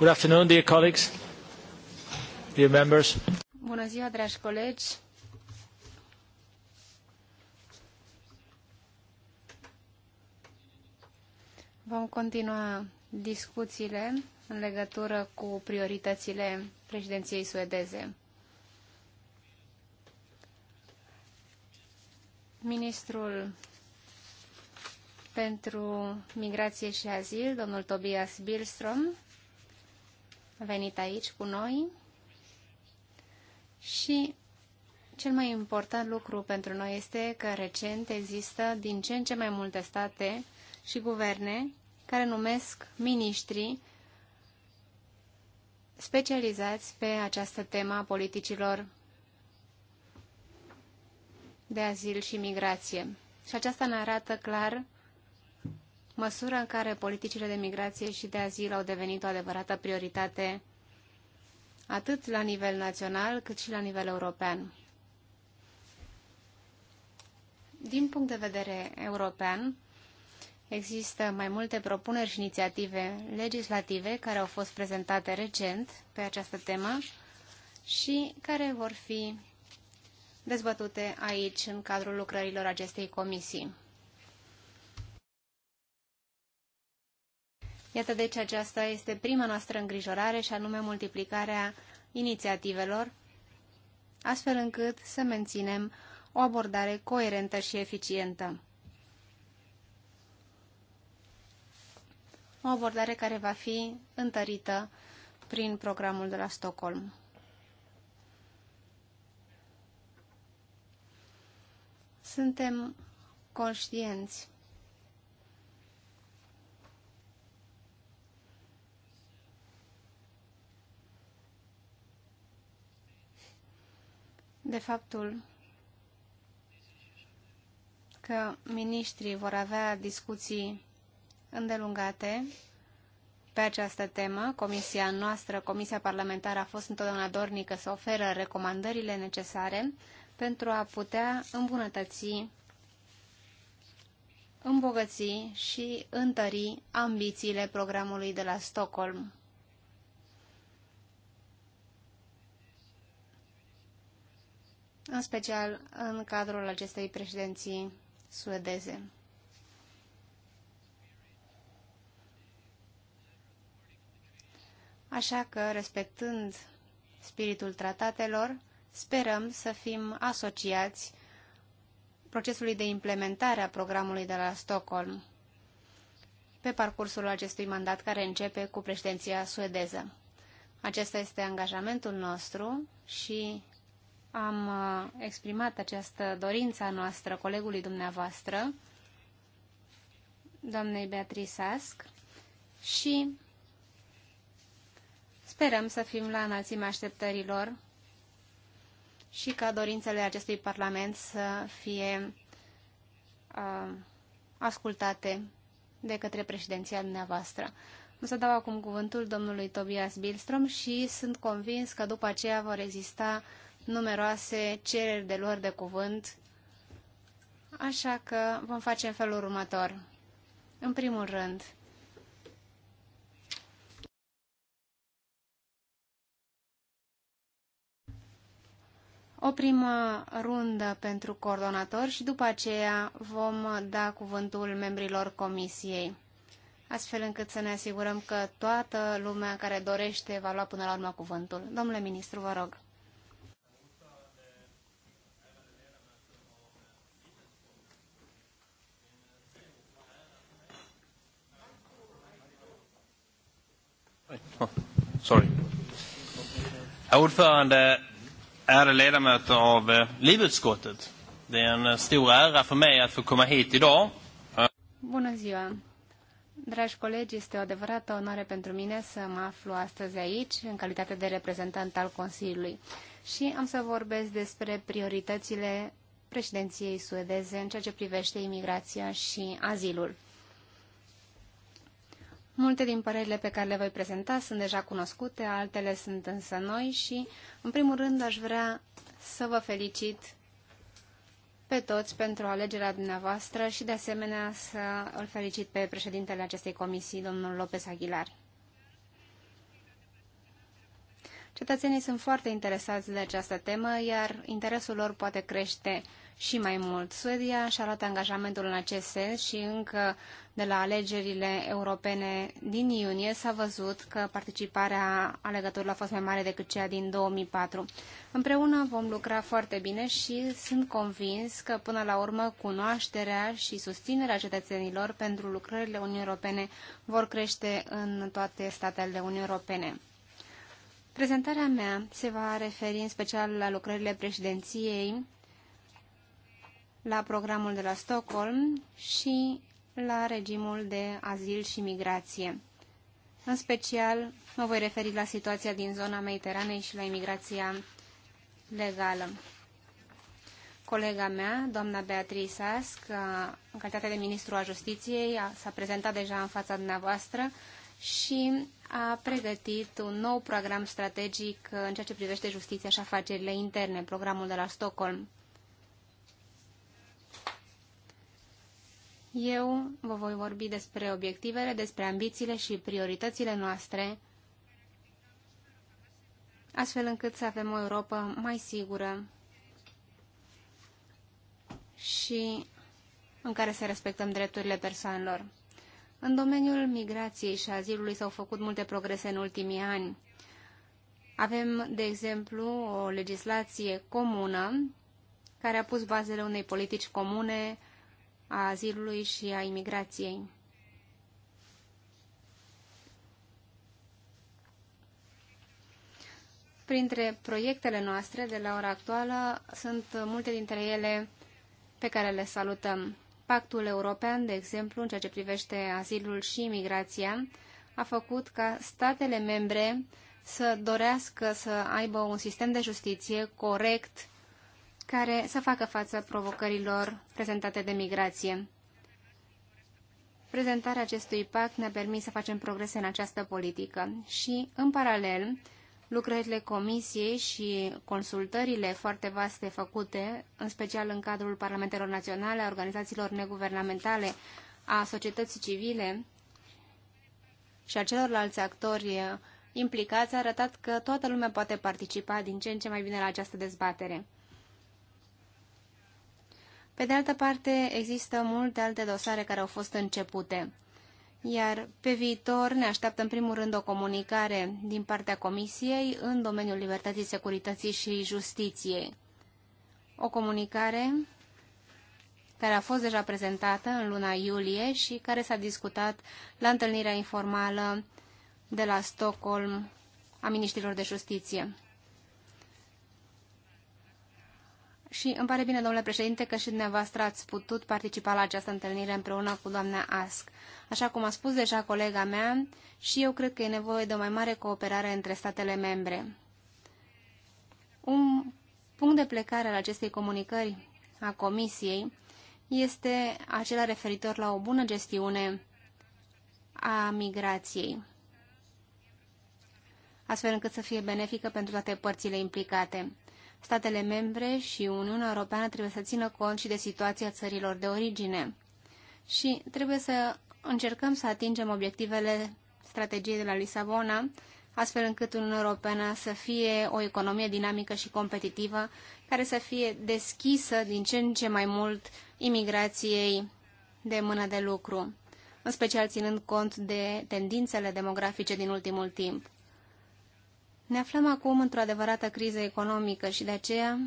Good afternoon, dear colleagues, dear members. Bună ziua, dragi colegi. Vom continua discuțiile în legătură cu prioritățile președinției suedeze. Ministrul pentru Migrație și Azil, domnul Tobias Bilstrom, venit aici cu noi și cel mai important lucru pentru noi este că recent există din ce în ce mai multe state și guverne care numesc miniștri specializați pe această temă a politicilor de azil și migrație. Și aceasta ne arată clar măsură în care politicile de migrație și de azil au devenit o adevărată prioritate atât la nivel național cât și la nivel european. Din punct de vedere european, există mai multe propuneri și inițiative legislative care au fost prezentate recent pe această temă și care vor fi dezbătute aici în cadrul lucrărilor acestei comisii. Iată deci aceasta este prima noastră îngrijorare și anume multiplicarea inițiativelor, astfel încât să menținem o abordare coerentă și eficientă. O abordare care va fi întărită prin programul de la Stockholm. Suntem conștienți de faptul că miniștrii vor avea discuții îndelungate pe această temă. Comisia noastră, Comisia Parlamentară, a fost întotdeauna dornică să oferă recomandările necesare pentru a putea îmbunătăți, îmbogăți și întări ambițiile programului de la Stockholm. în special în cadrul acestei președinții suedeze. Așa că, respectând spiritul tratatelor, sperăm să fim asociați procesului de implementare a programului de la Stockholm pe parcursul acestui mandat care începe cu președinția suedeză. Acesta este angajamentul nostru și am uh, exprimat această dorință a noastră colegului dumneavoastră, doamnei Beatrice Asc, și sperăm să fim la înălțimea așteptărilor și ca dorințele acestui Parlament să fie uh, ascultate de către președinția dumneavoastră. O să dau acum cuvântul domnului Tobias Bilstrom și sunt convins că după aceea vor exista numeroase cereri de luări de cuvânt, așa că vom face în felul următor. În primul rând, o primă rundă pentru coordonator și după aceea vom da cuvântul membrilor comisiei, astfel încât să ne asigurăm că toată lumea care dorește va lua până la urmă cuvântul. Domnule ministru, vă rog. Oh, sorry. Ordförande, ärade ledamöter av eh, livutskottet. Det är en eh, stor ära för mig att få komma hit idag. Bună ziua! Dragi colegi, este o adevărată onoare pentru mine să mă aflu astăzi aici, în calitate de reprezentant al Consiliului. Și am să vorbesc despre prioritățile președinției suedeze în ceea ce privește imigrația și azilul. Multe din părerile pe care le voi prezenta sunt deja cunoscute, altele sunt însă noi și, în primul rând, aș vrea să vă felicit pe toți pentru alegerea dumneavoastră și, de asemenea, să îl felicit pe președintele acestei comisii, domnul Lopez Aguilar. Cetățenii sunt foarte interesați de această temă, iar interesul lor poate crește și mai mult. Suedia și-a luat angajamentul în acest sens și încă de la alegerile europene din iunie s-a văzut că participarea alegătorilor a fost mai mare decât cea din 2004. Împreună vom lucra foarte bine și sunt convins că până la urmă cunoașterea și susținerea cetățenilor pentru lucrările Uniunii Europene vor crește în toate statele Uniunii Europene. Prezentarea mea se va referi în special la lucrările președinției la programul de la Stockholm și la regimul de azil și migrație. În special, mă voi referi la situația din zona Mediteranei și la imigrația legală. Colega mea, doamna Beatrice Ask, în calitate de ministru a justiției, s-a prezentat deja în fața dumneavoastră și a pregătit un nou program strategic în ceea ce privește justiția și afacerile interne, programul de la Stockholm. eu vă voi vorbi despre obiectivele, despre ambițiile și prioritățile noastre, astfel încât să avem o Europa mai sigură și în care să respectăm drepturile persoanelor. În domeniul migrației și azilului s-au făcut multe progrese în ultimii ani. Avem, de exemplu, o legislație comună care a pus bazele unei politici comune a azilului și a imigrației. Printre proiectele noastre de la ora actuală sunt multe dintre ele pe care le salutăm. Pactul european, de exemplu, în ceea ce privește azilul și imigrația, a făcut ca statele membre să dorească să aibă un sistem de justiție corect care să facă față provocărilor prezentate de migrație. Prezentarea acestui pact ne-a permis să facem progrese în această politică și, în paralel, lucrările comisiei și consultările foarte vaste făcute, în special în cadrul Parlamentelor Naționale, a organizațiilor neguvernamentale, a societății civile și a celorlalți actori implicați, a arătat că toată lumea poate participa din ce în ce mai bine la această dezbatere. Pe de altă parte, există multe alte dosare care au fost începute. Iar pe viitor ne așteaptă în primul rând o comunicare din partea Comisiei în domeniul libertății, securității și justiției. O comunicare care a fost deja prezentată în luna iulie și care s-a discutat la întâlnirea informală de la Stockholm a ministrilor de justiție. Și îmi pare bine, domnule președinte, că și dumneavoastră ați putut participa la această întâlnire împreună cu doamna Ask. Așa cum a spus deja colega mea, și eu cred că e nevoie de o mai mare cooperare între statele membre. Un punct de plecare al acestei comunicări a Comisiei este acela referitor la o bună gestiune a migrației, astfel încât să fie benefică pentru toate părțile implicate. Statele membre și Uniunea Europeană trebuie să țină cont și de situația țărilor de origine. Și trebuie să încercăm să atingem obiectivele strategiei de la Lisabona, astfel încât Uniunea Europeană să fie o economie dinamică și competitivă, care să fie deschisă din ce în ce mai mult imigrației de mână de lucru, în special ținând cont de tendințele demografice din ultimul timp. Ne aflăm acum într-o adevărată criză economică și de aceea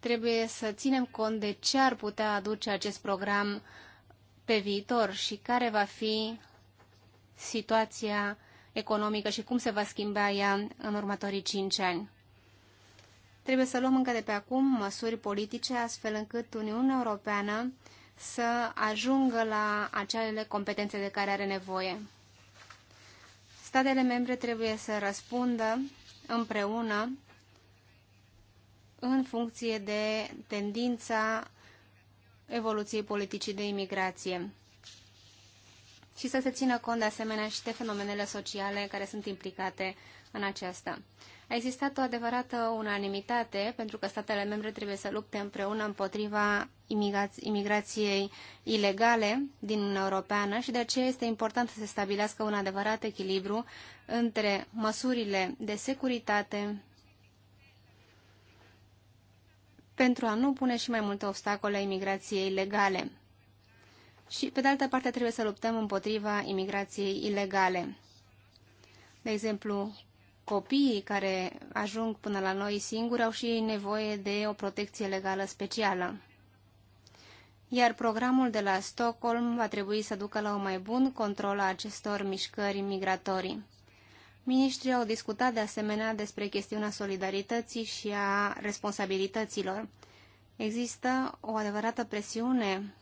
trebuie să ținem cont de ce ar putea aduce acest program pe viitor și care va fi situația economică și cum se va schimba ea în următorii cinci ani. Trebuie să luăm încă de pe acum măsuri politice astfel încât Uniunea Europeană să ajungă la acele competențe de care are nevoie statele membre trebuie să răspundă împreună în funcție de tendința evoluției politicii de imigrație și să se țină cont de asemenea și de fenomenele sociale care sunt implicate în aceasta. A existat o adevărată unanimitate pentru că statele membre trebuie să lupte împreună împotriva imigrației ilegale din Uniunea Europeană și de aceea este important să se stabilească un adevărat echilibru între măsurile de securitate pentru a nu pune și mai multe obstacole imigrației legale. Și, pe de altă parte, trebuie să luptăm împotriva imigrației ilegale. De exemplu, copiii care ajung până la noi singuri au și ei nevoie de o protecție legală specială iar programul de la Stockholm va trebui să ducă la un mai bun control a acestor mișcări migratorii. Ministrii au discutat de asemenea despre chestiunea solidarității și a responsabilităților. Există o adevărată presiune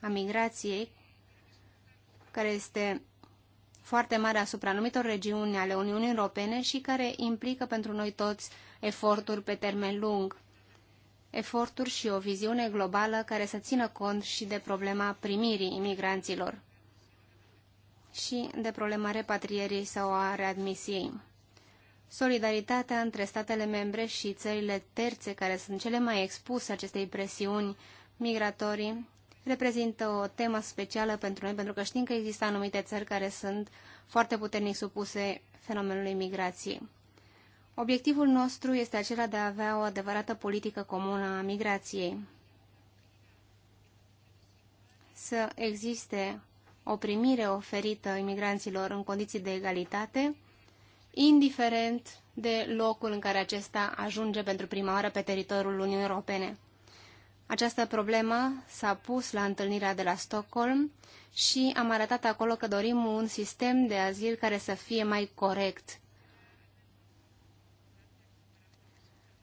a migrației care este foarte mare asupra anumitor regiuni ale Uniunii Europene și care implică pentru noi toți eforturi pe termen lung eforturi și o viziune globală care să țină cont și de problema primirii imigranților și de problema repatrierii sau a readmisiei. Solidaritatea între statele membre și țările terțe care sunt cele mai expuse acestei presiuni migratorii reprezintă o temă specială pentru noi, pentru că știm că există anumite țări care sunt foarte puternic supuse fenomenului migrației. Obiectivul nostru este acela de a avea o adevărată politică comună a migrației. Să existe o primire oferită imigranților în condiții de egalitate, indiferent de locul în care acesta ajunge pentru prima oară pe teritoriul Uniunii Europene. Această problemă s-a pus la întâlnirea de la Stockholm și am arătat acolo că dorim un sistem de azil care să fie mai corect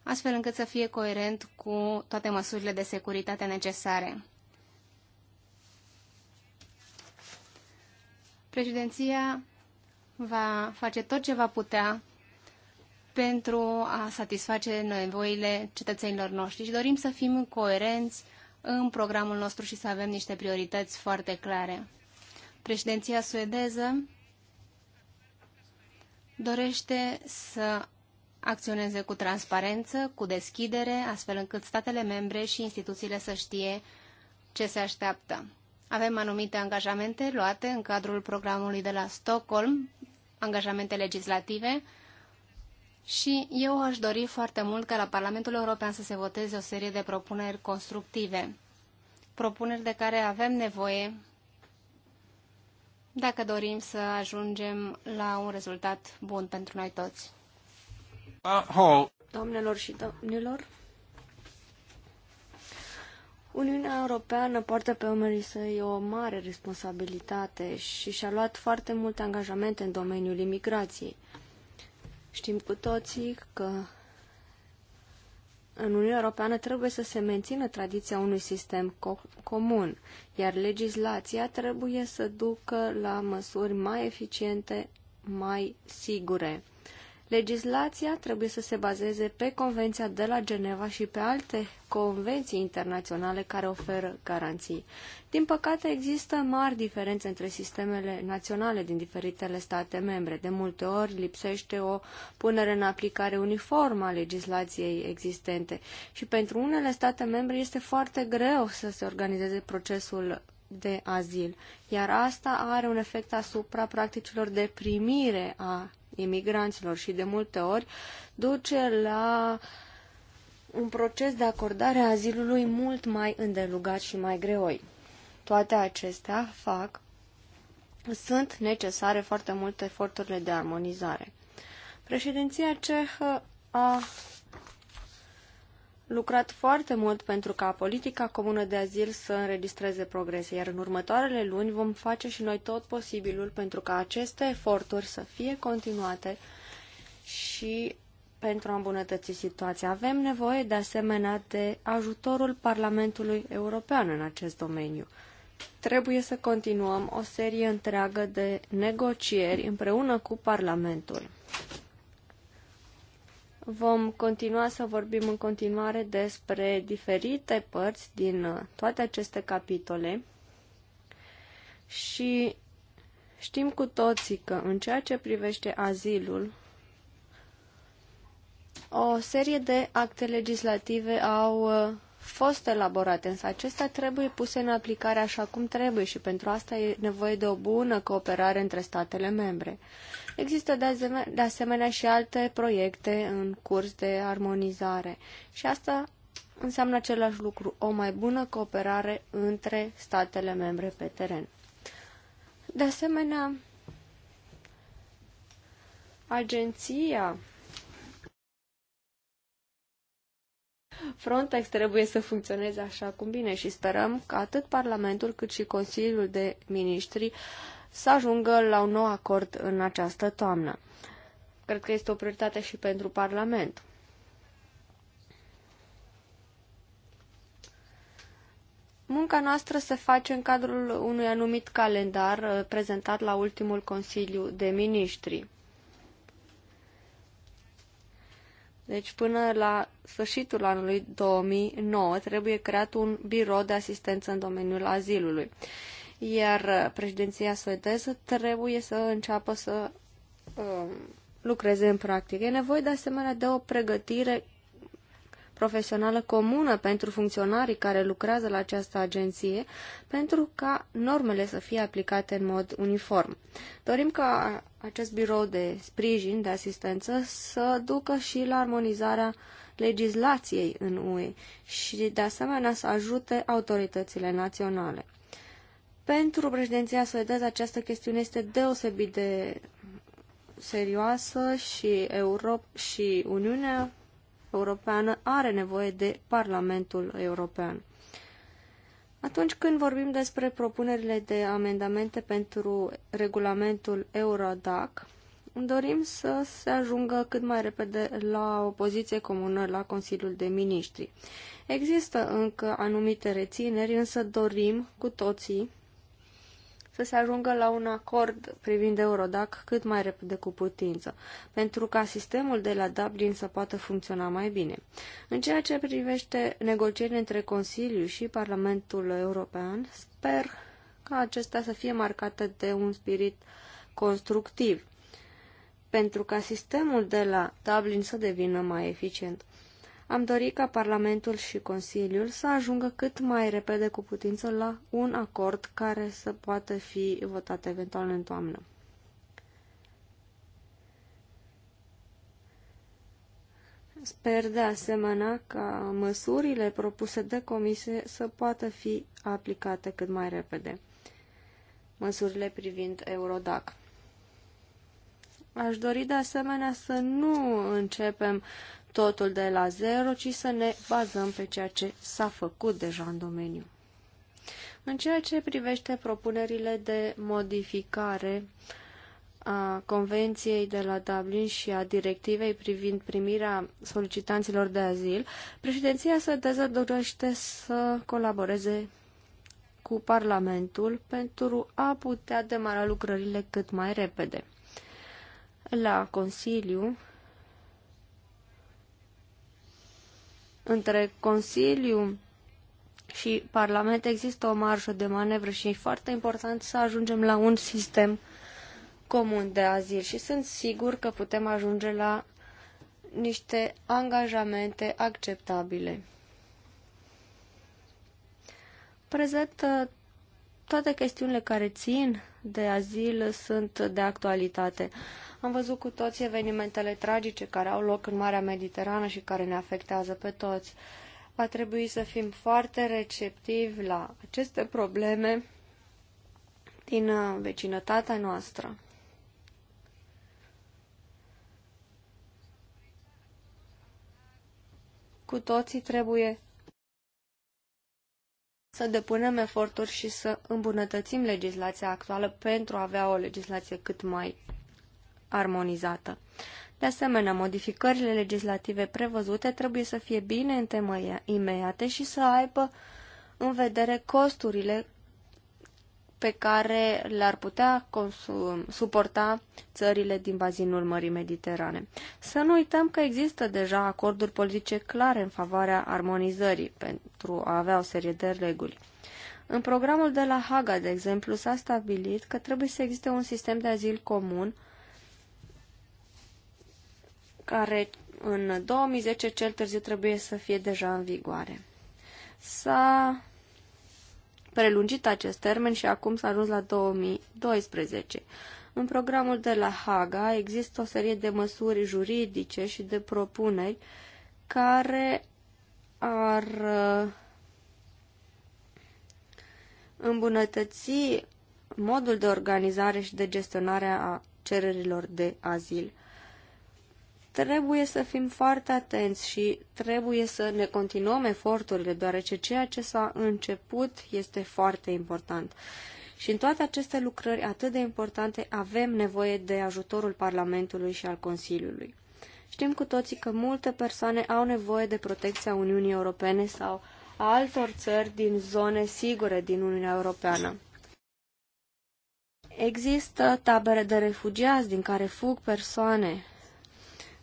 astfel încât să fie coerent cu toate măsurile de securitate necesare. Președinția va face tot ce va putea pentru a satisface nevoile cetățenilor noștri și dorim să fim coerenți în programul nostru și să avem niște priorități foarte clare. Președinția suedeză dorește să acționeze cu transparență, cu deschidere, astfel încât statele membre și instituțiile să știe ce se așteaptă. Avem anumite angajamente luate în cadrul programului de la Stockholm, angajamente legislative, și eu aș dori foarte mult ca la Parlamentul European să se voteze o serie de propuneri constructive, propuneri de care avem nevoie dacă dorim să ajungem la un rezultat bun pentru noi toți. Uh, Doamnelor și domnilor, Uniunea Europeană poartă pe umerii săi o mare responsabilitate și și-a luat foarte multe angajamente în domeniul imigrației. Știm cu toții că în Uniunea Europeană trebuie să se mențină tradiția unui sistem co- comun, iar legislația trebuie să ducă la măsuri mai eficiente, mai sigure Legislația trebuie să se bazeze pe Convenția de la Geneva și pe alte convenții internaționale care oferă garanții. Din păcate, există mari diferențe între sistemele naționale din diferitele state membre. De multe ori lipsește o punere în aplicare uniformă a legislației existente și pentru unele state membre este foarte greu să se organizeze procesul de azil, iar asta are un efect asupra practicilor de primire a imigranților și de multe ori duce la un proces de acordare a azilului mult mai îndelugat și mai greoi. Toate acestea fac, sunt necesare foarte multe eforturile de armonizare. Președinția cehă a lucrat foarte mult pentru ca politica comună de azil să înregistreze progrese, iar în următoarele luni vom face și noi tot posibilul pentru ca aceste eforturi să fie continuate și pentru a îmbunătăți situația. Avem nevoie de asemenea de ajutorul Parlamentului European în acest domeniu. Trebuie să continuăm o serie întreagă de negocieri împreună cu Parlamentul. Vom continua să vorbim în continuare despre diferite părți din uh, toate aceste capitole și știm cu toții că în ceea ce privește azilul, o serie de acte legislative au uh, fost elaborate, însă acestea trebuie puse în aplicare așa cum trebuie și pentru asta e nevoie de o bună cooperare între statele membre. Există de asemenea și alte proiecte în curs de armonizare și asta înseamnă același lucru, o mai bună cooperare între statele membre pe teren. De asemenea, agenția Frontex trebuie să funcționeze așa cum bine și sperăm că atât Parlamentul cât și Consiliul de Ministri să ajungă la un nou acord în această toamnă. Cred că este o prioritate și pentru Parlament. Munca noastră se face în cadrul unui anumit calendar uh, prezentat la ultimul Consiliu de Ministri. Deci până la sfârșitul anului 2009 trebuie creat un birou de asistență în domeniul azilului. Iar uh, președinția suedeză trebuie să înceapă să um, lucreze în practică. E nevoie de asemenea de o pregătire profesională comună pentru funcționarii care lucrează la această agenție, pentru ca normele să fie aplicate în mod uniform. Dorim ca acest birou de sprijin, de asistență, să ducă și la armonizarea legislației în UE și, de asemenea, să ajute autoritățile naționale. Pentru președinția suedeză această chestiune este deosebit de serioasă și Europa și Uniunea Europeană are nevoie de Parlamentul European. Atunci când vorbim despre propunerile de amendamente pentru regulamentul Eurodac, dorim să se ajungă cât mai repede la o poziție comună la Consiliul de Ministri. Există încă anumite rețineri, însă dorim cu toții să se ajungă la un acord privind Eurodac cât mai repede cu putință, pentru ca sistemul de la Dublin să poată funcționa mai bine. În ceea ce privește negocierile între Consiliu și Parlamentul European, sper ca acestea să fie marcate de un spirit constructiv, pentru ca sistemul de la Dublin să devină mai eficient. Am dorit ca Parlamentul și Consiliul să ajungă cât mai repede cu putință la un acord care să poată fi votat eventual în toamnă. Sper de asemenea ca măsurile propuse de comisie să poată fi aplicate cât mai repede. Măsurile privind Eurodac. Aș dori de asemenea să nu începem totul de la zero, ci să ne bazăm pe ceea ce s-a făcut deja în domeniu. În ceea ce privește propunerile de modificare a Convenției de la Dublin și a directivei privind primirea solicitanților de azil, președinția se dezădorește să colaboreze cu Parlamentul pentru a putea demara lucrările cât mai repede. La Consiliu, între Consiliu și Parlament există o marjă de manevră și e foarte important să ajungem la un sistem comun de azil și sunt sigur că putem ajunge la niște angajamente acceptabile. Prezent toate chestiunile care țin de azil sunt de actualitate. Am văzut cu toți evenimentele tragice care au loc în Marea Mediterană și care ne afectează pe toți. Va trebui să fim foarte receptivi la aceste probleme din uh, vecinătatea noastră. Cu toții trebuie să depunem eforturi și să îmbunătățim legislația actuală pentru a avea o legislație cât mai armonizată. De asemenea, modificările legislative prevăzute trebuie să fie bine întemeiate și să aibă în vedere costurile pe care le-ar putea consum, suporta țările din bazinul Mării Mediterane. Să nu uităm că există deja acorduri politice clare în favoarea armonizării pentru a avea o serie de reguli. În programul de la Haga, de exemplu, s-a stabilit că trebuie să existe un sistem de azil comun care în 2010 cel târziu trebuie să fie deja în vigoare. S-a prelungit acest termen și acum s-a ajuns la 2012. În programul de la Haga există o serie de măsuri juridice și de propuneri care ar uh, îmbunătăți modul de organizare și de gestionare a cererilor de azil trebuie să fim foarte atenți și trebuie să ne continuăm eforturile, deoarece ceea ce s-a început este foarte important. Și în toate aceste lucrări atât de importante avem nevoie de ajutorul Parlamentului și al Consiliului. Știm cu toții că multe persoane au nevoie de protecția Uniunii Europene sau a altor țări din zone sigure din Uniunea Europeană. Există tabere de refugiați din care fug persoane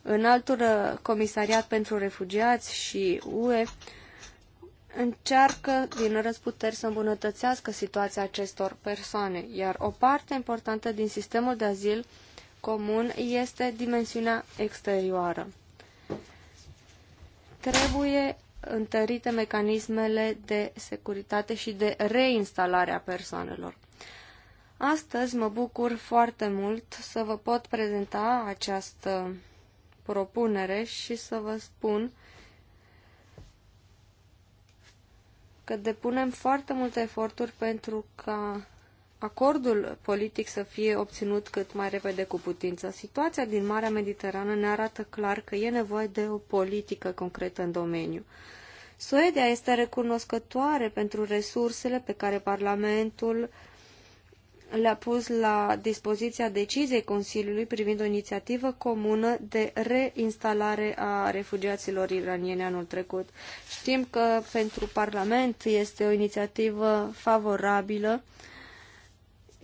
înaltul uh, comisariat pentru refugiați și UE încearcă din răzputeri să îmbunătățească situația acestor persoane, iar o parte importantă din sistemul de azil comun este dimensiunea exterioară. Trebuie întărite mecanismele de securitate și de reinstalare a persoanelor. Astăzi mă bucur foarte mult să vă pot prezenta această propunere și să vă spun că depunem foarte multe eforturi pentru ca acordul politic să fie obținut cât mai repede cu putință. Situația din Marea Mediterană ne arată clar că e nevoie de o politică concretă în domeniu. Suedia este recunoscătoare pentru resursele pe care Parlamentul uh, le-a pus la dispoziția deciziei Consiliului privind o inițiativă comună de reinstalare a refugiaților iranieni anul trecut. Știm că pentru Parlament este o inițiativă favorabilă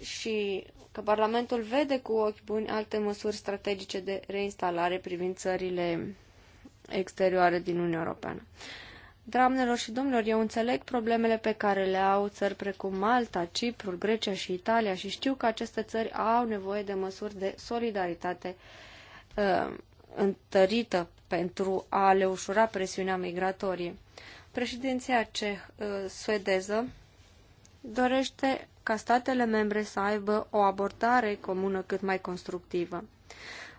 și că Parlamentul vede cu ochi buni alte măsuri strategice de reinstalare privind țările exterioare din Uniunea Europeană. Doamnelor și domnilor, eu înțeleg problemele pe care le au țări precum Malta, Ciprul, Grecia și Italia și știu că aceste țări au nevoie de măsuri de solidaritate uh, întărită pentru a le ușura presiunea migratorie. Președinția ceh uh, suedeză dorește ca statele membre să aibă o abordare comună cât mai constructivă.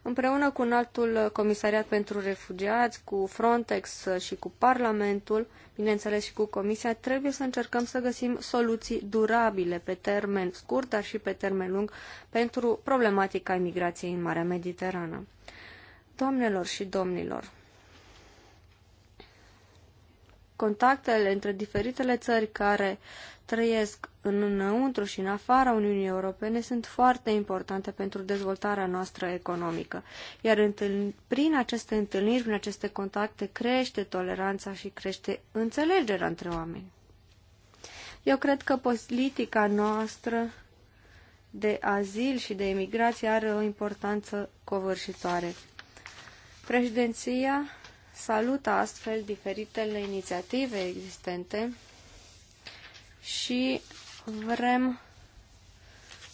Împreună cu înaltul comisariat pentru refugiați, cu Frontex și cu Parlamentul, bineînțeles și cu Comisia, trebuie să încercăm să găsim soluții durabile pe termen scurt, dar și pe termen lung pentru problematica imigrației în Marea Mediterană. Doamnelor și domnilor, contactele între diferitele țări care trăiesc în înăuntru și în afara Uniunii Europene sunt foarte importante pentru dezvoltarea noastră economică. Iar prin aceste întâlniri, prin aceste contacte, crește toleranța și crește înțelegerea între oameni. Eu cred că politica noastră de azil și de emigrație are o importanță covârșitoare. Președinția salută astfel diferitele inițiative existente și vrem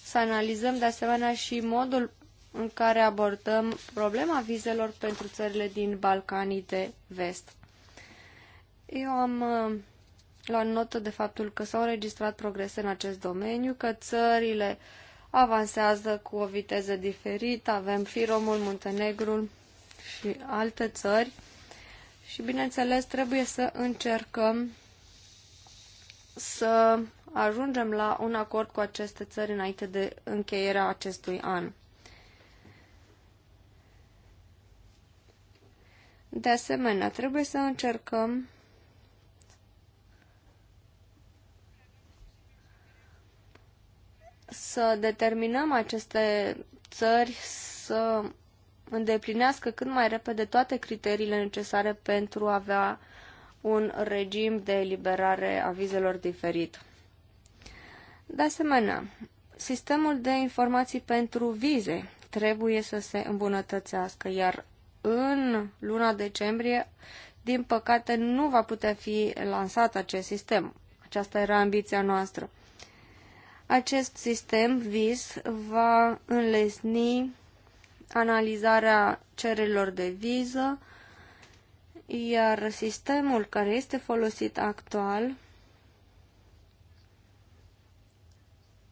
să analizăm de asemenea și modul în care abordăm problema vizelor pentru țările din Balcanii de Vest. Eu am uh, luat notă de faptul că s-au înregistrat progrese în acest domeniu, că țările avansează cu o viteză diferită, avem Firomul, Muntenegrul și alte țări și, bineînțeles, trebuie să încercăm să ajungem la un acord cu aceste țări înainte de încheierea acestui an. De asemenea, trebuie să încercăm să determinăm aceste țări să îndeplinească cât mai repede toate criteriile necesare pentru a avea un regim de eliberare a vizelor diferit. De asemenea, sistemul de informații pentru vize trebuie să se îmbunătățească, iar în luna decembrie, din păcate, nu va putea fi lansat acest sistem. Aceasta era ambiția noastră. Acest sistem VIS va înlesni analizarea cererilor de viză, iar sistemul care este folosit actual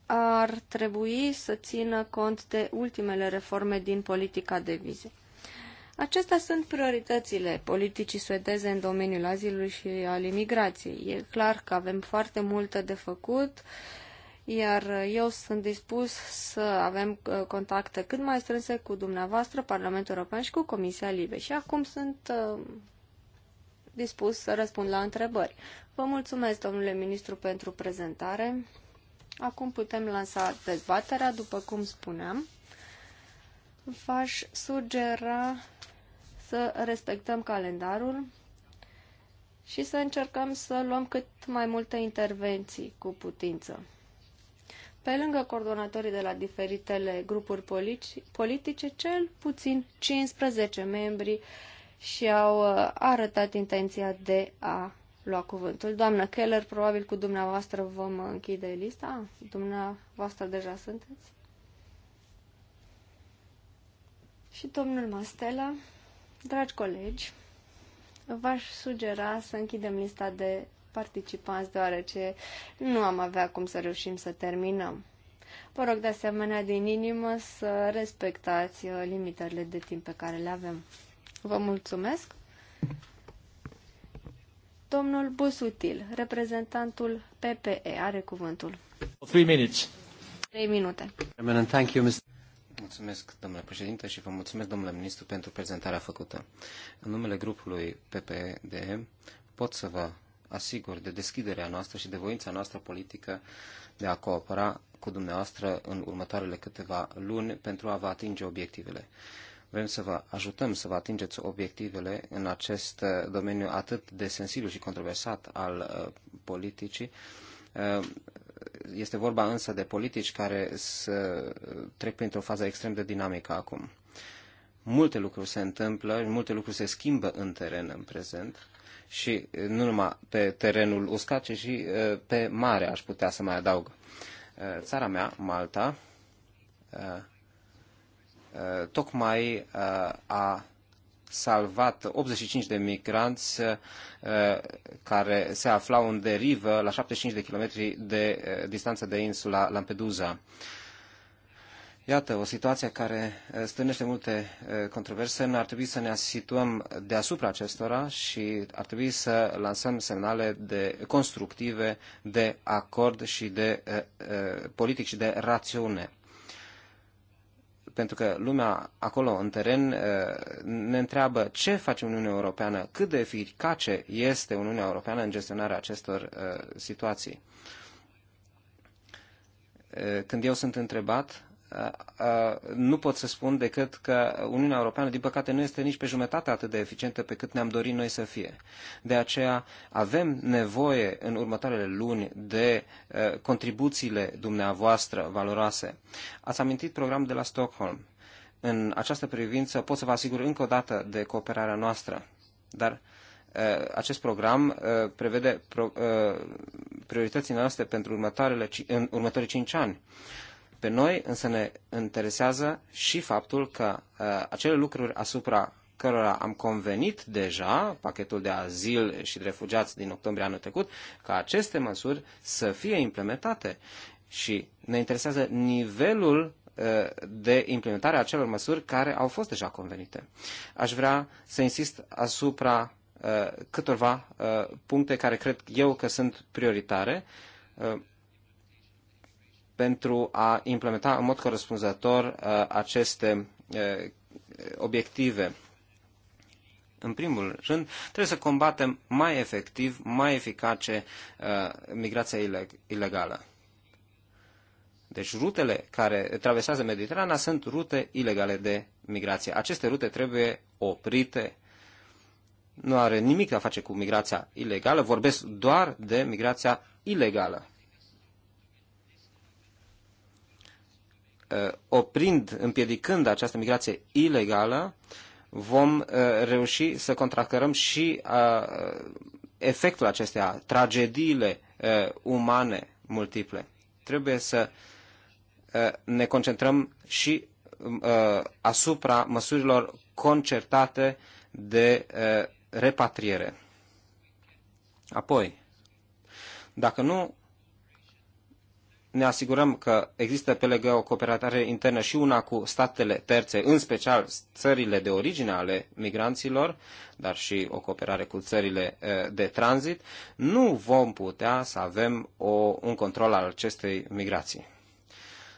ar trebui să țină cont de ultimele reforme din politica de vize. Acestea sunt prioritățile politicii suedeze în domeniul azilului și al imigrației. E clar că avem foarte multe de făcut, iar eu sunt dispus să avem uh, contacte cât mai strânse cu dumneavoastră, Parlamentul European și cu Comisia Libe. Și acum sunt uh, dispus să răspund la întrebări. Vă mulțumesc, domnule ministru, pentru prezentare. Acum putem lansa dezbaterea, după cum spuneam. V-aș sugera să respectăm calendarul și să încercăm să luăm cât mai multe intervenții cu putință. Pe lângă coordonatorii de la diferitele grupuri politice, cel puțin 15 membri și au uh, arătat intenția de a lua cuvântul. Doamnă Keller, probabil cu dumneavoastră vom uh, închide lista. Dumneavoastră deja sunteți. Și domnul Mastela, dragi colegi, v-aș sugera să închidem lista de participanți, deoarece nu am avea cum să reușim să terminăm. Vă rog de asemenea din inimă să respectați uh, limitările de timp pe care le avem. Vă mulțumesc. Domnul Busutil, reprezentantul PPE, are cuvântul. Three minutes. Trei minute. Thank you, Mr. Mulțumesc, domnule președinte, și vă mulțumesc, domnule ministru, pentru prezentarea făcută. În numele grupului PPDE pot să vă asigur de deschiderea noastră și de voința noastră politică de a coopera cu dumneavoastră în următoarele câteva luni pentru a vă atinge obiectivele. Vrem să vă ajutăm să vă atingeți obiectivele în acest uh, domeniu atât de sensibil și controversat al uh, politicii. Uh, este vorba însă de politici care să trec printr-o fază extrem de dinamică acum. Multe lucruri se întâmplă, multe lucruri se schimbă în teren în prezent și nu numai pe terenul uscat, ci și pe mare aș putea să mai adaug. Țara mea, Malta, Eh, tocmai eh, a salvat 85 de migranți eh, care se aflau în derivă la 75 de kilometri de distanță de insula Lampedusa. Iată, o situație care stârnește multe controverse. ar trebui să ne situăm deasupra acestora și ar trebui să lansăm semnale de constructive de acord și de politic și de rațiune pentru că lumea acolo în teren uh, ne întreabă ce face Uniunea Europeană, cât de eficace este Uniunea Europeană în gestionarea acestor uh, situații. Uh, când eu sunt întrebat nu pot să spun decât că Uniunea Europeană, din păcate, nu este nici pe jumătate atât de eficientă pe cât ne-am dorit noi să fie. De aceea avem nevoie în următoarele luni de contribuțiile dumneavoastră valoroase. Ați amintit programul de la Stockholm. În această privință pot să vă asigur încă o dată de cooperarea noastră, dar acest program prevede prioritățile noastre pentru următoarele, în următorii cinci ani pe noi însă ne interesează și faptul că uh, acele lucruri asupra cărora am convenit deja, pachetul de azil și de refugiați din octombrie anul trecut, ca aceste măsuri să fie implementate. Și ne interesează nivelul uh, de implementare a celor măsuri care au fost deja convenite. Aș vrea să insist asupra uh, câtorva uh, puncte care cred eu că sunt prioritare pentru a implementa în mod corespunzător uh, aceste uh, obiective. În primul rând, trebuie să combatem mai efectiv, mai eficace uh, migrația ilegală. Deci rutele care traversează Mediterana sunt rute ilegale de migrație. Aceste rute trebuie oprite. Nu are nimic de a face cu migrația ilegală, vorbesc doar de migrația ilegală. Uh, oprind, împiedicând această migrație ilegală, vom uh, reuși să contracărăm și uh, efectul acesteia, tragediile umane multiple. Trebuie să ne concentrăm și asupra măsurilor concertate de repatriere. Apoi, dacă nu ne asigurăm că există pe lângă o cooperare internă și una cu statele terțe, în special țările de origine ale migranților, dar și o cooperare cu țările de tranzit, nu vom putea să avem o, un control al acestei migrații.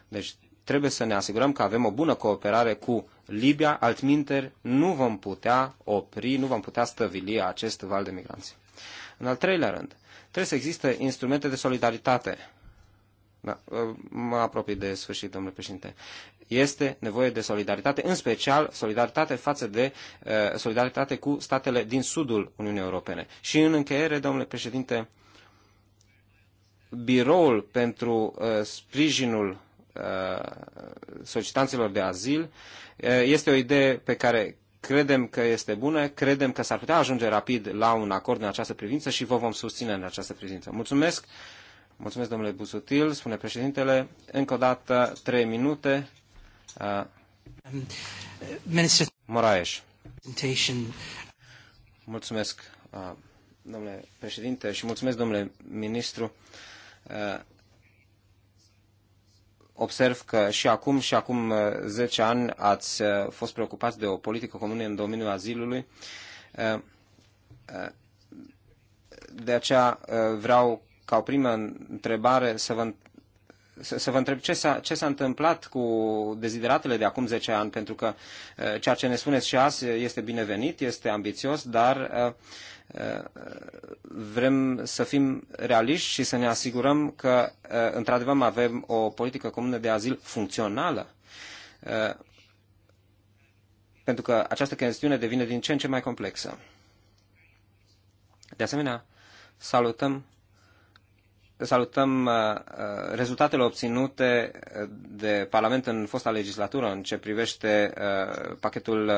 Deci trebuie să ne asigurăm că avem o bună cooperare cu Libia, altminteri nu vom putea opri, nu vom putea stăvili acest val de migranți. În al treilea rând, trebuie să existe instrumente de solidaritate da, uh, mă apropii de sfârșit, domnule președinte. Este nevoie de solidaritate, în special solidaritate față de uh, solidaritate cu statele din sudul Uniunii Europene. Și în încheiere, domnule președinte, biroul pentru uh, sprijinul solicitanților de azil este o idee pe care credem că este bună, credem că s-ar putea ajunge rapid la un acord în această privință și vă vom susține în această privință. Mulțumesc! Mulțumesc, domnule Busutil, spune președintele. Încă o dată, trei minute. Uh, Minister... Moraes. Mulțumesc, uh, domnule președinte, și mulțumesc, domnule ministru. Uh, observ că și acum și acum 10 ani ați fost preocupați de o politică comună în domeniul azilului. De aceea vreau ca o primă întrebare să vă, să, să vă întreb ce s-a, ce s-a întâmplat cu dezideratele de acum 10 ani, pentru că uh, ceea ce ne spuneți și azi este binevenit, este ambițios, dar uh, uh, vrem să fim realiști și să ne asigurăm că, într-adevăr, avem o politică comună de azil funcțională. Pentru că această chestiune devine din ce în ce mai complexă. De asemenea, salutăm salutăm uh, uh, rezultatele obținute de Parlament în fosta legislatură în ce privește uh, pachetul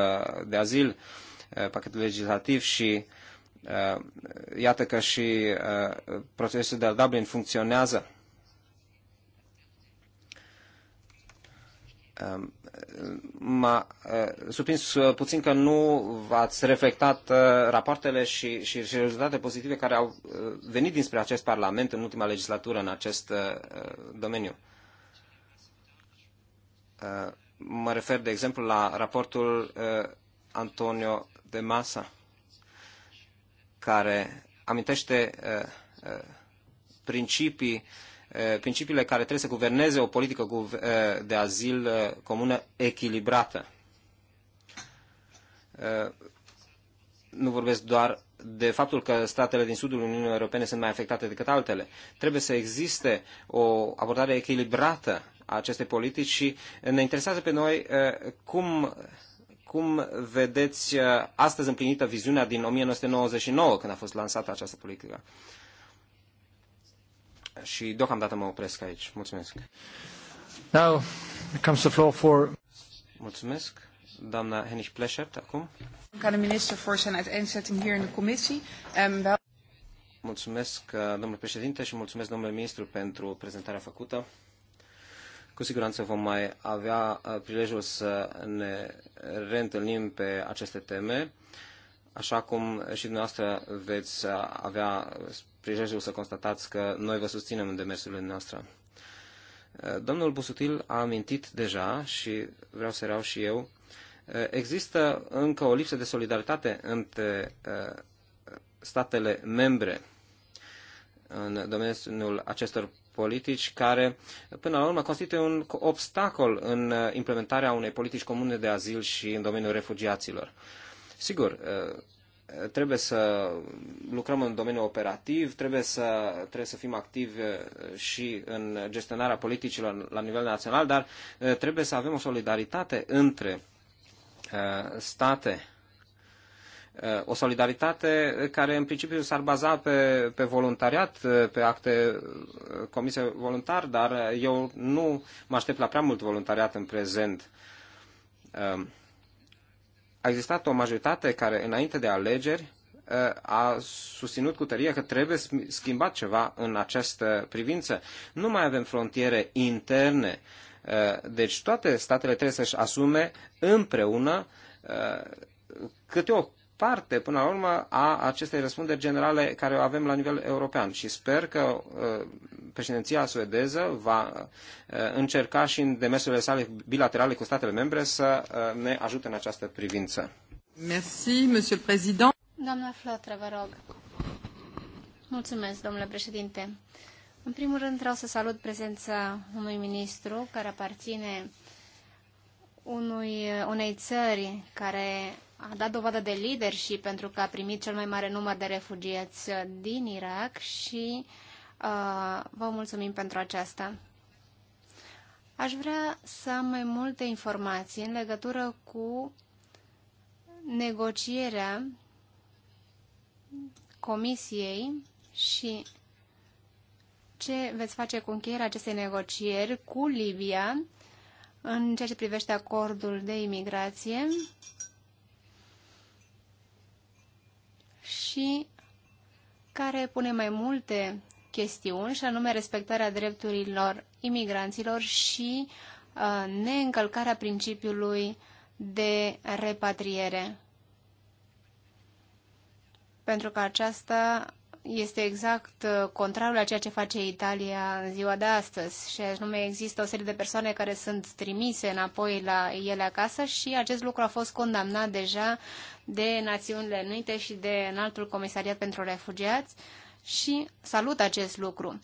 de azil, pachetul legislativ și iată că și procesul de la Dublin funcționează. Um, m-a uh, surprins uh, puțin că nu ați reflectat uh, rapoartele și, și, și rezultate pozitive care au venit dinspre acest Parlament în ultima legislatură în acest domeniu. Mă refer, de exemplu, la raportul Antonio de Masa, care amintește principii uh, Eh, principiile care trebuie să guverneze o politică eh, de azil eh, comună echilibrată. Nu vorbesc doar de faptul că statele din sudul Uniunii Europene sunt mai afectate decât altele. Trebuie să existe o abordare echilibrată a acestei politici și ne interesează pe noi cum cum vedeți astăzi împlinită viziunea din 1999, când a fost lansată această politică? și deocamdată mă opresc aici. Mulțumesc. Now comes the floor for... Mulțumesc. Doamna Hennig Pleșert, acum. Dank in Um, Mulțumesc, uh, domnule președinte, și mulțumesc, domnule ministru, pentru prezentarea făcută. Cu siguranță vom mai avea uh, prilejul să ne reîntâlnim pe aceste teme, așa cum și dumneavoastră veți uh, avea prilejul să constatați că noi vă susținem în demersurile noastre. Domnul Busutil a amintit deja și vreau să reau și eu, există încă o lipsă de solidaritate între uh, statele membre în domeniul acestor politici care, până la urmă, constituie un obstacol în uh, implementarea unei politici comune de azil și în domeniul refugiaților. Sigur, uh, trebuie să lucrăm în domeniul operativ, trebuie să, trebuie să fim activi uh, și în gestionarea politicilor la nivel național, dar uh, trebuie să avem o solidaritate între uh, state o solidaritate care în principiu s-ar baza pe, pe voluntariat, pe acte comise voluntar, dar eu nu mă aștept la prea mult voluntariat în prezent a existat o majoritate care, înainte de alegeri, eh, a susținut cu tărie că trebuie schimbat ceva în această privință. Nu mai avem frontiere interne, eh, deci toate statele trebuie să-și asume împreună eh, câte o parte, până la urmă, a acestei răspunderi generale care o avem la nivel european. Și sper că uh, președinția suedeză va uh, încerca și în demersurile sale bilaterale cu statele membre să uh, ne ajute în această privință. Merci, monsieur le président. Doamna Flotră, vă rog. Mulțumesc, domnule președinte. În primul rând vreau să salut prezența unui ministru care aparține unui, unei țări care a dat dovadă de leadership pentru că a primit cel mai mare număr de refugiați uh, din Irak și uh, vă mulțumim pentru aceasta. Aș vrea să am mai multe informații în legătură cu negocierea Comisiei și ce veți face cu încheierea acestei negocieri cu Libia în ceea ce privește acordul de imigrație și care pune mai multe chestiuni, și anume respectarea drepturilor imigranților și uh, neîncălcarea principiului de repatriere. Pentru că aceasta este exact uh, contrarul a ceea ce face Italia în ziua de astăzi și nume există o serie de persoane care sunt trimise înapoi la ele acasă și acest lucru a fost condamnat deja de Națiunile Unite și de Înaltul Comisariat pentru Refugiați și salut acest lucru.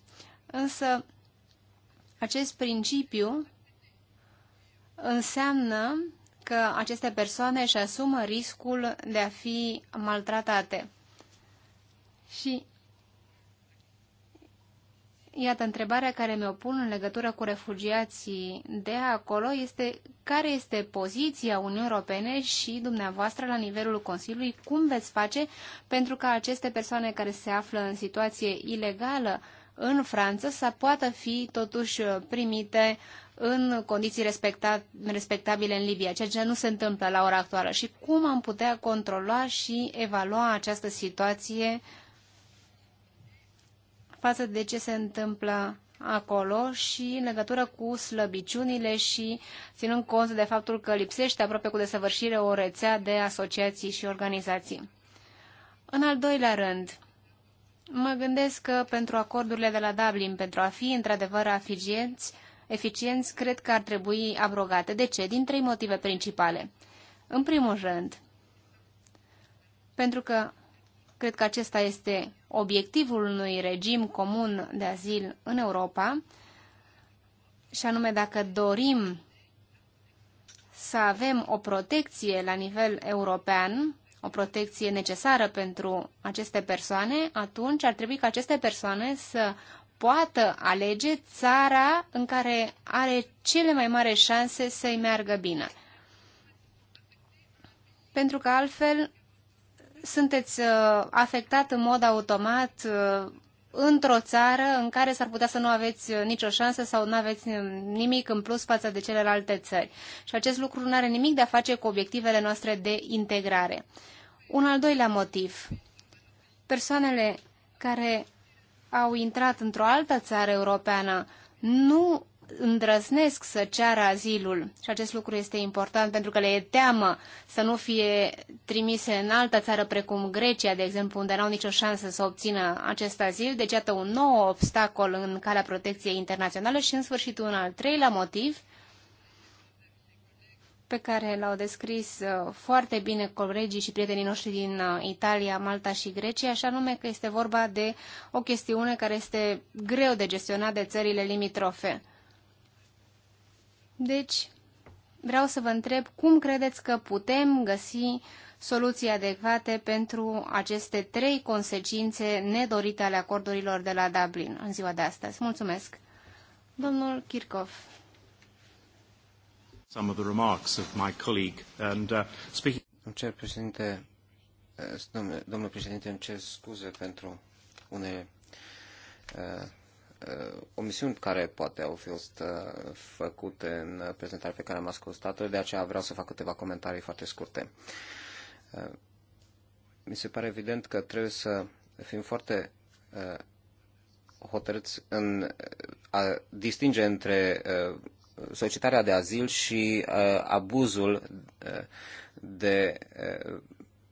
Însă acest principiu înseamnă că aceste persoane își asumă riscul de a fi maltratate. Și iată, întrebarea care mi-o pun în legătură cu refugiații de acolo este care este poziția Uniunii Europene și dumneavoastră la nivelul Consiliului, cum veți face pentru ca aceste persoane care se află în situație ilegală în Franța să poată fi totuși primite în condiții respecta, respectabile în Libia, ceea ce nu se întâmplă la ora actuală. Și cum am putea controla și evalua această situație față de ce se întâmplă acolo și în legătură cu slăbiciunile și ținând cont de faptul că lipsește aproape cu desăvârșire o rețea de asociații și organizații. În al doilea rând, mă gândesc că pentru acordurile de la Dublin, pentru a fi într-adevăr eficienți, eficienți, cred că ar trebui abrogate. De ce? Din trei motive principale. În primul rând, pentru că cred că acesta este obiectivul unui regim comun de azil în Europa, și anume dacă dorim să avem o protecție la nivel european, o protecție necesară pentru aceste persoane, atunci ar trebui ca aceste persoane să poată alege țara în care are cele mai mari șanse să-i meargă bine. Pentru că altfel sunteți uh, afectat în mod automat uh, într-o țară în care s-ar putea să nu aveți uh, nicio șansă sau nu aveți nimic în plus față de celelalte țări. Și acest lucru nu are nimic de a face cu obiectivele noastre de integrare. Un al doilea motiv. Persoanele care au intrat într-o altă țară europeană nu îndrăznesc să ceară azilul și acest lucru este important pentru că le e teamă să nu fie trimise în altă țară precum Grecia, de exemplu, unde n-au nicio șansă să obțină acest azil. Deci, iată un nou obstacol în calea protecției internaționale și, în sfârșit, un al treilea motiv pe care l-au descris uh, foarte bine colegii și prietenii noștri din uh, Italia, Malta și Grecia, așa nume că este vorba de o chestiune care este greu de gestionat de țările limitrofe. Deci, vreau să vă întreb cum credeți că putem găsi soluții adecvate pentru aceste trei consecințe nedorite ale acordurilor de la Dublin în ziua de astăzi. Mulțumesc. Domnul Kirchhoff. Some of the remarks of my colleague and uh, speaking îmi cer președinte, eh, domnul președinte, îmi cer scuze pentru unele uh, o misiune care poate au fost uh, făcute în prezentarea pe care am ascultat-o, de aceea vreau să fac câteva comentarii foarte scurte. Uh, mi se pare evident că trebuie să fim foarte uh, hotărâți în a distinge între solicitarea de azil și abuzul de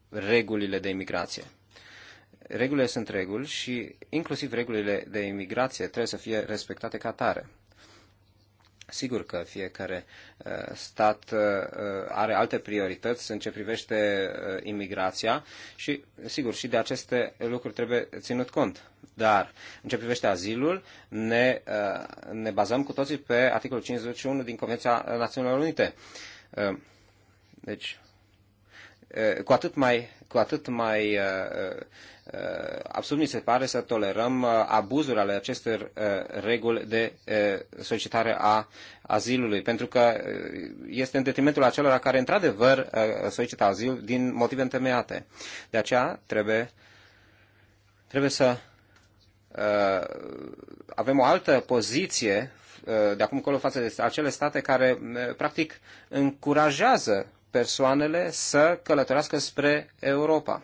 regulile de imigrație regulile sunt reguli și inclusiv regulile de imigrație trebuie să fie respectate ca tare. Sigur că fiecare uh, stat uh, uh, are alte priorități în ce privește imigrația și, sigur, și de aceste lucruri trebuie ținut cont. Dar, în ce privește azilul, ne, ne bazăm cu toții pe articolul 51 din Convenția Națiunilor Unite. Deci, Eh, cu atât mai, cu atât mai eh, eh, absurd mi se pare să tolerăm abuzuri ale acestor reguli de solicitare a azilului, pentru că este în detrimentul acelora care într-adevăr solicită azil din motive întemeiate. De aceea trebuie, trebuie să avem o altă poziție de acum încolo față de acele state care practic încurajează persoanele să călătorească spre Europa.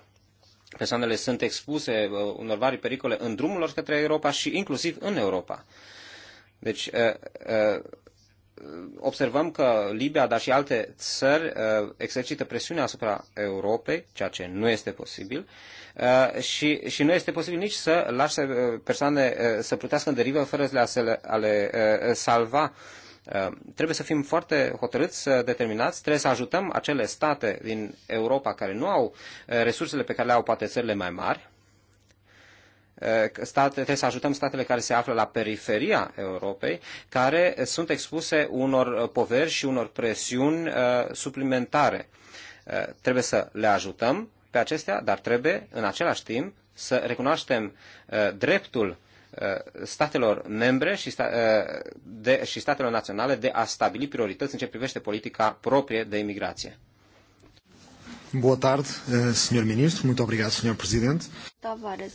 Persoanele sunt expuse uh, unor vari pericole în drumul lor către Europa și inclusiv în Europa. Deci, uh, uh, observăm că Libia, dar și alte țări exercită presiune asupra Europei, ceea ce nu este posibil, și, și nu este posibil nici să lase persoane să plutească în derivă fără să le, a le salva. Ehm, trebuie să fim foarte hotărâți, determinați, trebuie să ajutăm acele state din Europa care nu au eh, resursele pe care le au poate țările mai mari, eh, state, trebuie să ajutăm statele care se află la periferia Europei, care sunt expuse unor eh, poveri și unor presiuni uh, suplimentare. Uh, trebuie să le ajutăm pe acestea, dar trebuie în același timp să recunoaștem uh, dreptul Uh, statelor membre și, sta, uh, de, și statelor naționale de a stabili priorități în ce privește politica proprie de imigrație. Boa tarde, uh, senhor ministro. Muito obrigado, senhor presidente. Tavares,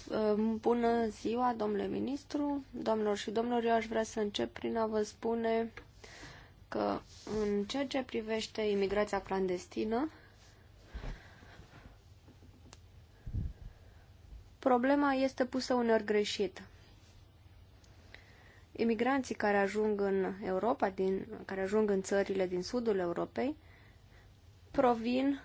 bună ziua, domnule ministru, domnilor și domnilor. Eu aș vrea să încep prin a vă spune că în ceea ce privește imigrația clandestină, problema este pusă uneori greșit imigranții care ajung în Europa, din, care ajung în țările din sudul Europei, provin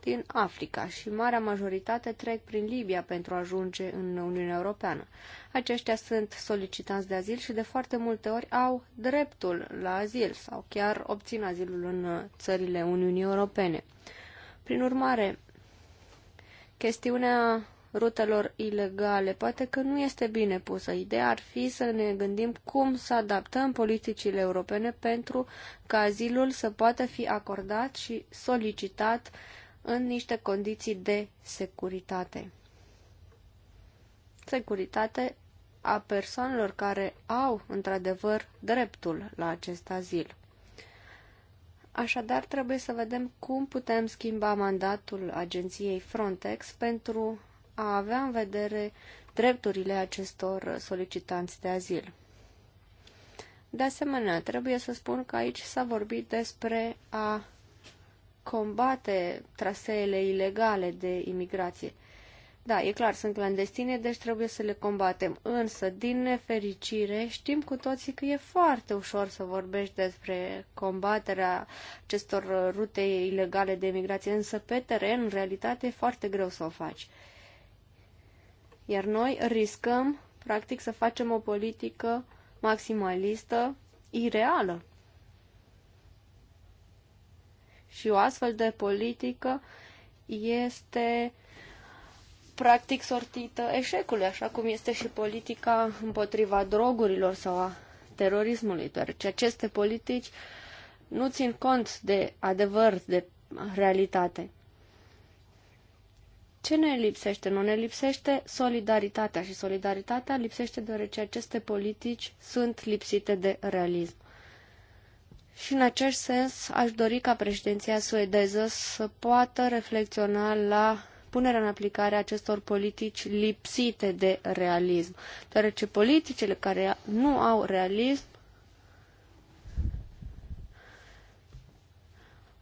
din Africa și marea majoritate trec prin Libia pentru a ajunge în Uniunea Europeană. Aceștia sunt solicitanți de azil și de foarte multe ori au dreptul la azil sau chiar obțin azilul în țările Uniunii Europene. Prin urmare, chestiunea rutelor ilegale. Poate că nu este bine pusă. Ideea ar fi să ne gândim cum să adaptăm politicile europene pentru ca azilul să poată fi acordat și solicitat în niște condiții de securitate. Securitate a persoanelor care au, într-adevăr, dreptul la acest azil. Așadar, trebuie să vedem cum putem schimba mandatul agenției Frontex pentru a avea în vedere drepturile acestor solicitanți de azil. De asemenea, trebuie să spun că aici s-a vorbit despre a combate traseele ilegale de imigrație. Da, e clar, sunt clandestine, deci trebuie să le combatem. Însă, din nefericire, știm cu toții că e foarte ușor să vorbești despre combaterea acestor rute ilegale de migrație, însă pe teren, în realitate, e foarte greu să o faci. Iar noi riscăm, practic, să facem o politică maximalistă ireală. Și o astfel de politică este practic sortită eșecului, așa cum este și politica împotriva drogurilor sau a terorismului, deoarece aceste politici nu țin cont de adevăr, de realitate. Ce ne lipsește? Nu ne lipsește solidaritatea și solidaritatea lipsește deoarece aceste politici sunt lipsite de realism. Și în acest sens aș dori ca președinția suedeză să poată reflecționa la punerea în aplicare a acestor politici lipsite de realism, deoarece politicile care nu au realism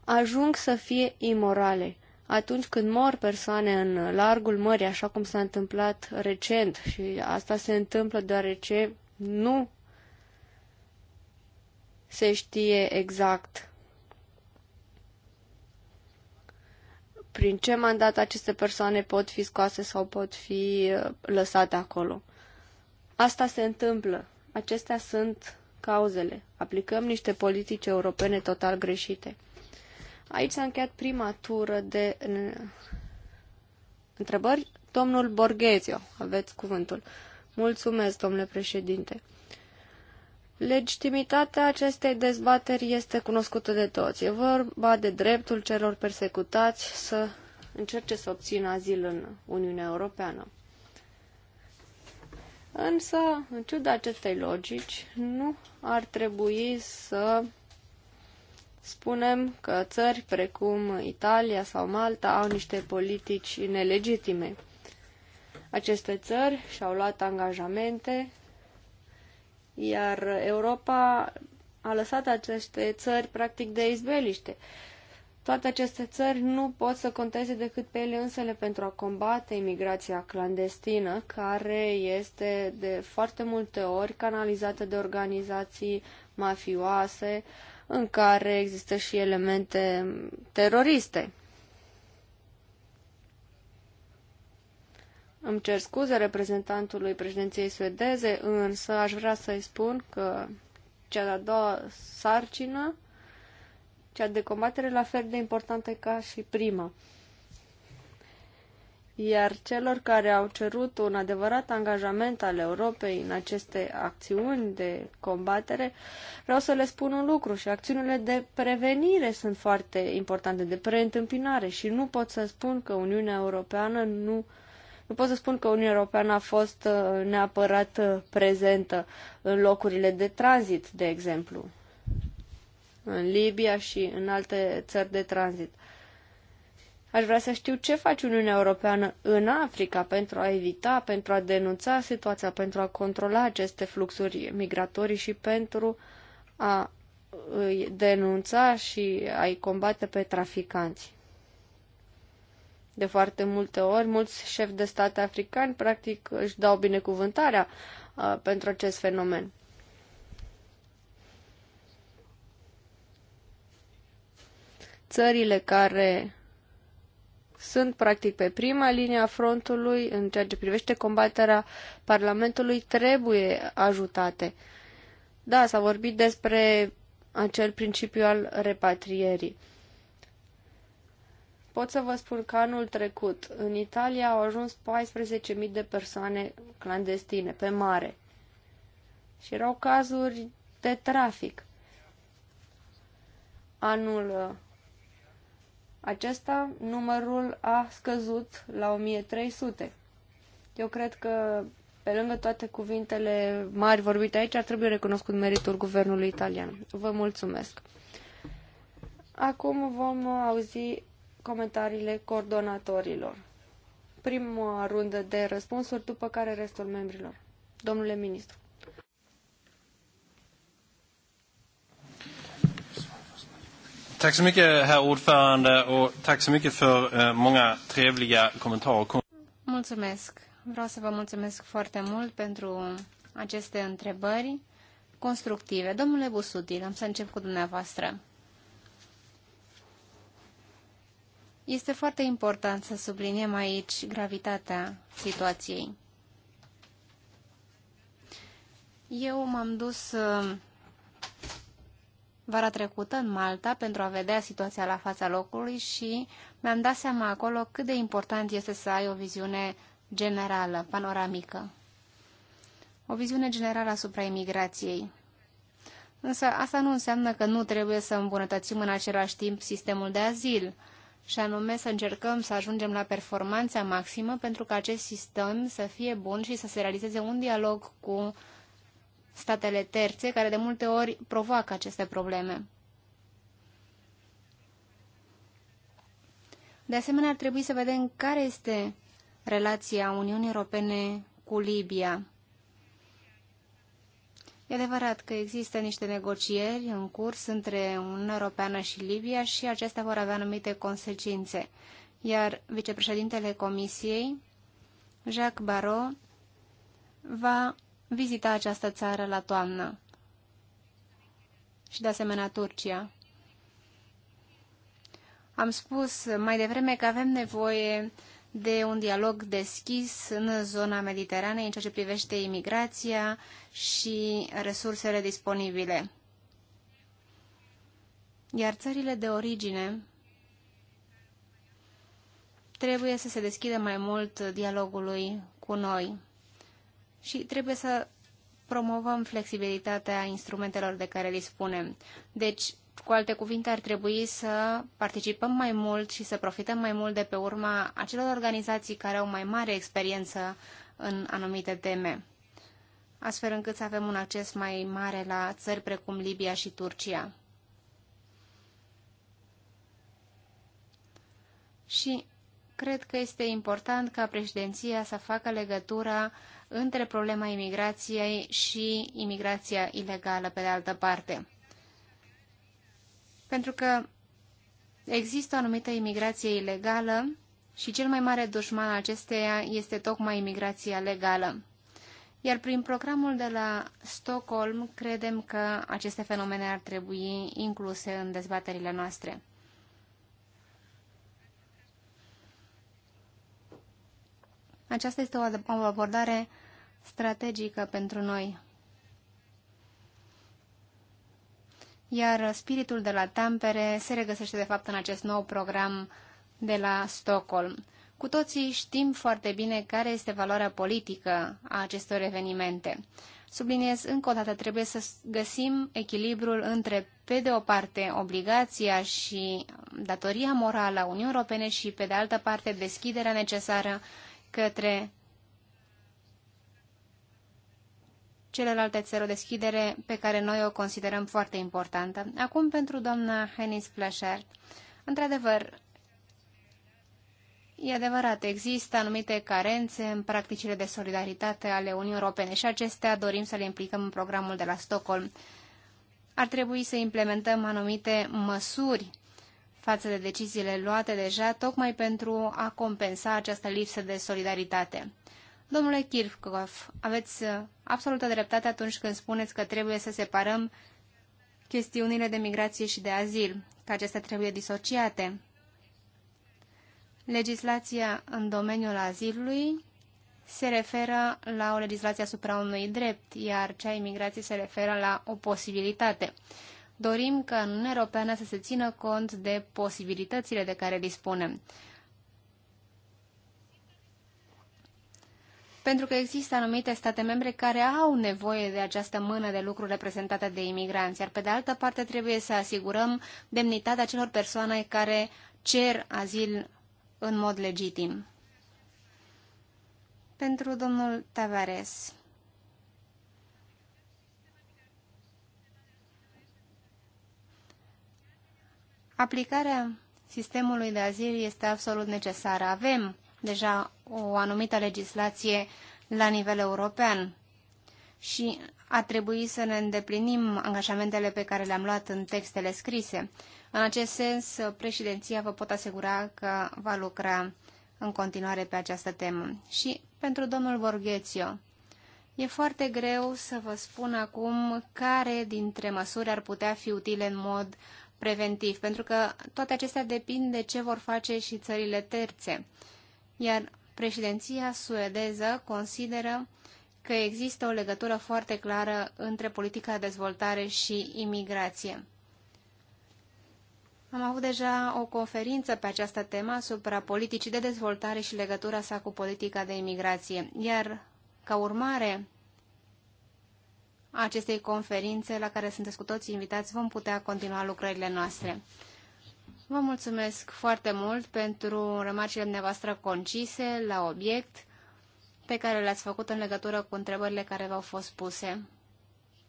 ajung să fie imorale atunci când mor persoane în largul mării, așa cum s-a întâmplat recent. Și asta se întâmplă deoarece nu se știe exact prin ce mandat aceste persoane pot fi scoase sau pot fi uh, lăsate acolo. Asta se întâmplă. Acestea sunt cauzele. Aplicăm niște politici europene total greșite. Aici s-a încheiat prima tură de întrebări. Domnul Borghezio, aveți cuvântul. Mulțumesc, domnule președinte. Legitimitatea acestei dezbateri este cunoscută de toți. E vorba de dreptul celor persecutați să încerce să obțină azil în Uniunea Europeană. Însă, în ciuda acestei logici, nu ar trebui să spunem că țări precum Italia sau Malta au niște politici nelegitime. Aceste țări și-au luat angajamente, iar Europa a lăsat aceste țări practic de izbeliște. Toate aceste țări nu pot să conteze decât pe ele însele pentru a combate imigrația clandestină, care este de foarte multe ori canalizată de organizații mafioase, uh, în care există și elemente teroriste. Îmi cer scuze reprezentantului președinției suedeze, însă aș vrea să-i spun că cea de-a doua sarcină, cea de combatere, la fel de importantă ca și prima iar celor care au cerut un adevărat angajament al Europei în aceste acțiuni de combatere, vreau să le spun un lucru și acțiunile de prevenire sunt foarte importante, de preîntâmpinare și nu pot să spun că Uniunea Europeană nu nu pot să spun că Uniunea Europeană a fost uh, neapărat uh, prezentă în locurile de tranzit, de exemplu, în Libia și în alte țări de tranzit. Aș vrea să știu ce face Uniunea Europeană în Africa pentru a evita, pentru a denunța situația, pentru a controla aceste fluxuri migratorii și pentru a îi denunța și a-i combate pe traficanți. De foarte multe ori, mulți șefi de stat africani, practic, își dau binecuvântarea uh, pentru acest fenomen. Țările care sunt practic pe prima linie a frontului în ceea ce privește combaterea Parlamentului trebuie ajutate. Da, s-a vorbit despre acel principiu al repatrierii. Pot să vă spun că anul trecut în Italia au ajuns 14.000 de persoane clandestine pe mare. Și erau cazuri de trafic. Anul acesta numărul a scăzut la 1300. Eu cred că, pe lângă toate cuvintele mari vorbite aici, ar trebui recunoscut meritul guvernului italian. Vă mulțumesc. Acum vom auzi comentariile coordonatorilor. Prima rundă de răspunsuri, după care restul membrilor. Domnule ministru. Tack så mycket, herr ordförande, och tack så mycket för eh, många trevliga kommentarer. Mulțumesc. Vreau să vă mulțumesc foarte mult pentru aceste întrebări constructive. Domnule Busutil, am să încep cu dumneavoastră. Este foarte important să subliniem aici gravitatea situației. Eu m-am dus vara trecută în Malta pentru a vedea situația la fața locului și mi-am dat seama acolo cât de important este să ai o viziune generală, panoramică. O viziune generală asupra imigrației. Însă asta nu înseamnă că nu trebuie să îmbunătățim în același timp sistemul de azil, și anume să încercăm să ajungem la performanța maximă pentru ca acest sistem să fie bun și să se realizeze un dialog cu statele terțe, care de multe ori provoacă aceste probleme. De asemenea, ar trebui să vedem care este relația Uniunii Europene cu Libia. E adevărat că există niște negocieri în curs între Uniunea Europeană și Libia și acestea vor avea anumite consecințe. Iar vicepreședintele Comisiei, Jacques Barrot, va vizita această țară la toamnă și de asemenea Turcia. Am spus mai devreme că avem nevoie de un dialog deschis în zona Mediteranei în ceea ce privește imigrația și resursele disponibile. Iar țările de origine trebuie să se deschidă mai mult dialogului cu noi și trebuie să promovăm flexibilitatea instrumentelor de care spunem. Deci, cu alte cuvinte, ar trebui să participăm mai mult și să profităm mai mult de pe urma acelor organizații care au mai mare experiență în anumite teme, astfel încât să avem un acces mai mare la țări precum Libia și Turcia. Și cred că este important ca președinția să facă legătura uh, între problema imigrației și imigrația ilegală pe de altă parte. Pentru că există o anumită imigrație ilegală și cel mai mare dușman acesteia este tocmai imigrația legală. Iar prin programul de la Stockholm credem că aceste fenomene ar trebui incluse în dezbaterile noastre. Aceasta este o abordare strategică pentru noi. Iar spiritul de la Tampere se regăsește de fapt în acest nou program de la Stockholm. Cu toții știm foarte bine care este valoarea politică a acestor evenimente. Subliniez încă o dată, trebuie să găsim echilibrul între, pe de o parte, obligația și datoria morală a Uniunii Europene și, pe de altă parte, deschiderea necesară către celelalte țări o deschidere pe care noi o considerăm foarte importantă. Acum pentru doamna Henis Plashert. Într-adevăr, E adevărat, există anumite carențe în practicile de solidaritate ale Uniunii Europene și acestea dorim să le implicăm în programul de la Stockholm. Ar trebui să implementăm anumite măsuri față de deciziile luate deja, tocmai pentru a compensa această lipsă de solidaritate. Domnule Kirchhoff, aveți uh, absolută dreptate atunci când spuneți că trebuie să separăm chestiunile de migrație și de azil, că acestea trebuie disociate. Legislația în domeniul azilului se referă la o legislație asupra unui drept, iar cea imigrației se referă la o posibilitate. Dorim ca în Uniunea Europeană să se țină cont de posibilitățile de care dispunem. pentru că există anumite state membre care au nevoie de această mână de lucru reprezentată de imigranți, iar pe de altă parte trebuie să asigurăm demnitatea celor persoane care cer azil în mod legitim. Pentru domnul Tavares. Aplicarea sistemului de azil este absolut necesară. Avem deja o anumită legislație la nivel european și a trebuit să ne îndeplinim angajamentele pe care le-am luat în textele scrise. În acest sens, președinția vă pot asigura că va lucra în continuare pe această temă. Și pentru domnul Borghețio, e foarte greu să vă spun acum care dintre măsuri ar putea fi utile în mod preventiv, pentru că toate acestea depind de ce vor face și țările terțe iar președinția suedeză consideră că există o legătură foarte clară între politica de dezvoltare și imigrație. Am avut deja o conferință pe această temă asupra politicii de dezvoltare și legătura sa cu politica de imigrație, iar ca urmare acestei conferințe la care sunteți cu toții invitați vom putea continua lucrările noastre. Vă mulțumesc foarte mult pentru remarcile dumneavoastră concise la obiect pe care le-ați făcut în legătură cu întrebările care v-au fost puse.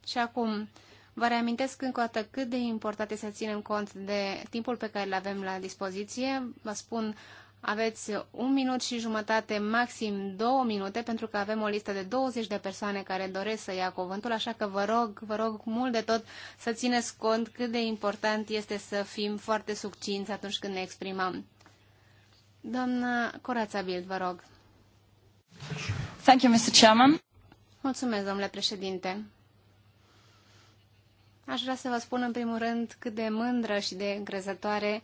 Și acum, vă reamintesc încă o dată cât de important este să ținem cont de timpul pe care îl avem la dispoziție. Vă spun aveți un minut și jumătate, maxim două minute, pentru că avem o listă de 20 de persoane care doresc să ia cuvântul, așa că vă rog, vă rog mult de tot să țineți cont cât de important este să fim foarte succinți atunci când ne exprimăm. Doamna Corața Bild, vă rog. Thank you, Mr. Chairman. Mulțumesc, domnule președinte. Aș vrea să vă spun în primul rând cât de mândră și de încrezătoare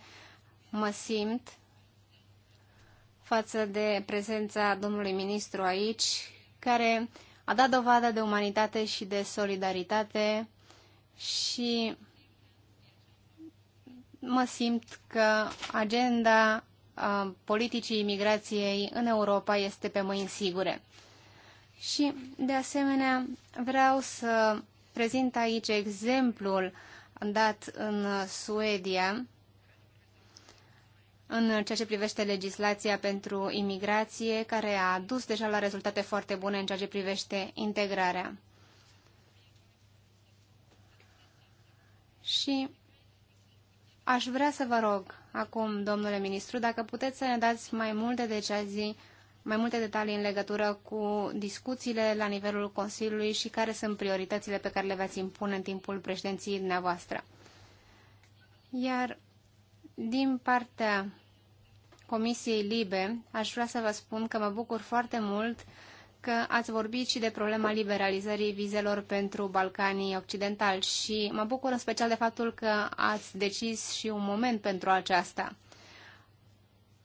mă simt față de prezența domnului ministru aici, care a dat dovadă de umanitate și de solidaritate și mă simt că agenda politicii imigrației în Europa este pe mâini sigure. Și, de asemenea, vreau să prezint aici exemplul dat în Suedia în ceea ce privește legislația pentru imigrație, care a dus deja la rezultate foarte bune în ceea ce privește integrarea. Și aș vrea să vă rog acum, domnule ministru, dacă puteți să ne dați mai multe decizii, mai multe detalii în legătură cu discuțiile la nivelul Consiliului și care sunt prioritățile pe care le veți impune în timpul președinției dumneavoastră. Iar din partea Comisiei Libe, aș vrea să vă spun că mă bucur foarte mult că ați vorbit și de problema liberalizării vizelor pentru Balcanii Occidentali și mă bucur în special de faptul că ați decis și un moment pentru aceasta,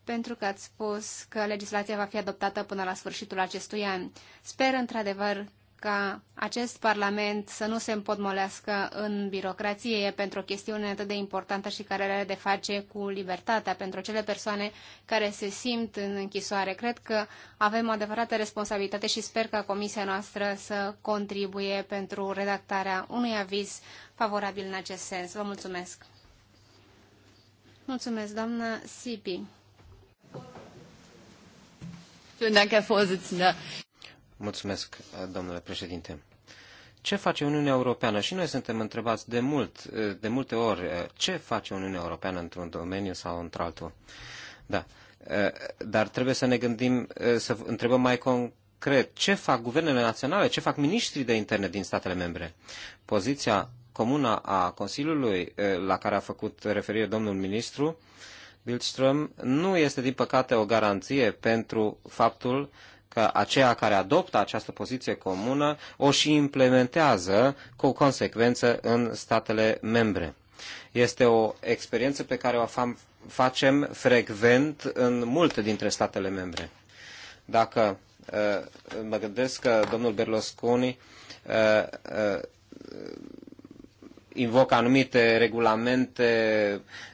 pentru că ați spus că legislația va fi adoptată până la sfârșitul acestui an. Sper într-adevăr ca acest Parlament să nu se împotmolească în birocrație pentru o chestiune atât de importantă și care are de face cu libertatea pentru cele persoane care se simt în închisoare. Cred că avem o adevărată responsabilitate și sper ca Comisia noastră să contribuie pentru redactarea unui aviz favorabil în acest sens. Vă mulțumesc! Mulțumesc, doamna Sipi! Vielen Dank, Herr Vorsitzender. Mulțumesc, domnule președinte. Ce face Uniunea Europeană? Și noi suntem întrebați de, mult, de multe ori ce face Uniunea Europeană într-un domeniu sau într-altul. Da. Dar trebuie să ne gândim, să întrebăm mai concret ce fac guvernele naționale, ce fac ministrii de interne din statele membre. Poziția comună a Consiliului, la care a făcut referire domnul ministru Bildström, nu este, din păcate, o garanție pentru faptul că aceia care adoptă această poziție comună o și implementează cu consecvență în statele membre. Este o experiență pe care o facem frecvent în multe dintre statele membre. Dacă uh, mă gândesc că domnul Berlusconi uh, uh, invocă anumite regulamente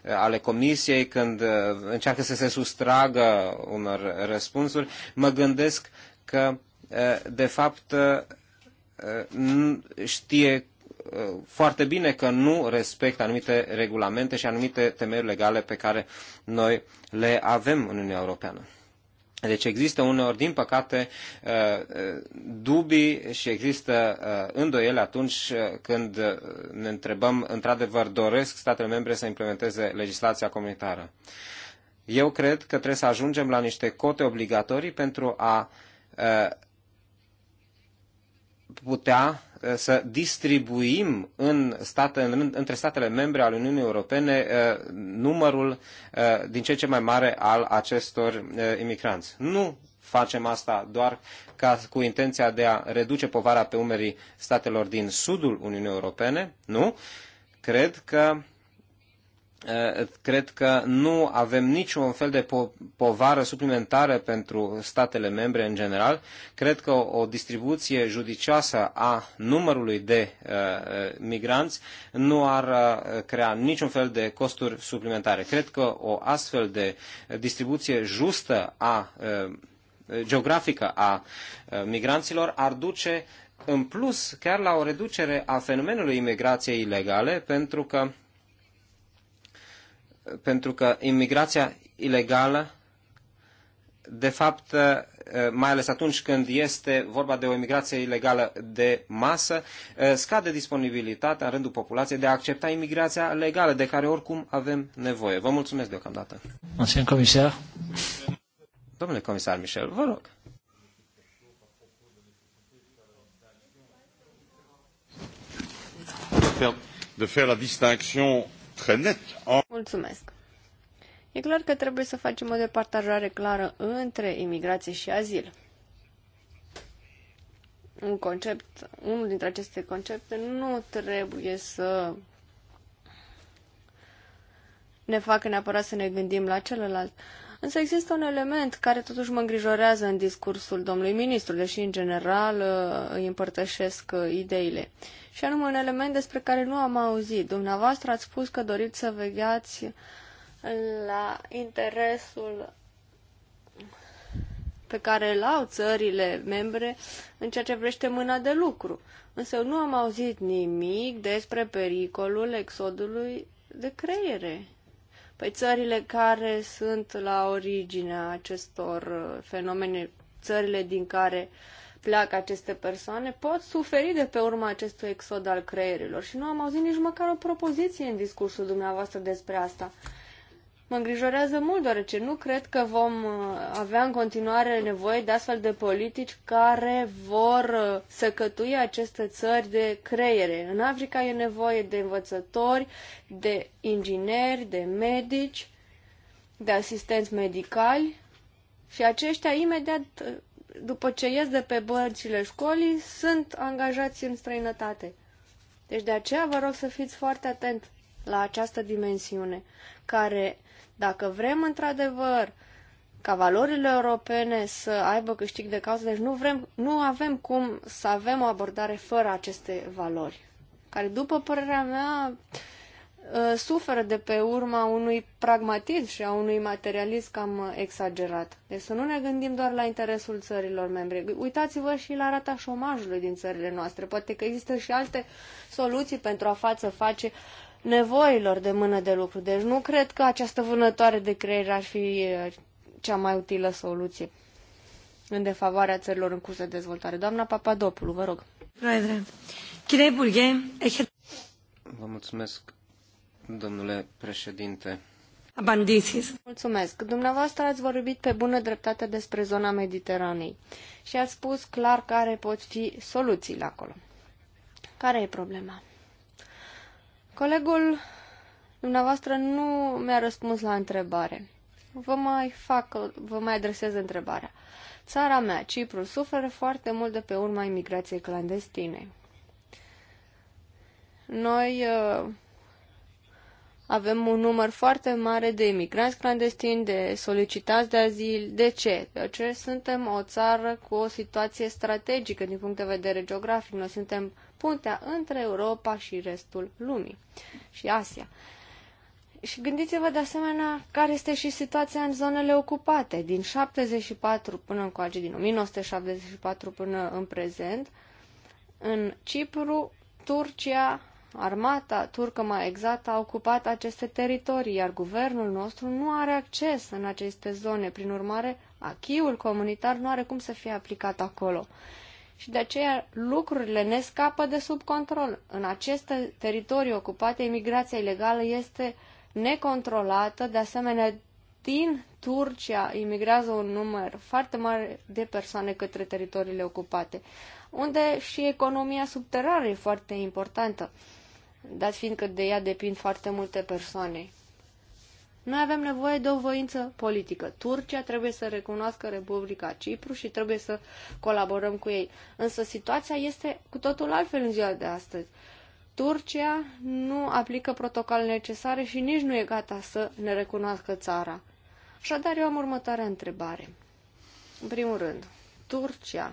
eh, ale comisiei, când eh, încearcă să se sustragă unor răspunsuri, mă gândesc că, eh, de fapt, știe foarte bine că nu respectă anumite regulamente și anumite temeri legale pe care noi le avem în Uniunea Europeană. Deci există uneori, din păcate, uh, uh, dubii și există uh, îndoieli atunci când ne întrebăm, într-adevăr, doresc statele membre să implementeze legislația comunitară. Eu cred că trebuie să ajungem la niște cote obligatorii pentru a putea uh, să distribuim în state, în, între statele membre ale Uniunii Europene uh, numărul uh, din ce ce mai mare al acestor imigranți. Nu facem asta doar ca cu intenția de a reduce povara pe umerii statelor din sudul Uniunii Europene, nu. Cred că Eh, cred că nu avem niciun fel de po- povară suplimentară pentru statele membre în general. Cred că o, o distribuție judicioasă a numărului de uh, migranți nu ar uh, crea niciun fel de costuri suplimentare. Cred că o astfel de distribuție justă a uh, geografică a uh, migranților ar duce în plus chiar la o reducere a fenomenului imigrației ilegale, pentru că pentru că imigrația ilegală, de fapt, eh, mai ales atunci când este vorba de o imigrație ilegală de masă, eh, scade disponibilitatea în rândul populației de a accepta imigrația legală, de care oricum avem nevoie. Vă mulțumesc deocamdată. Mulțumim, comisar. Domnule comisar Michel, vă rog. De faire la distinction Mulțumesc. E clar că trebuie să facem o departajare clară între imigrație și azil. Un concept, unul dintre aceste concepte nu trebuie să ne facă neapărat să ne gândim la celălalt. Uh, Însă există un element care totuși mă îngrijorează în discursul domnului ministru, deși în general îi împărtășesc uh, ideile. Și anume un element despre care nu am auzit. Dumneavoastră ați spus că doriți să vegheați la interesul pe care îl au țările membre în ceea ce vrește mâna de lucru. Însă eu nu am auzit nimic despre pericolul exodului de creiere pe păi țările care sunt la originea acestor uh, fenomene, țările din care pleacă aceste persoane, pot suferi de pe urma acestui exod al creierilor. Și nu am auzit nici măcar o propoziție în discursul dumneavoastră despre asta mă îngrijorează mult, deoarece nu cred că vom uh, avea în continuare nevoie de astfel de politici care vor uh, săcătui aceste țări de creiere. În Africa e nevoie de învățători, de ingineri, de medici, de asistenți medicali și aceștia imediat uh, după ce ies de pe bărcile școlii, sunt angajați în străinătate. Deci de aceea vă rog să fiți foarte atent la această dimensiune, care dacă vrem într-adevăr ca valorile europene să aibă câștig de cauză, deci nu, vrem, nu avem cum să avem o abordare fără aceste valori, care, după părerea mea, ă, suferă de pe urma unui pragmatism și a unui materialism cam exagerat. Deci să nu ne gândim doar la interesul țărilor membre. Uitați-vă și la rata șomajului din țările noastre. Poate că există și alte soluții pentru a față face nevoilor de mână de lucru. Deci nu cred că această vânătoare de creier ar fi uh, cea mai utilă soluție în defavoarea țărilor în curs de dezvoltare. Doamna Papadopoulou, vă rog. Vă mulțumesc, domnule președinte. Mulțumesc. Dumneavoastră ați vorbit pe bună dreptate despre zona Mediteranei și ați spus clar care pot fi soluțiile acolo. Care e problema? Colegul dumneavoastră nu mi-a răspuns la întrebare. Vă mai fac, vă mai adresez întrebarea. Țara mea, Cipru, suferă foarte mult de pe urma imigrației clandestine. Noi uh, avem un număr foarte mare de imigranți clandestini, de solicitați de azil. De ce? De ce suntem o țară cu o situație strategică din punct de vedere geografic. Noi suntem uh, puntea între Europa și restul lumii și Asia. Și gândiți-vă de asemenea care este și situația în zonele ocupate. Din 74 până în încoace, din 1974 până în prezent, în Cipru, Turcia, armata turcă mai exact, a ocupat aceste teritorii, iar guvernul nostru nu are acces în aceste zone. Prin urmare, achiul comunitar nu are cum să fie aplicat acolo și de aceea lucrurile ne scapă de sub control. În aceste teritorii ocupate, imigrația ilegală este necontrolată, de asemenea, din Turcia imigrează un număr foarte mare de persoane către teritoriile ocupate, unde și economia subterară e foarte importantă, dat fiindcă de ea depind foarte multe persoane. Noi avem nevoie de o voință politică. Turcia trebuie să recunoască Republica Cipru și trebuie să colaborăm cu ei. Însă situația este cu totul altfel în ziua de astăzi. Turcia nu aplică protocolele necesare și nici nu e gata să ne recunoască țara. Așadar, eu am următoarea întrebare. În primul rând, Turcia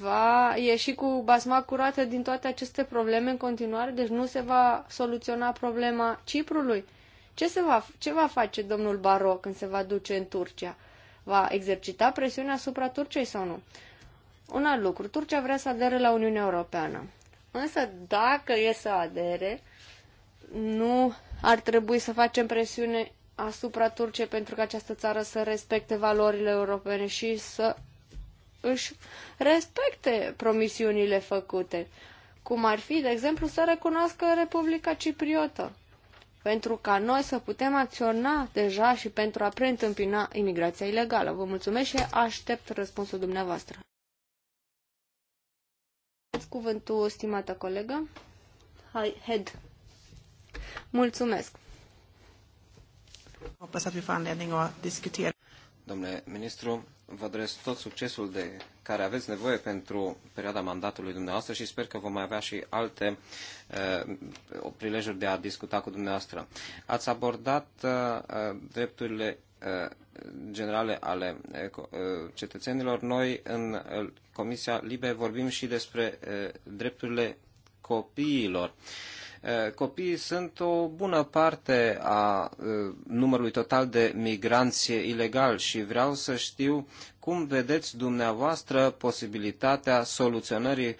va ieși cu basma curată din toate aceste probleme în continuare, deci nu se va soluționa problema Ciprului. Ce, se va, ce va face domnul Baro când se va duce în Turcia? Va exercita presiunea asupra Turciei sau nu? Un alt lucru, Turcia vrea să adere la Uniunea Europeană. Însă dacă e să adere, nu ar trebui să facem presiune asupra Turciei pentru că această țară să respecte valorile europene și să își respecte promisiunile făcute, cum ar fi, de exemplu, să recunoască Republica Cipriotă pentru ca noi să putem acționa deja și pentru a preîntâmpina imigrația ilegală. Vă mulțumesc și aștept răspunsul dumneavoastră. Cuvântul, stimată colegă. Hai, head. Mulțumesc. Hoppas att vi får anledning att diskutera. Domnule ministru, vă doresc tot succesul de care aveți nevoie pentru perioada mandatului dumneavoastră și sper că vom mai avea și alte uh, prilejuri de a discuta cu dumneavoastră. Ați abordat uh, drepturile uh, generale ale uh, cetățenilor. Noi în uh, Comisia Libe vorbim și despre uh, drepturile copiilor. Uh, Eh, copiii sunt o bună parte a eh, numărului total de migranți ilegali și vreau să știu cum vedeți dumneavoastră posibilitatea soluționării eh,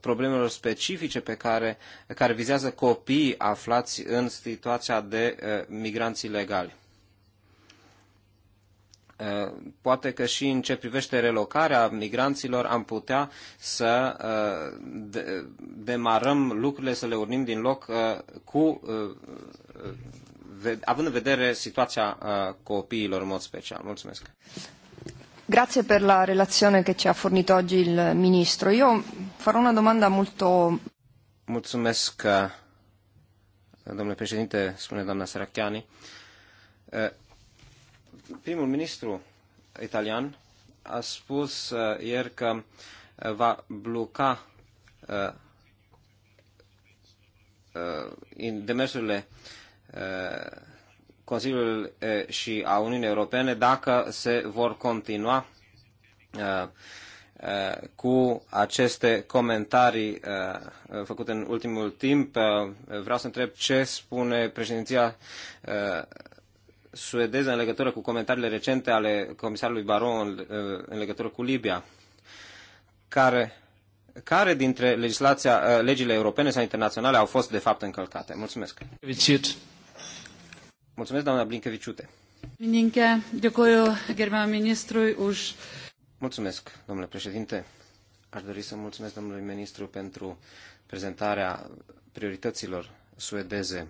problemelor specifice pe care, care vizează copiii aflați în situația de migranți ilegali. Eh, poate că și în ce privește relocarea migranților am putea să eh, demarăm lucrurile, să le urnim din loc eh, cu, având în vedere situația copiilor în mod special. Mulțumesc. Grazie per la relazione che ci ha fornito oggi il Ministro. Io farò una domanda molto... Mulțumesc, domnule președinte, spune doamna Serachiani. Primul ministru italian a spus uh, ieri că uh, va bloca uh, uh, demersurile uh, Consiliului uh, și a Uniunii Europene dacă se vor continua uh, cu aceste comentarii făcute în ultimul timp. Vreau să întreb ce spune președinția suedeză în legătură cu comentariile recente ale comisarului Baron în, eh, în legătură cu Libia, care, care dintre legislația, eh, legile europene sau internaționale au fost de fapt încălcate? Mulțumesc. Vizit. Mulțumesc, doamna Blinkeviciute. Mulțumesc, domnule președinte. Aș dori să mulțumesc domnului ministru pentru prezentarea priorităților suedeze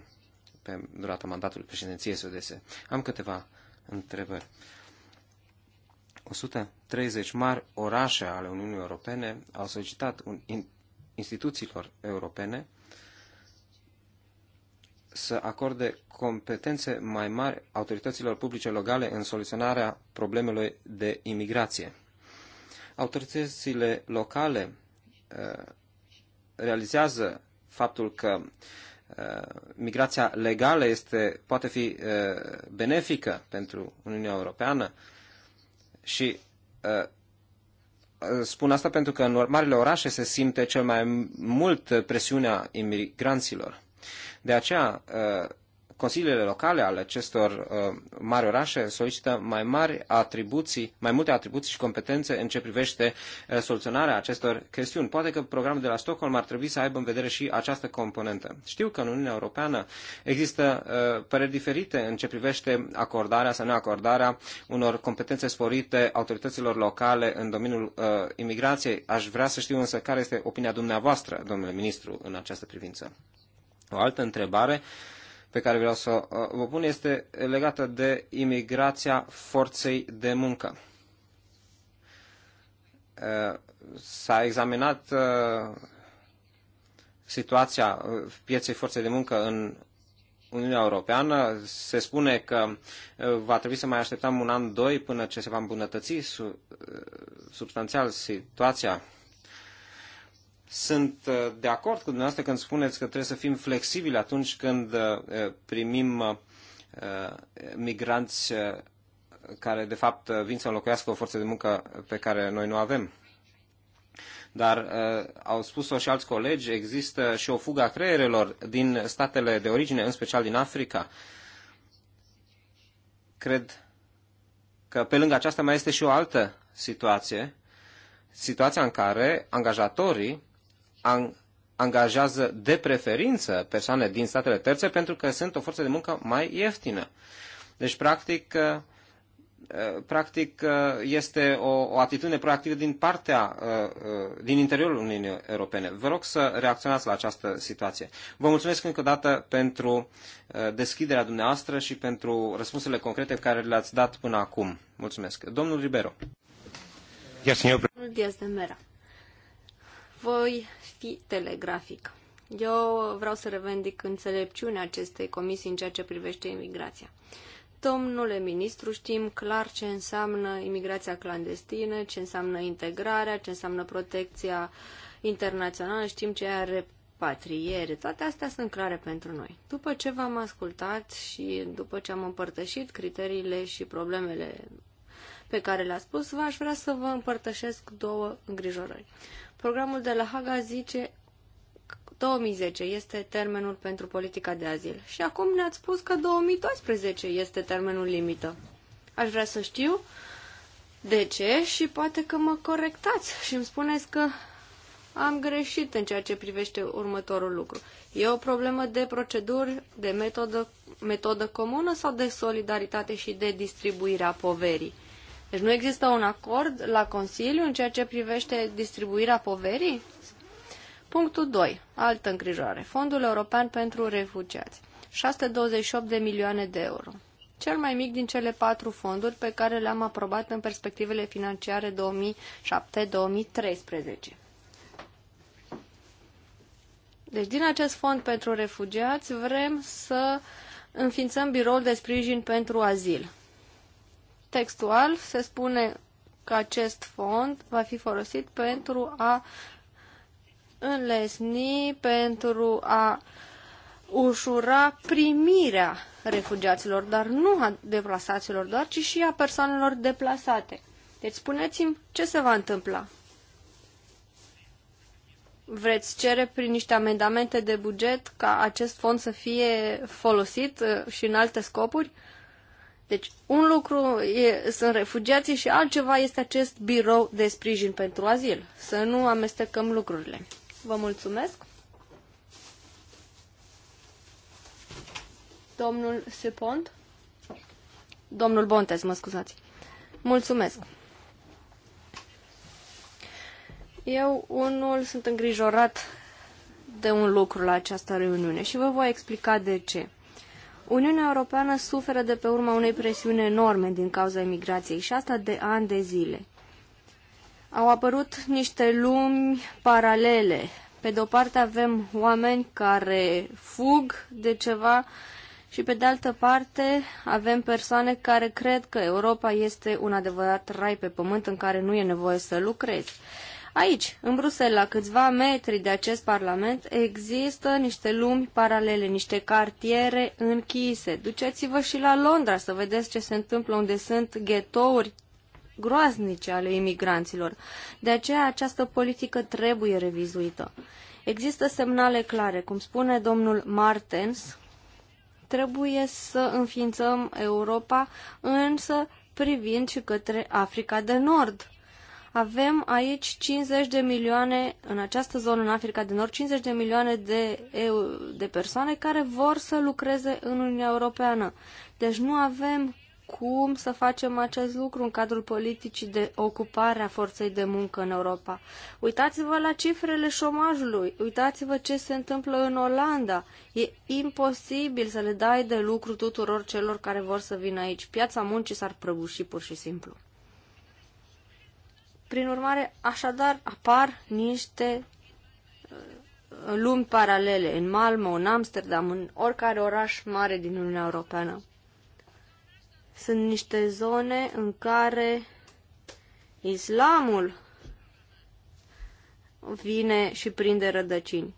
pe durata mandatului președinției suedeze. Am câteva întrebări. 130 mari orașe ale Uniunii Europene au solicitat un, in, instituțiilor europene să acorde competențe mai mari autorităților publice locale în soluționarea problemelor de imigrație. Autoritățile locale uh, realizează faptul că Uh, migrația legală este, poate fi uh, benefică pentru Uniunea Europeană și uh, spun asta pentru că în marile orașe se simte cel mai mult presiunea imigranților. De aceea consiliile locale ale acestor uh, mari orașe solicită mai mari atribuții, mai multe atribuții și competențe în ce privește uh, soluționarea acestor chestiuni. Poate că programul de la Stockholm ar trebui să aibă în vedere și această componentă. Știu că în Uniunea Europeană există uh, păreri diferite în ce privește acordarea sau neacordarea unor competențe sporite autorităților locale în domeniul imigrației. Aș vrea să știu însă care este opinia dumneavoastră, domnule ministru, în această privință. O altă întrebare uh, pe care vreau să uh, vă pun este legată de imigrația forței de muncă. Uh, s-a examinat uh, situația pieței forței de muncă în Uniunea Europeană. Se spune că va trebui să mai așteptăm un an, doi, până ce se va îmbunătăți substanțial situația sunt uh, de acord cu dumneavoastră când spuneți că trebuie să fim flexibili atunci când uh, primim uh, migranți care de fapt vin să înlocuiască o forță de muncă pe care noi nu avem. Dar uh, au spus-o și alți colegi, există și o fugă a creierelor din statele de origine, în special din Africa. Cred că pe lângă aceasta mai este și o altă situație, situația în care angajatorii angajează de preferință persoane din statele terțe pentru că sunt o forță de muncă mai ieftină. Deci, practic, uh, uh, practic uh, este o, o atitudine proactivă din partea, din interiorul Uniunii Europene. Vă rog să reacționați la această situație. Vă mulțumesc încă o dată pentru deschiderea dumneavoastră și pentru răspunsurile concrete pe care le-ați dat până acum. Mulțumesc. Domnul Ribero. Yes, voi fi telegrafic. Eu vreau să revendic înțelepciunea acestei comisii în ceea ce privește imigrația. Domnule ministru, știm clar ce înseamnă imigrația clandestină, ce înseamnă integrarea, ce înseamnă protecția internațională, știm ce are repatriere, toate astea sunt clare pentru noi. După ce v-am ascultat și după ce am împărtășit criteriile și problemele pe care le-a spus, v-aș vrea să vă împărtășesc două îngrijorări. Programul de la Haga zice 2010 este termenul pentru politica de azil. Și acum ne-ați spus că 2012 este termenul limită. Aș vrea să știu de ce și poate că mă corectați și îmi spuneți că am greșit în ceea ce privește următorul lucru. E o problemă de proceduri, de metodă, metodă comună sau de solidaritate și de distribuirea poverii? Deci nu există un acord la Consiliu în ceea ce privește distribuirea poverii? Punctul 2. Altă îngrijorare. Fondul European pentru Refugiați. 628 de milioane de euro. Cel mai mic din cele patru fonduri pe care le-am aprobat în perspectivele financiare 2007-2013. Deci din acest fond pentru refugiați vrem să înființăm biroul de sprijin pentru azil. Textual se spune că acest fond va fi folosit pentru a înlesni, pentru a ușura primirea refugiaților, dar nu a deplasaților doar, ci și a persoanelor deplasate. Deci spuneți-mi ce se va întâmpla. Vreți cere prin niște amendamente de buget ca acest fond să fie folosit uh, și în alte scopuri? Deci, un lucru e, sunt refugiații și altceva este acest birou de sprijin pentru azil. Să nu amestecăm lucrurile. Vă mulțumesc. Domnul Sepont? Domnul Bontes, mă scuzați. Mulțumesc. Eu, unul, sunt îngrijorat de un lucru la această reuniune și vă voi explica de ce. Uniunea Europeană suferă de pe urma unei presiuni enorme din cauza imigrației și asta de ani de zile. Au apărut niște lumi paralele. Pe de o parte avem oameni care fug de ceva și pe de altă parte avem persoane care cred că Europa este un adevărat rai pe pământ în care nu e nevoie să lucrezi. Aici, în Bruxelles, la câțiva metri de acest parlament, există niște lumi paralele, niște cartiere închise. Duceți-vă și la Londra să vedeți ce se întâmplă unde sunt ghetouri groaznice ale imigranților. De aceea această politică trebuie revizuită. Există semnale clare, cum spune domnul Martens, trebuie să înființăm Europa, însă privind și către Africa de Nord. Avem aici 50 de milioane, în această zonă, în Africa de Nord, 50 de milioane de, eu, de persoane care vor să lucreze în Uniunea Europeană. Deci nu avem cum să facem acest lucru în cadrul politicii de ocupare a forței de muncă în Europa. Uitați-vă la cifrele șomajului, uitați-vă ce se întâmplă în Olanda. E imposibil să le dai de lucru tuturor celor care vor să vină aici. Piața muncii s-ar prăbuși pur și simplu. Prin urmare, așadar, apar niște uh, lumi paralele în Malmö, în Amsterdam, în oricare oraș mare din Uniunea Europeană. Sunt niște zone în care islamul vine și prinde rădăcini.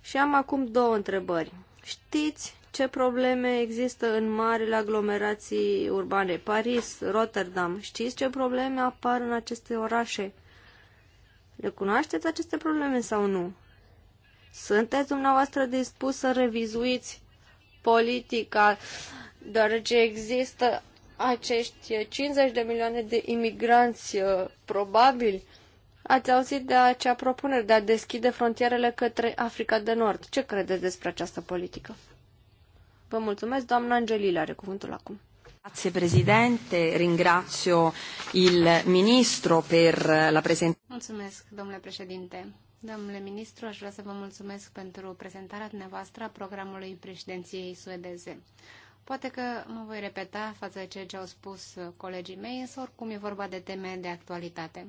Și am acum două întrebări. Știți ce probleme există în marile aglomerații urbane, Paris, Rotterdam. Știți ce probleme apar în aceste orașe? Le cunoașteți aceste probleme sau nu? Sunteți dumneavoastră dispus să revizuiți politica, deoarece există acești 50 de milioane de imigranți uh, probabili? Ați auzit de acea propunere de a deschide frontierele către Africa de Nord. Ce credeți despre această politică? Vă mulțumesc, doamna Angelila, are cuvântul acum. Grazie Presidente, ringrazio il Ministro per la presentazione. Mulțumesc, domnule președinte. Domnule Ministru, aș vrea să vă mulțumesc pentru prezentarea dumneavoastră a programului președinției suedeze. Poate că mă voi repeta față de ceea ce au spus colegii mei, însă oricum e vorba de teme de actualitate.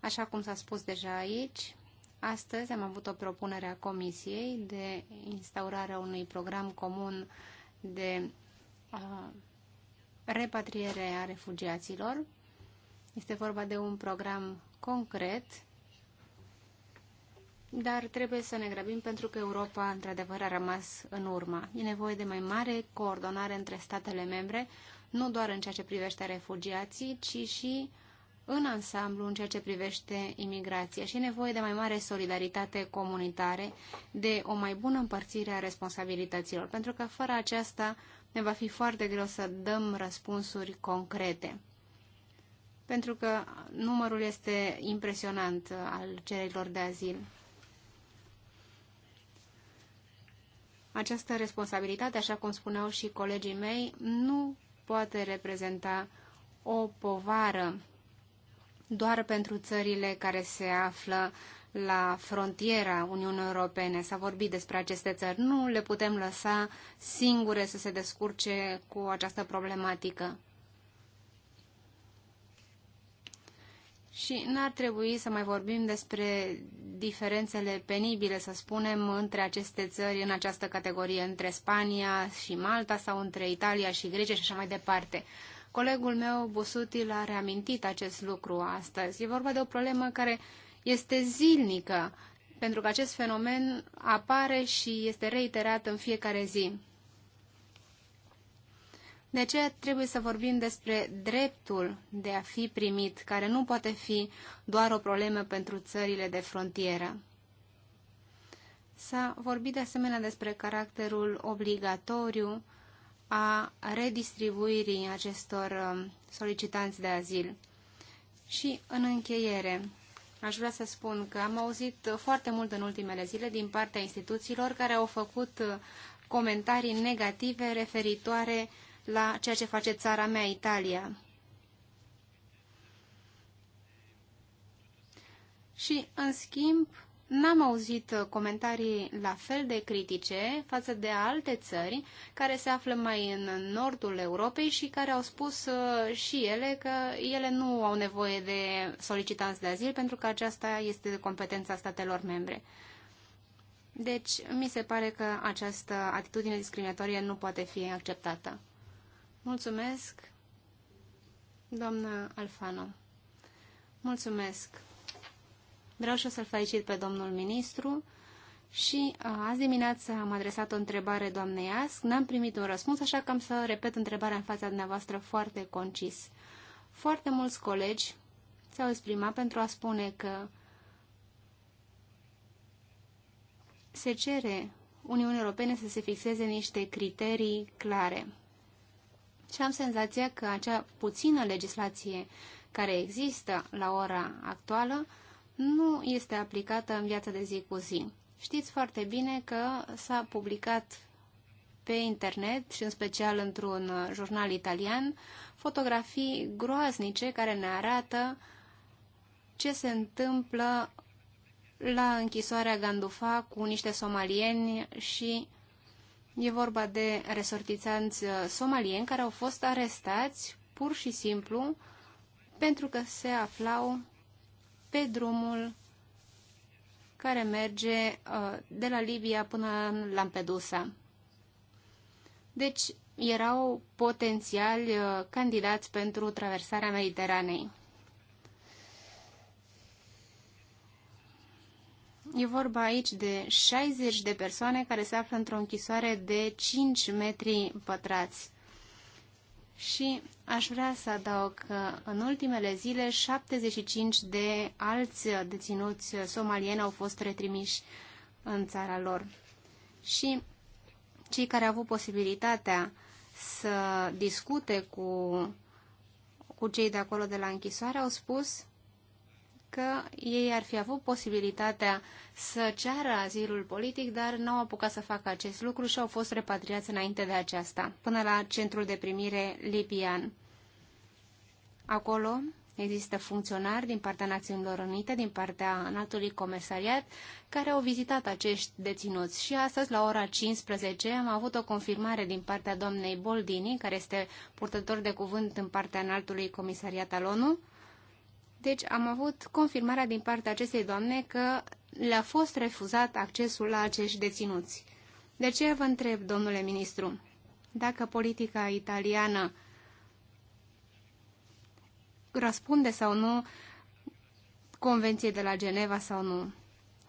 Așa cum s-a spus deja aici, Astăzi am avut o propunere a Comisiei de instaurarea unui program comun de uh, repatriere a refugiaților. Este vorba de un program concret, dar trebuie să ne grăbim pentru că Europa, într-adevăr, a rămas în urmă. E nevoie de mai mare coordonare între statele membre, nu doar în ceea ce privește refugiații, ci și uh, în ansamblu în ceea ce privește imigrația și e nevoie de mai mare solidaritate comunitare, de o mai bună împărțire a responsabilităților, pentru că fără aceasta ne va fi foarte greu să dăm răspunsuri concrete. Pentru că numărul este impresionant al cererilor de azil. Această responsabilitate, așa cum spuneau și colegii mei, nu poate reprezenta o povară doar pentru țările care se află la frontiera Uniunii Europene. S-a vorbit despre aceste țări. Nu le putem lăsa singure să se descurce cu această problematică. Și n-ar trebui să mai vorbim despre diferențele penibile, să spunem, între aceste țări în această categorie, între Spania și Malta sau între Italia și Grecia și așa mai departe. Colegul meu, Busutil, a reamintit acest lucru astăzi. E vorba de o problemă care este zilnică, pentru că acest fenomen apare și este reiterat în fiecare zi. De aceea trebuie să vorbim despre dreptul de a fi primit, care nu poate fi doar o problemă pentru țările de frontieră. S-a vorbit de asemenea despre caracterul obligatoriu a redistribuirii acestor um, solicitanți de azil. Și în încheiere, aș vrea să spun că am auzit foarte mult în ultimele zile din partea instituțiilor care au făcut uh, comentarii negative referitoare la ceea ce face țara mea, Italia. Și, în schimb, N-am auzit uh, comentarii la fel de critice față de alte țări care se află mai în nordul Europei și care au spus uh, și ele că ele nu au nevoie de solicitanți de azil pentru că aceasta este de competența statelor membre. Deci, mi se pare că această atitudine discriminatorie nu poate fi acceptată. Mulțumesc, doamnă Alfano. Mulțumesc. Vreau și să-l felicit pe domnul ministru și azi dimineață am adresat o întrebare doamnei Asc, n-am primit un răspuns, așa că am să repet întrebarea în fața dumneavoastră foarte concis. Foarte mulți colegi s-au exprimat pentru a spune că se cere Uniunii Europene să se fixeze niște criterii clare. Și am senzația că acea puțină legislație care există la ora actuală nu este aplicată în viața de zi cu zi. Știți foarte bine că s-a publicat pe internet și în special într-un uh, jurnal italian fotografii groaznice care ne arată ce se întâmplă la închisoarea Gandufa cu niște somalieni și e vorba de resortițanți uh, somalieni care au fost arestați pur și simplu pentru că se aflau pe drumul care merge uh, de la Libia până în Lampedusa. Deci erau potențiali uh, candidați pentru traversarea Mediteranei. E vorba aici de 60 de persoane care se află într-o închisoare de 5 metri pătrați. Și aș vrea să adaug că în ultimele zile 75 de alți deținuți somalieni au fost retrimiși în țara lor. Și cei care au avut posibilitatea să discute cu, cu cei de acolo de la închisoare au spus că ei ar fi avut posibilitatea să ceară azilul politic, dar nu au apucat să facă acest lucru și au fost repatriați înainte de aceasta, până la centrul de primire libian. Acolo există funcționari din partea Națiunilor Unite, din partea Înaltului Comisariat, care au vizitat acești deținuți. Și astăzi, la ora 15, am avut o confirmare din partea doamnei Boldini, care este purtător de cuvânt în partea Înaltului Comisariat al ONU, deci am avut confirmarea din partea acestei doamne că le-a fost refuzat accesul la acești deținuți. De ce vă întreb, domnule ministru, dacă politica italiană răspunde sau nu Convenției de la Geneva sau nu,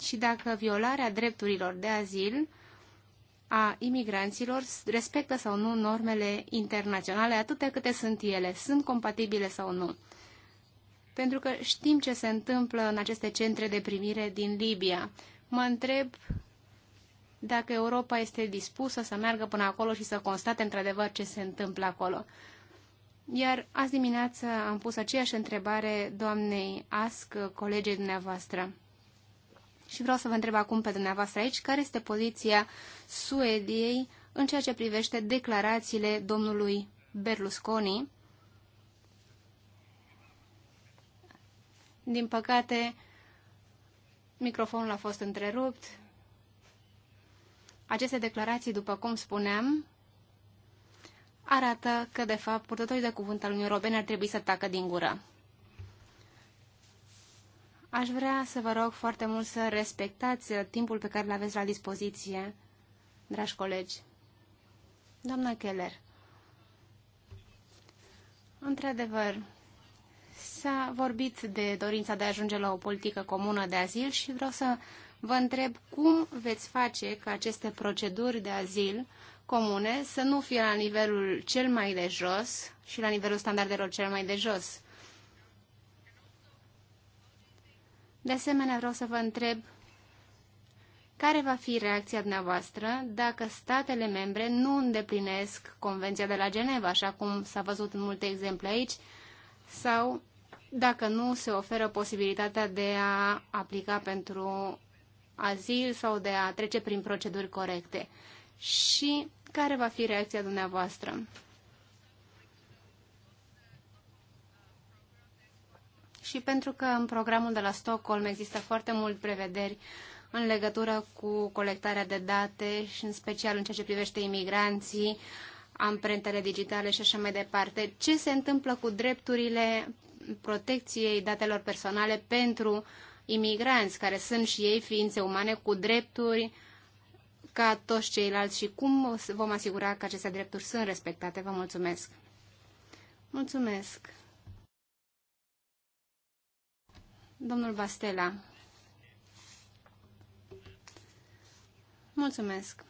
și dacă violarea drepturilor de azil a imigranților respectă sau nu normele internaționale, atâtea câte sunt ele, sunt compatibile sau nu pentru că știm ce se întâmplă în aceste centre de primire din Libia. Mă întreb dacă Europa este dispusă să meargă până acolo și să constate într-adevăr ce se întâmplă acolo. Iar azi dimineață am pus aceeași întrebare doamnei Asc, colegei dumneavoastră. Și vreau să vă întreb acum pe dumneavoastră aici, care este poziția Suediei în ceea ce privește declarațiile domnului Berlusconi, Din păcate, microfonul a fost întrerupt. Aceste declarații, după cum spuneam, arată că, de fapt, purtătorii de cuvânt al Uniunii Europene ar trebui să tacă din gură. Aș vrea să vă rog foarte mult să respectați timpul pe care îl aveți la dispoziție, dragi colegi. Doamna Keller, într-adevăr, S-a vorbit de dorința de a ajunge la o politică comună de azil și vreau să vă întreb cum veți face ca aceste proceduri de azil comune să nu fie la nivelul cel mai de jos și la nivelul standardelor cel mai de jos. De asemenea, vreau să vă întreb care va fi reacția dumneavoastră dacă statele membre nu îndeplinesc Convenția de la Geneva, așa cum s-a văzut în multe exemple aici, sau dacă nu se oferă posibilitatea de a aplica pentru azil sau de a trece prin proceduri corecte. Și care va fi reacția dumneavoastră? Și pentru că în programul de la Stockholm există foarte mult prevederi în legătură cu colectarea de date și în special în ceea ce privește imigranții, amprentele digitale și așa mai departe. Ce se întâmplă cu drepturile protecției datelor personale pentru imigranți, care sunt și ei ființe umane cu drepturi ca toți ceilalți și cum vom asigura că aceste drepturi sunt respectate. Vă mulțumesc! Mulțumesc! Domnul Bastela. Mulțumesc!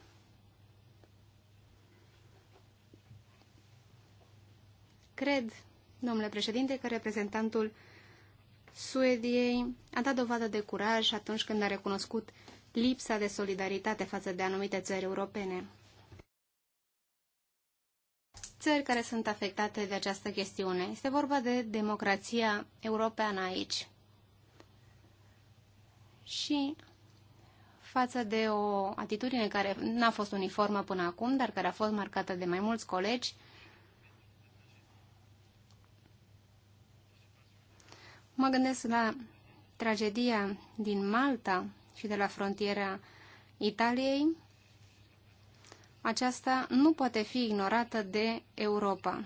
Cred domnule președinte, că reprezentantul Suediei a dat dovadă de curaj atunci când a recunoscut lipsa de solidaritate față de anumite țări europene. Țări care sunt afectate de această chestiune. Este vorba de democrația europeană aici. Și față de o atitudine care n-a fost uniformă până acum, dar care a fost marcată de mai mulți colegi, Mă gândesc la tragedia din Malta și de la frontiera Italiei. Aceasta nu poate fi ignorată de Europa.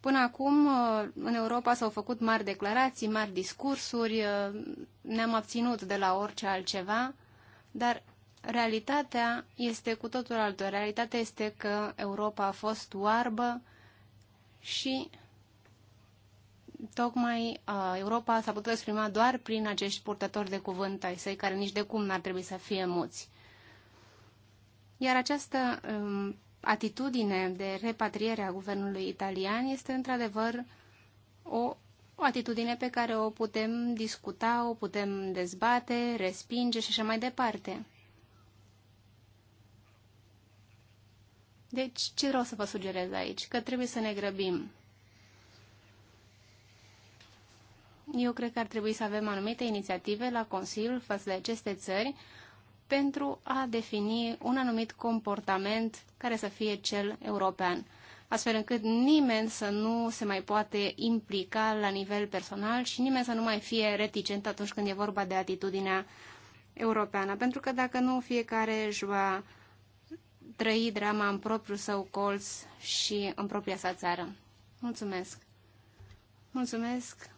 Până acum, uh, în Europa s-au făcut mari declarații, mari discursuri, uh, ne-am abținut de la orice altceva, dar realitatea este cu totul altă. Realitatea este că Europa a fost oarbă și tocmai uh, Europa s-a putut exprima doar prin acești purtători de cuvânt ai săi, care nici de cum n-ar trebui să fie muți. Iar această um, atitudine de repatriere a guvernului italian este într-adevăr o, o atitudine pe care o putem discuta, o putem dezbate, respinge și așa mai departe. Deci, ce vreau să vă sugerez aici? Că trebuie să ne grăbim. eu cred că ar trebui să avem anumite inițiative la Consiliul față de aceste țări pentru a defini un anumit comportament care să fie cel european, astfel încât nimeni să nu se mai poate implica la nivel personal și nimeni să nu mai fie reticent atunci când e vorba de atitudinea europeană, pentru că dacă nu, fiecare își va trăi drama în propriul său colț și în propria sa țară. Mulțumesc! Mulțumesc!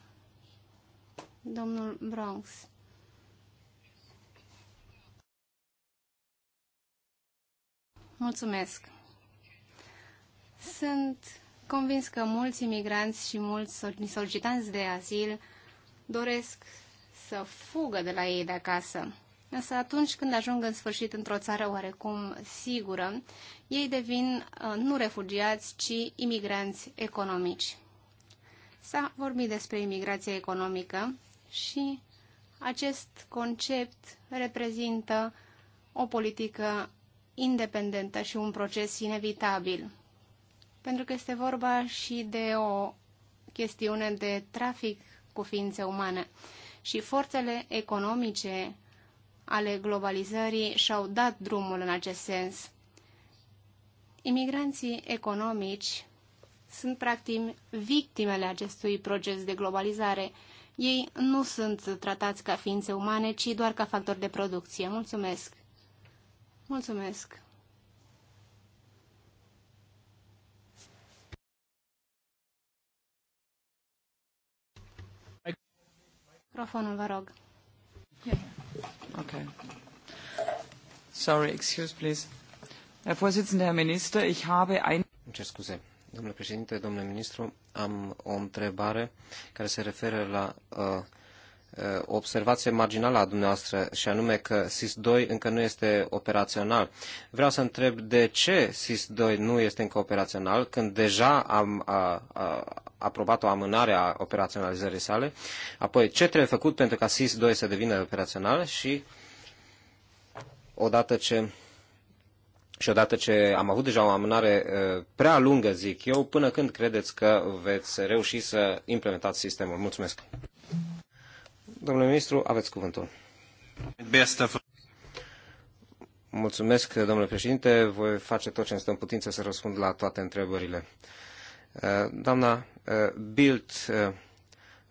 domnul Bronx. Mulțumesc. Sunt convins că mulți imigranți și mulți solicitanți de azil doresc să fugă de la ei de acasă. Însă atunci când ajung în sfârșit într-o țară oarecum sigură, ei devin uh, nu refugiați, ci imigranți economici. S-a vorbit despre imigrația economică și acest concept reprezintă o politică independentă și un proces inevitabil. Pentru că este vorba și de o chestiune de trafic cu ființe umane. Și forțele economice ale globalizării și-au dat drumul în acest sens. Imigranții economici sunt practic victimele acestui proces de globalizare ei nu sunt tratați ca ființe umane, ci doar ca factori de producție. Mulțumesc! Mulțumesc! Microfonul, vă rog. Yeah. Ok. Sorry, excuse please. Herr Vorsitzender, Herr Minister, ich habe ein... Cer scuze, Domnule președinte, domnule ministru, am o întrebare care se referă la uh, o uh, observație marginală a dumneavoastră și anume că SIS-2 încă nu este operațional. Vreau să întreb de ce SIS-2 nu este încă operațional când deja am aprobat o amânare a operaționalizării sale, apoi ce trebuie făcut pentru ca SIS-2 să devină operațional și odată ce și odată ce am avut deja o amânare prea lungă, zic eu, până când credeți că veți reuși să implementați sistemul? Mulțumesc! Domnule ministru, aveți cuvântul. Mulțumesc, domnule președinte. Voi face tot ce îmi stă în putință să răspund la toate întrebările. Doamna Bilt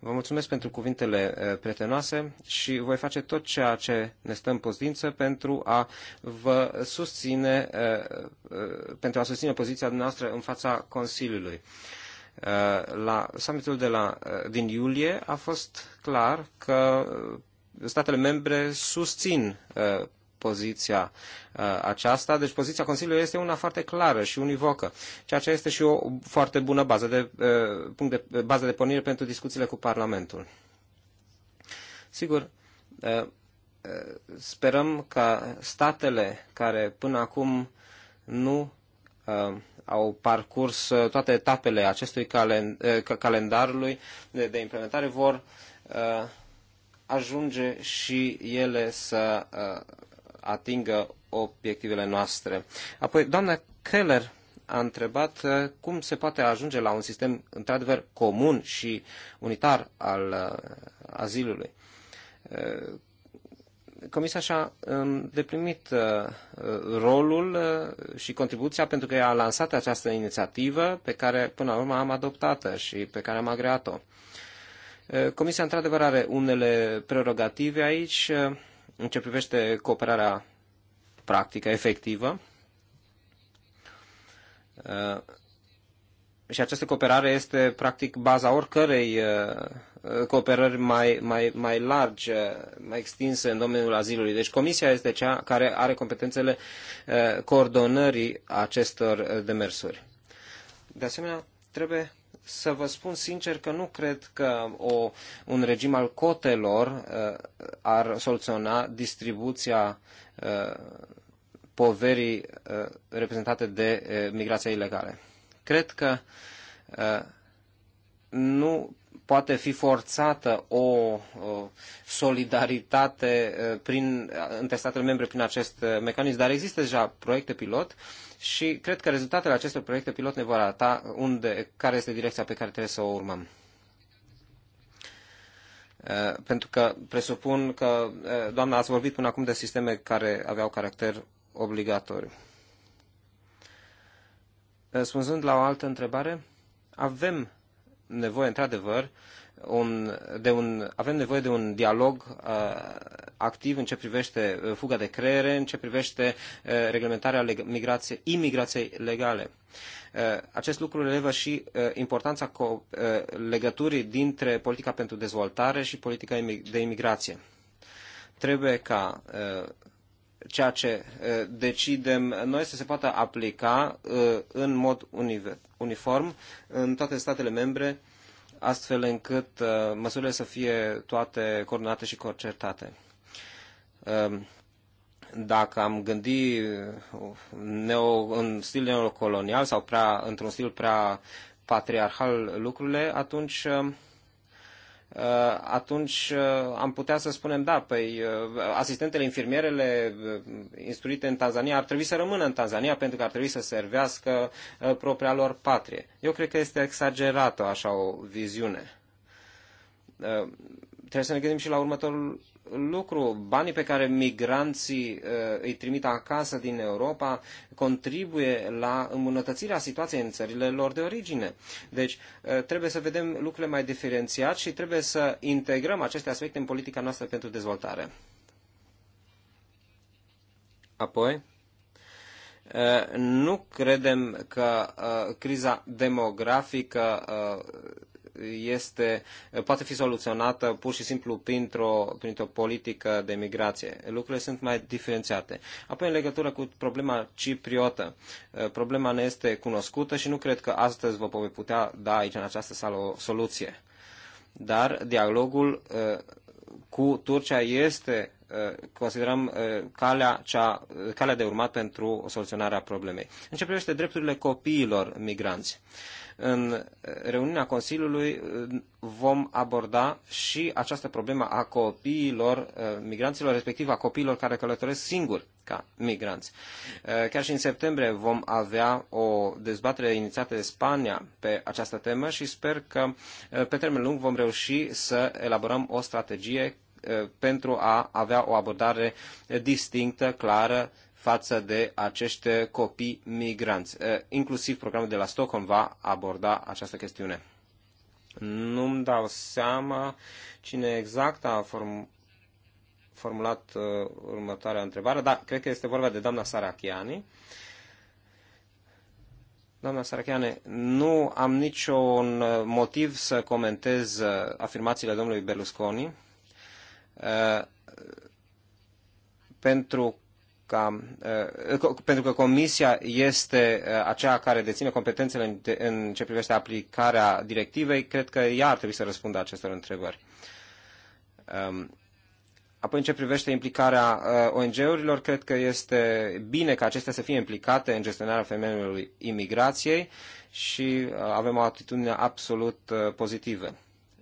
Vă mulțumesc pentru cuvintele eh, prietenoase și voi face tot ceea ce ne stă în pozdință pentru a vă susține, eh, eh, pentru a susține poziția noastră în fața Consiliului. La summitul de la, din iulie a fost clar că statele membre susțin poziția uh, aceasta. Deci poziția Consiliului este una foarte clară și univocă, ceea ce este și o foarte bună bază de, uh, punct de, bază de pornire pentru discuțiile cu Parlamentul. Sigur, uh, sperăm ca statele care până acum nu au parcurs toate etapele acestui calen, calendarului de, de implementare vor ajunge și ele să atingă obiectivele noastre. Apoi, doamna Keller a întrebat uh, cum se poate ajunge la un sistem într-adevăr comun și unitar al uh, azilului. Uh, comisia și-a um, deprimit rolul și contribuția pentru că a lansat această inițiativă pe care până la urmă am adoptat-o și pe care am agreat-o. Comisia într-adevăr are unele prerogative aici în ce privește cooperarea practică, efectivă. Uh, și această cooperare este practic baza oricărei uh, cooperări mai, mai, mai largi, uh, mai extinse în domeniul azilului. Deci Comisia este cea care are competențele coordonării acestor demersuri. De asemenea, trebuie să vă spun sincer că nu cred că o, un regim al cotelor uh, ar soluționa distribuția uh, poverii uh, reprezentate de uh, migrația ilegale. Cred că uh, nu poate fi forțată o solidaritate prin, între statele membre prin acest mecanism, dar există deja proiecte pilot și cred că rezultatele acestor proiecte pilot ne vor arăta unde, care este direcția pe care trebuie să o urmăm pentru că presupun că, doamna, ați vorbit până acum de sisteme care aveau caracter obligatoriu. Răspunzând la o altă întrebare, avem nevoie, într-adevăr, un, de un, avem nevoie de un dialog uh, activ în ce privește uh, fuga de creiere, în ce privește uh, reglementarea leg- migrație, imigrației legale. Uh, acest lucru relevă și uh, importanța co- uh, legăturii dintre politica pentru dezvoltare și politica de imigrație. Trebuie ca uh, ceea ce uh, decidem noi să se poată aplica uh, în mod uniform în toate statele membre, astfel încât uh, măsurile să fie toate coordonate și concertate. Um, dacă am gândi neo, în stil neocolonial sau prea, într-un stil prea patriarhal lucrurile, atunci Uh, atunci uh, am putea să spunem, da, păi uh, asistentele infirmierele instruite în Tanzania ar trebui să rămână în Tanzania pentru că ar trebui să servească propria lor patrie. Eu cred că este exagerată așa o viziune. Trebuie să ne gândim și la următorul lucru. Banii pe care migranții uh, îi trimit acasă din Europa contribuie la îmbunătățirea situației în țările lor de origine. Deci uh, trebuie să vedem lucrurile mai diferențiat și trebuie să integrăm aceste aspecte în politica noastră pentru dezvoltare. Apoi, uh, nu credem că criza demografică este, poate fi soluționată pur și simplu printr-o, printr-o politică de migrație. Lucrurile sunt mai diferențiate. Apoi, în legătură cu problema cipriotă, eh, problema ne este cunoscută și nu cred că astăzi vă voi putea da aici în această sală o soluție. Dar dialogul eh, cu Turcia este eh, considerăm calea, cea, calea de urmat pentru soluționarea problemei. În ce privește drepturile copiilor migranți. În reuniunea Consiliului uh, vom aborda și această problemă a copiilor uh, migranților, respectiv a copiilor care călătoresc singuri ca migranți. Uh, chiar și în septembrie vom avea o dezbatere inițiată de Spania pe această temă și sper că pe termen lung vom reuși să elaborăm o strategie pentru a avea o abordare distinctă, clară, față de acești copii migranți. Eh, inclusiv programul de la Stockholm va aborda această chestiune. Nu-mi dau seama cine exact a form- formulat uh, următoarea întrebare, dar cred că este vorba de doamna Sarachiani. Doamna Sarachiane, nu am niciun motiv să comentez eh, afirmațiile domnului Berlusconi, uh, pentru ca, uh, pentru că Comisia este uh, aceea care deține competențele în, ceea ce privește aplicarea directivei, cred că ea ar trebui să răspundă acestor întrebări. Um, apoi, în ce privește implicarea uh, ONG-urilor, cred că este bine ca acestea să fie implicate în gestionarea fenomenului imigrației și avem o atitudine absolut pozitivă.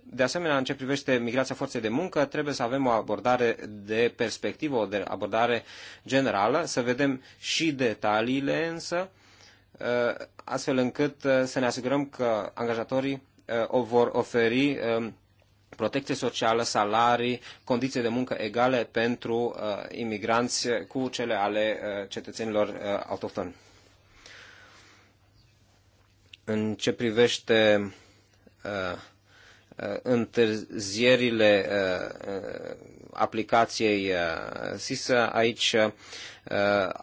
De asemenea, în ce privește migrația forței de muncă, trebuie să avem o abordare de perspectivă, o de abordare generală, să vedem și detaliile însă, ă, astfel încât ă, să ne asigurăm că angajatorii ă, o vor oferi protecție socială, salarii, condiții de muncă egale pentru imigranți cu cele ale cetățenilor autohtoni. În ce privește uh, Uh, întârzierile uh, aplicației uh, SISA. Aici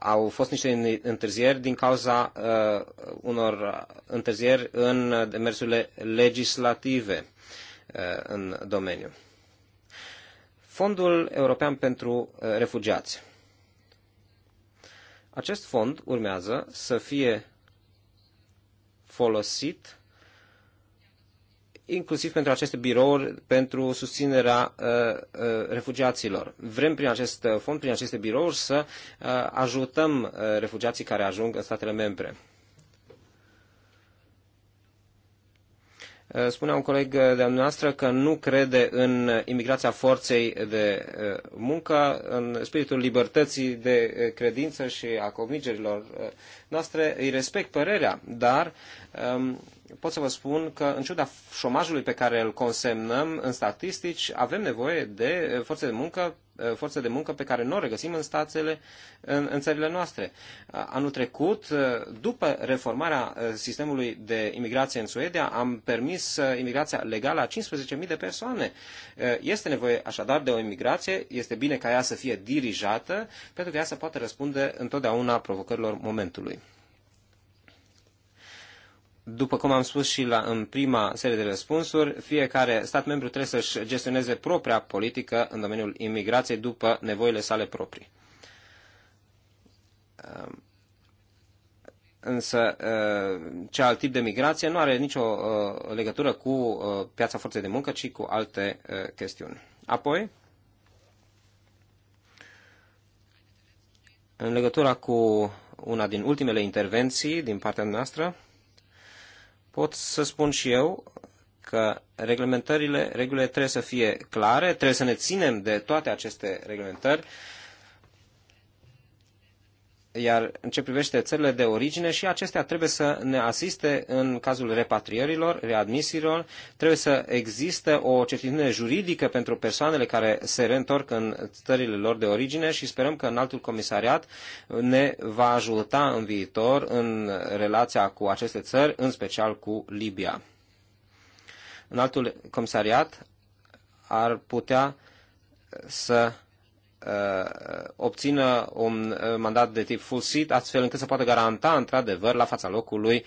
au fost niște întârzieri din cauza unor întârzieri în demersurile legislative în domeniu. Fondul European pentru Refugiați. Acest fond urmează să fie folosit inclusiv pentru aceste birouri, pentru susținerea uh, uh, refugiaților. Vrem prin acest uh, fond, prin aceste birouri, să uh, ajutăm uh, refugiații care ajung în statele membre. Uh, spunea un coleg de-a noastră că nu crede în imigrația forței de uh, muncă, în spiritul libertății de credință și a convingerilor noastre. Îi respect părerea, dar um, pot să vă spun că, în ciuda șomajului pe care îl consemnăm în statistici, avem nevoie de eh, forțe de muncă, eh, forțe de muncă pe care nu o regăsim în statele, în, în țările noastre. Anul trecut, eh, după reformarea sistemului de imigrație în Suedia, am permis imigrația legală a 15.000 de persoane. Este nevoie așadar de o imigrație, este bine ca ea să fie dirijată, pentru că ea să poată răspunde întotdeauna provocărilor momentului după cum am spus și la, în prima serie de răspunsuri, fiecare stat membru trebuie să-și gestioneze propria politică în domeniul imigrației după nevoile sale proprii. Ehm, însă, ehm, cealt tip de migrație nu are nicio ehm, legătură cu piața forței de muncă, ci cu alte chestiuni. Apoi, în legătura cu una din ultimele intervenții din partea noastră, pot să spun și eu că reglementările, regulile trebuie să fie clare, trebuie să ne ținem de toate aceste reglementări, iar în ce privește țările de origine, și acestea trebuie să ne asiste în cazul repatrierilor, readmisiilor, trebuie să existe o certitudine juridică pentru persoanele care se reîntorc în țările lor de origine și sperăm că în altul comisariat ne va ajuta în viitor în relația cu aceste țări, în special cu Libia. În altul comisariat ar putea să Uh, obțină un uh, mandat de tip full seat, astfel încât să poată garanta, într-adevăr, la fața locului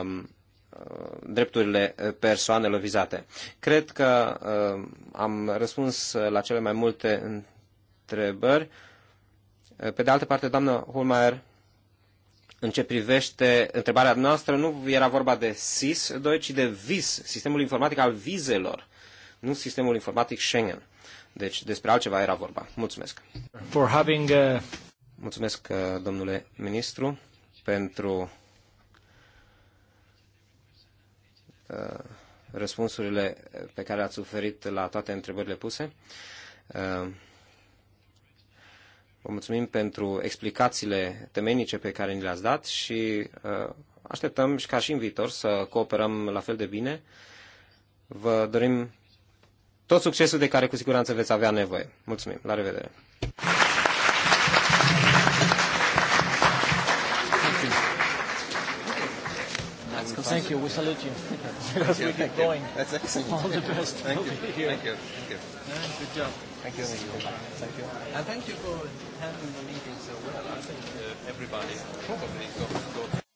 um, uh, drepturile persoanelor vizate. Cred că am răspuns la cele mai multe întrebări. Pe de altă parte, doamnă Holmeier, în ce privește întrebarea noastră, nu era vorba de SIS-2, ci de VIS, sistemul informatic al vizelor, nu sistemul informatic Schengen. Deci despre altceva era vorba. Mulțumesc. For having a... Uh, Mulțumesc, uh, domnule ministru, pentru uh, răspunsurile pe care ați oferit la toate întrebările puse. Vă mulțumim pentru explicațiile temenice pe care ni le-ați dat și așteptăm și ca și în viitor să cooperăm la fel de bine. Vă dorim tot succesul de care cu siguranță veți avea nevoie. Mulțumim, la revedere! Thank you. We salute you. Thank you. keep going. That's excellent. All the best. Thank you. Thank you. Thank you. Good job. Thank you. Thank you. Thank you. And thank you for handling the meeting so well. I think uh, everybody probably got, got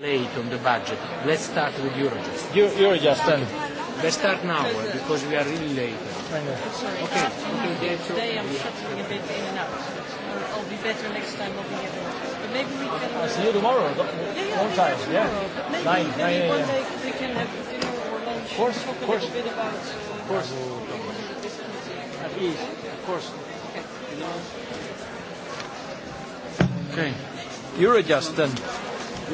late on the budget. Let's start with Eurojust. Eurojust, then. Okay. Let's start now uh, because we are really late. I know. Sorry. Okay. okay. Today I'm shuttling a bit in and out. I'll be better next time. I'll be here. But maybe we can. I'll see you tomorrow. Yeah, yeah, one time. Tomorrow. Yeah. But maybe, nine, maybe nine, one yeah. day we can have dinner or lunch. Of course, talk of course. A little bit about. Uh, of course. At ease. Of course. Okay. You know. Okay. Eurojust then.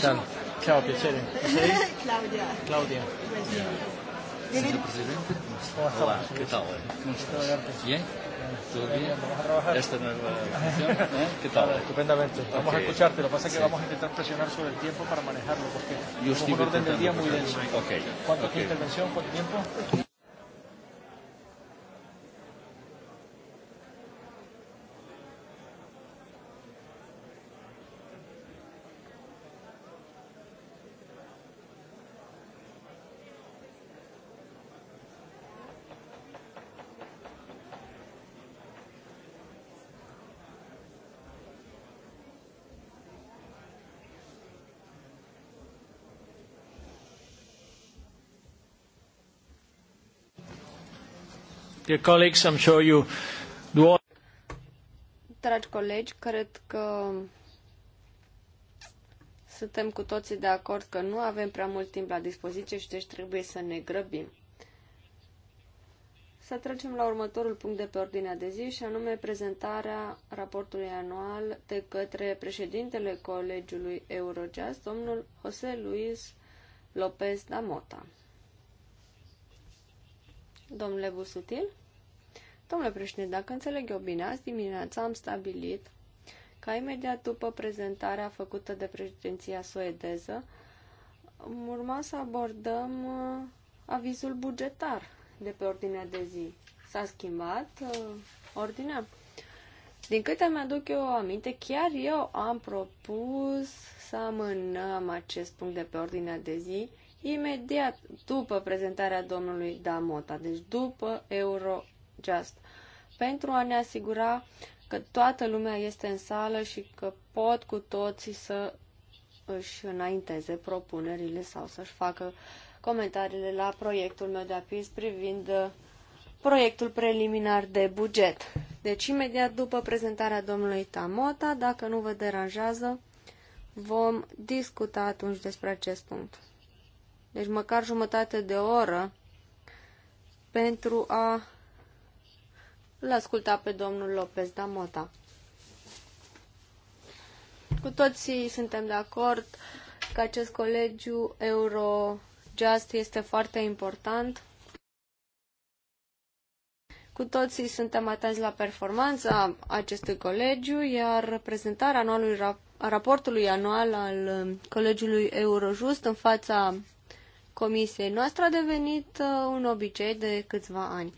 Intanto. Ciao, piacere. Sei? Claudia. Claudia. Signor Presidente, hola, ¿qué tal? ¿Cómo estás? Bien. ¿Todo bien? Vamos a trabajar. Esta nueva función, ¿eh? ¿Qué tal? Estupendamente. Vamos okay. a escucharte. Lo que pasa es que sí. vamos a intentar presionar sobre el tiempo para manejarlo, porque es un orden del día muy denso. Okay. ¿Cuánto okay. intervención? ¿Cuánto tiempo? Dragi colegi, cred că suntem cu toții de acord că nu avem prea mult timp la dispoziție și deci trebuie să ne grăbim. Să trecem la următorul punct de pe ordinea de zi și anume prezentarea raportului anual de către președintele Colegiului Eurojust, domnul José Luis López Damota. Domnule Busutil? Domnule președinte, dacă înțeleg eu bine, azi dimineața am stabilit ca imediat după prezentarea făcută de președinția suedeză, urma să abordăm uh, avizul bugetar de pe ordinea de zi. S-a schimbat uh, ordinea. Din câte mi-aduc eu aminte, chiar eu am propus să amânăm acest punct de pe ordinea de zi imediat după prezentarea domnului Damota, deci după Euro Just, pentru a ne asigura că toată lumea este în sală și că pot cu toții să își înainteze propunerile sau să-și facă comentariile la proiectul meu de apis privind uh, proiectul preliminar de buget. Deci imediat după prezentarea domnului Tamota, dacă nu vă deranjează, vom discuta atunci despre acest punct. Deci măcar jumătate de oră pentru a îl asculta pe domnul Lopez Damota. Cu toții suntem de acord că acest colegiu Eurojust este foarte important. Cu toții suntem atenți la performanța acestui colegiu, iar prezentarea anualului rap- raportului anual al Colegiului Eurojust în fața comisiei noastre a devenit uh, un obicei de câțiva ani.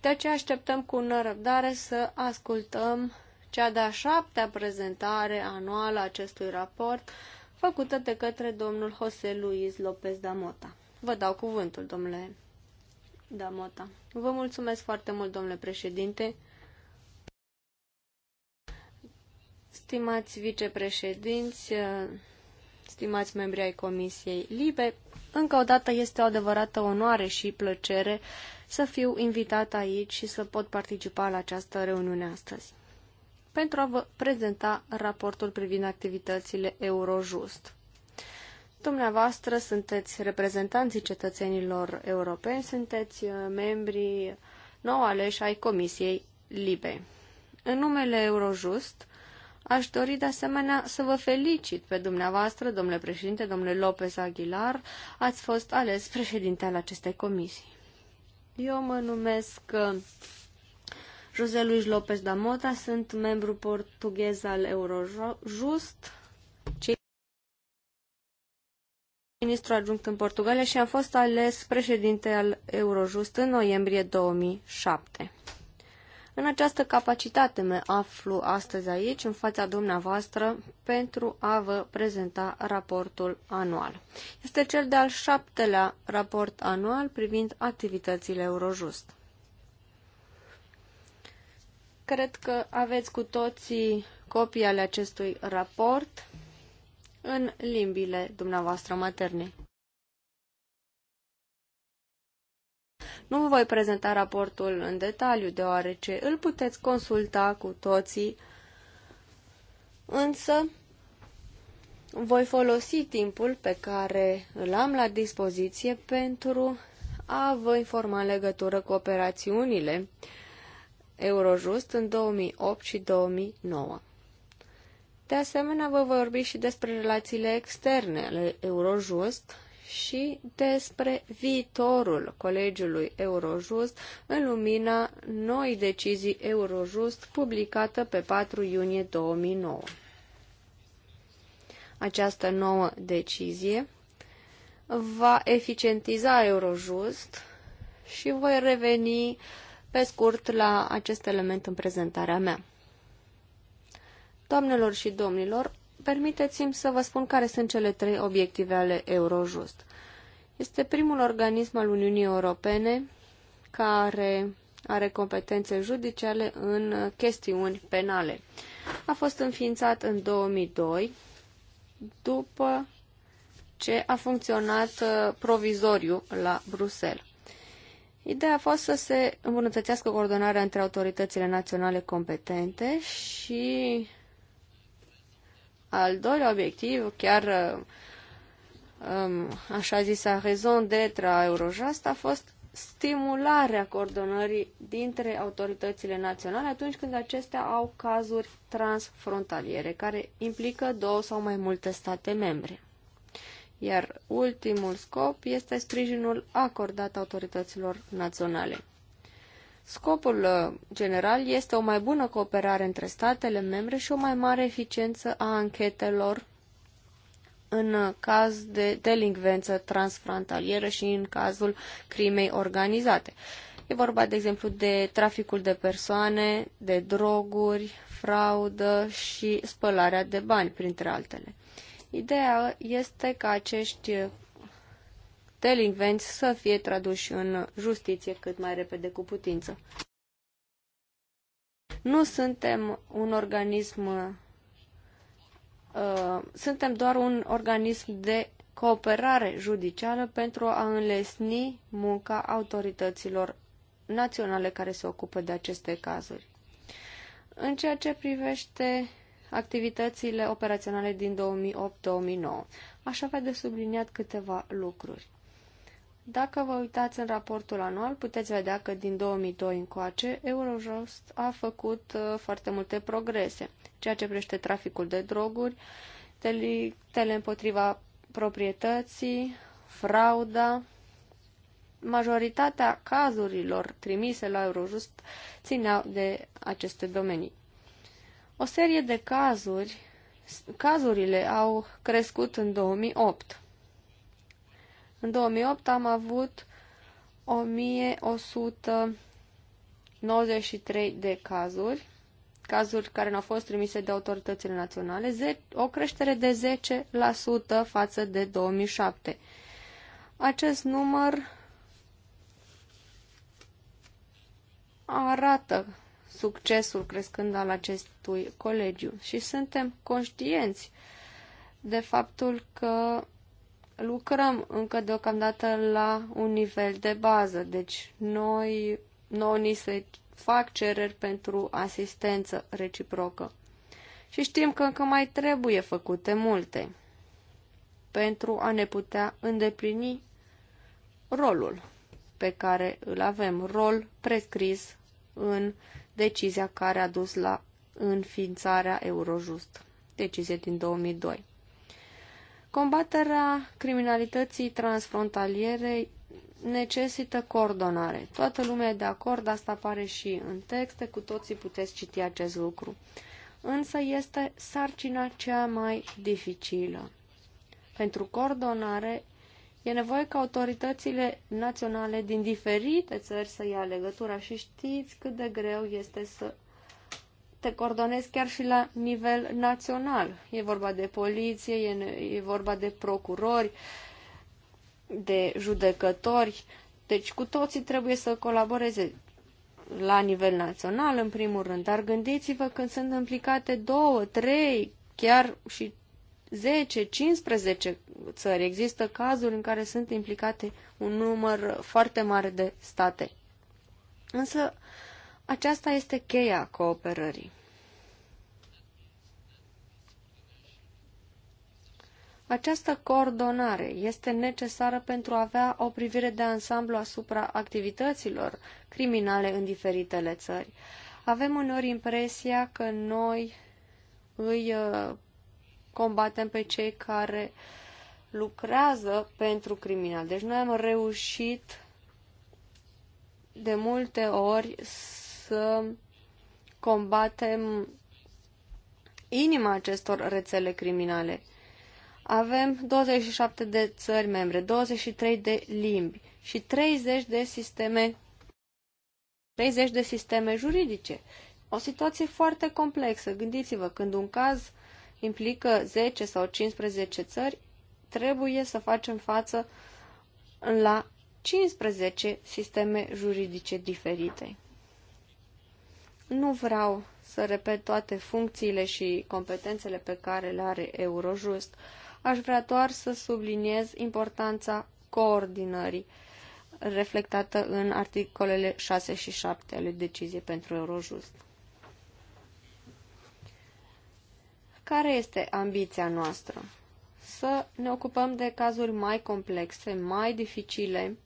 De aceea așteptăm cu nerăbdare să ascultăm cea de-a șaptea prezentare anuală a acestui raport făcută de către domnul José Luis López Damota. Vă dau cuvântul, domnule Damota. Vă mulțumesc foarte mult, domnule președinte. Stimați vicepreședinți, stimați membri ai Comisiei Libe, încă o dată este o adevărată onoare și plăcere uh, să fiu invitat aici și să pot participa la această reuniune astăzi pentru a vă prezenta raportul privind activitățile Eurojust. Dumneavoastră sunteți reprezentanții cetățenilor europeni, sunteți uh, membri nou aleși ai Comisiei Libe. În numele Eurojust, aș dori de asemenea să vă felicit pe dumneavoastră, domnule președinte, domnule Lopez Aguilar, ați fost ales președinte al acestei comisii. Eu mă numesc uh, José Luis López da Mota, sunt membru portughez al Eurojust, ministru adjunct în Portugalia și am fost ales președinte al Eurojust în noiembrie 2007. În această capacitate mă aflu astăzi aici, în fața dumneavoastră, pentru a vă prezenta raportul anual. Este cel de-al șaptelea raport anual privind activitățile Eurojust. Cred că aveți cu toții copii ale acestui raport în limbile dumneavoastră materne. Nu vă voi prezenta raportul în detaliu, deoarece îl puteți consulta cu toții, însă voi folosi timpul pe care îl am la dispoziție pentru a vă informa în legătură cu operațiunile Eurojust în 2008 și 2009. De asemenea, vă vorbi și despre relațiile externe ale Eurojust și despre viitorul Colegiului Eurojust în lumina noi decizii Eurojust publicată pe 4 iunie 2009. Această nouă decizie va eficientiza Eurojust și voi reveni pe scurt la acest element în prezentarea mea. Doamnelor și domnilor, permiteți-mi să vă spun care sunt cele trei obiective ale Eurojust. Este primul organism al Uniunii Europene care are competențe judiciale în chestiuni penale. A fost înființat în 2002 după ce a funcționat uh, provizoriu la Bruxelles. Ideea a fost să se îmbunătățească coordonarea între autoritățile naționale competente și al doilea obiectiv, chiar um, așa zisa rezon de a Eurojust, a fost stimularea coordonării dintre autoritățile naționale atunci când acestea au cazuri transfrontaliere, care implică două sau mai multe state membre. Iar ultimul scop este sprijinul acordat autorităților naționale. Scopul uh, general este o mai bună cooperare între statele membre și o mai mare eficiență a anchetelor în caz de delinvență transfrontalieră și în cazul crimei organizate. E vorba, de exemplu, de traficul de persoane, de droguri, fraudă și spălarea de bani, printre altele. Ideea este ca acești delinvenți să fie traduși în justiție cât mai repede cu putință. Nu suntem un organism, uh, suntem doar un organism de cooperare judiciară pentru a înlesni munca autorităților naționale care se ocupă de aceste cazuri. În ceea ce privește activitățile operaționale din 2008-2009, aș avea de subliniat câteva lucruri. Dacă vă uitați în raportul anual, puteți vedea că din 2002 încoace, Eurojust a făcut uh, foarte multe progrese, ceea ce prește traficul de droguri, delictele împotriva proprietății, frauda. Majoritatea cazurilor trimise la Eurojust țineau de aceste domenii. O serie de cazuri, cazurile au crescut în 2008. În 2008 am avut 1193 de cazuri, cazuri care n-au fost trimise de autoritățile naționale, o creștere de 10% față de 2007. Acest număr arată succesul crescând al acestui colegiu și suntem conștienți de faptul că lucrăm încă deocamdată la un nivel de bază, deci noi, noi ni se fac cereri pentru asistență reciprocă. Și știm că încă mai trebuie făcute multe pentru a ne putea îndeplini rolul pe care îl avem, rol prescris în decizia care a dus la înființarea Eurojust, decizie din 2002. Combaterea criminalității transfrontaliere necesită coordonare. Toată lumea e de acord, asta apare și în texte, cu toții puteți citi acest lucru. Însă este sarcina cea mai dificilă. Pentru coordonare e nevoie ca autoritățile naționale din diferite țări să ia legătura și știți cât de greu este să te coordonezi chiar și la nivel național. E vorba de poliție, e, e vorba de procurori, de judecători. Deci cu toții trebuie să colaboreze la nivel național, în primul rând. Dar gândiți-vă când sunt implicate două, trei, chiar și 10, 15 țări. Există cazuri în care sunt implicate un număr foarte mare de state. Însă, aceasta este cheia cooperării. Această coordonare este necesară pentru a avea o privire de ansamblu asupra activităților criminale în diferitele țări. Avem uneori impresia că noi îi uh, combatem pe cei care lucrează pentru criminal. Deci noi am reușit de multe ori să combatem inima acestor rețele criminale. Avem 27 de țări membre, 23 de limbi și 30 de sisteme 30 de sisteme juridice. O situație foarte complexă. Gândiți-vă, când un caz implică 10 sau 15 țări, trebuie să facem față la 15 sisteme juridice diferite. Nu vreau să repet toate funcțiile și competențele pe care le are Eurojust. Aș vrea doar să subliniez importanța coordinării reflectată în articolele 6 și 7 ale deciziei pentru Eurojust. Care este ambiția noastră? Să ne ocupăm de cazuri mai complexe, mai dificile,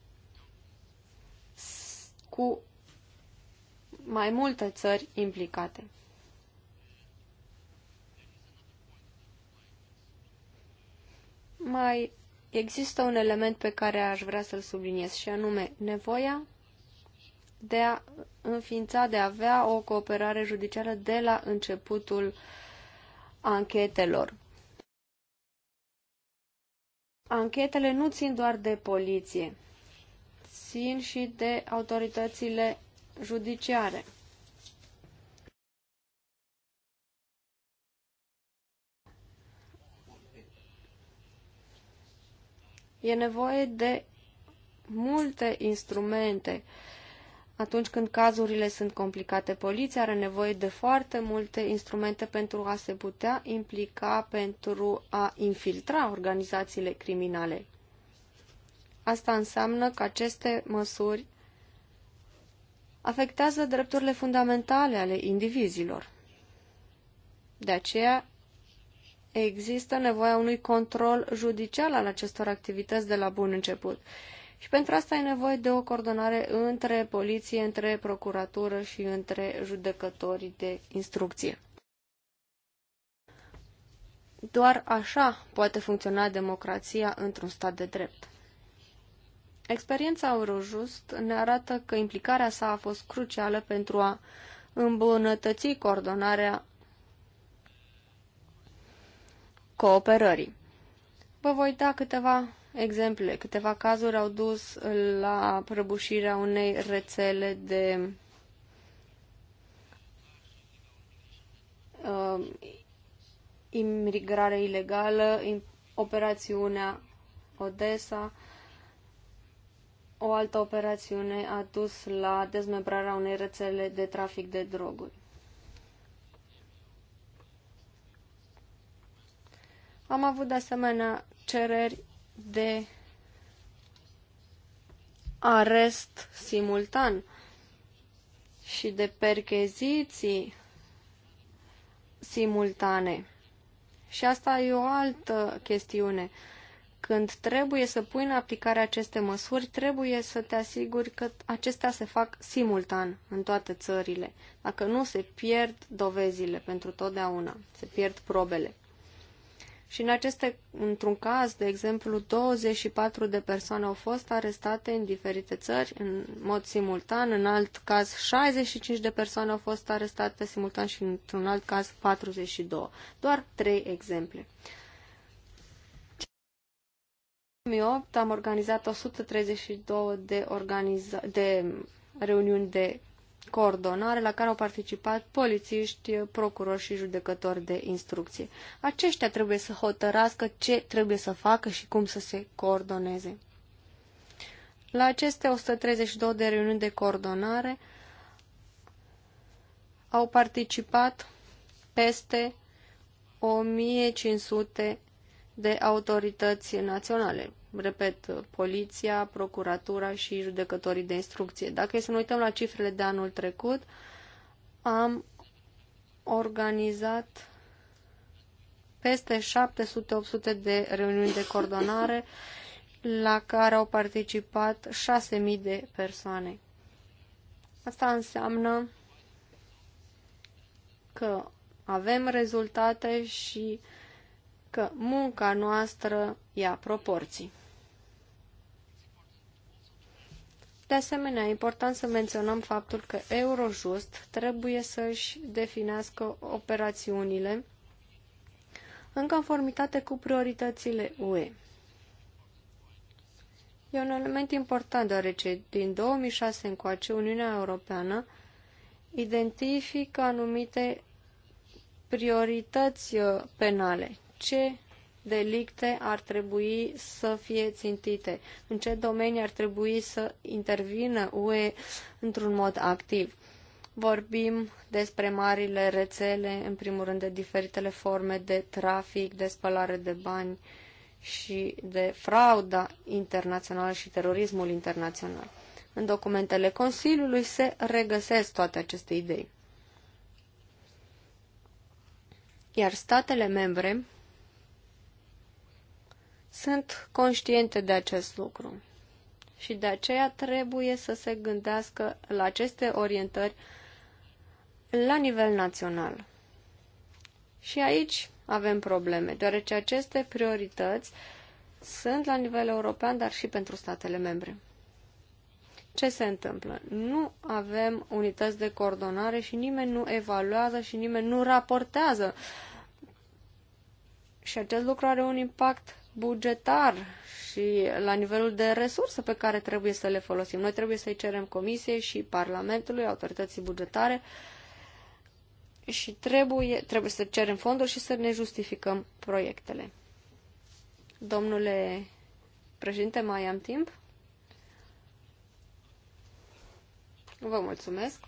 cu mai multe țări implicate. Mai există un element pe care aș vrea să-l subliniez și anume nevoia de a înființa, de a avea o cooperare judiciară de la începutul anchetelor. Anchetele nu țin doar de poliție, țin și de autoritățile judiciare. E nevoie de multe instrumente. Atunci când cazurile sunt complicate, poliția are nevoie de foarte multe instrumente pentru a se putea implica, pentru a infiltra organizațiile criminale. Asta înseamnă că aceste măsuri afectează drepturile fundamentale ale indivizilor. De aceea, există nevoia unui control judicial al acestor activități de la bun început. Și pentru asta e nevoie de o coordonare între poliție, între procuratură și între judecătorii de instrucție. Doar așa poate funcționa democrația într-un stat de drept. Experiența Eurojust ne arată că implicarea sa a fost crucială pentru a îmbunătăți coordonarea cooperării. Vă voi da câteva exemple. Câteva cazuri au dus la prăbușirea unei rețele de uh, imigrare ilegală, operațiunea Odessa, o altă operațiune a dus la dezmembrarea unei rețele de trafic de droguri. Am avut de asemenea cereri de arest simultan și de percheziții simultane. Și asta e o altă chestiune. Uh, când trebuie să pui în aplicare aceste măsuri, trebuie să te asiguri că acestea se fac simultan în toate țările. Dacă nu, se pierd dovezile pentru totdeauna, se pierd probele. Și în aceste, într-un caz, de exemplu, 24 de persoane au fost arestate în diferite țări, în mod simultan, în alt caz 65 de persoane au fost arestate simultan și într-un alt caz 42. Doar trei exemple. 2008 am organizat 132 de, organiza- de reuniuni de coordonare la care au participat polițiști, procurori și judecători de instrucție. Aceștia trebuie să hotărască ce trebuie să facă și cum să se coordoneze. La aceste 132 de reuniuni de coordonare au participat peste 1500 de autorități naționale. Repet, poliția, procuratura și judecătorii de instrucție. Dacă e să ne uităm la cifrele de anul trecut, am organizat peste 700-800 de reuniuni de coordonare la care au participat 6.000 de persoane. Asta înseamnă că avem rezultate și că munca noastră ia proporții. De asemenea, e important să menționăm faptul că Eurojust trebuie să-și definească operațiunile în conformitate cu prioritățile UE. E un element important, deoarece din 2006 încoace Uniunea Europeană identifică anumite priorități uh, penale, ce delicte ar trebui să fie țintite, în ce domenii ar trebui să intervină UE într-un mod activ. Vorbim despre marile rețele, în primul rând de diferitele forme de trafic, de spălare de bani și de frauda internațională și terorismul internațional. În documentele Consiliului se regăsesc toate aceste idei. Iar statele membre sunt conștiente de acest lucru și de aceea trebuie să se gândească la aceste orientări la nivel național. Și aici avem probleme, deoarece aceste priorități sunt la nivel european, dar și pentru statele membre. Ce se întâmplă? Nu avem unități de coordonare și nimeni nu evaluează și nimeni nu raportează. Și acest lucru are un impact bugetar și la nivelul de resurse pe care trebuie să le folosim. Noi trebuie să-i cerem Comisiei și Parlamentului, autorității bugetare și trebuie, trebuie să cerem fonduri și să ne justificăm proiectele. Domnule președinte, mai am timp? Vă mulțumesc.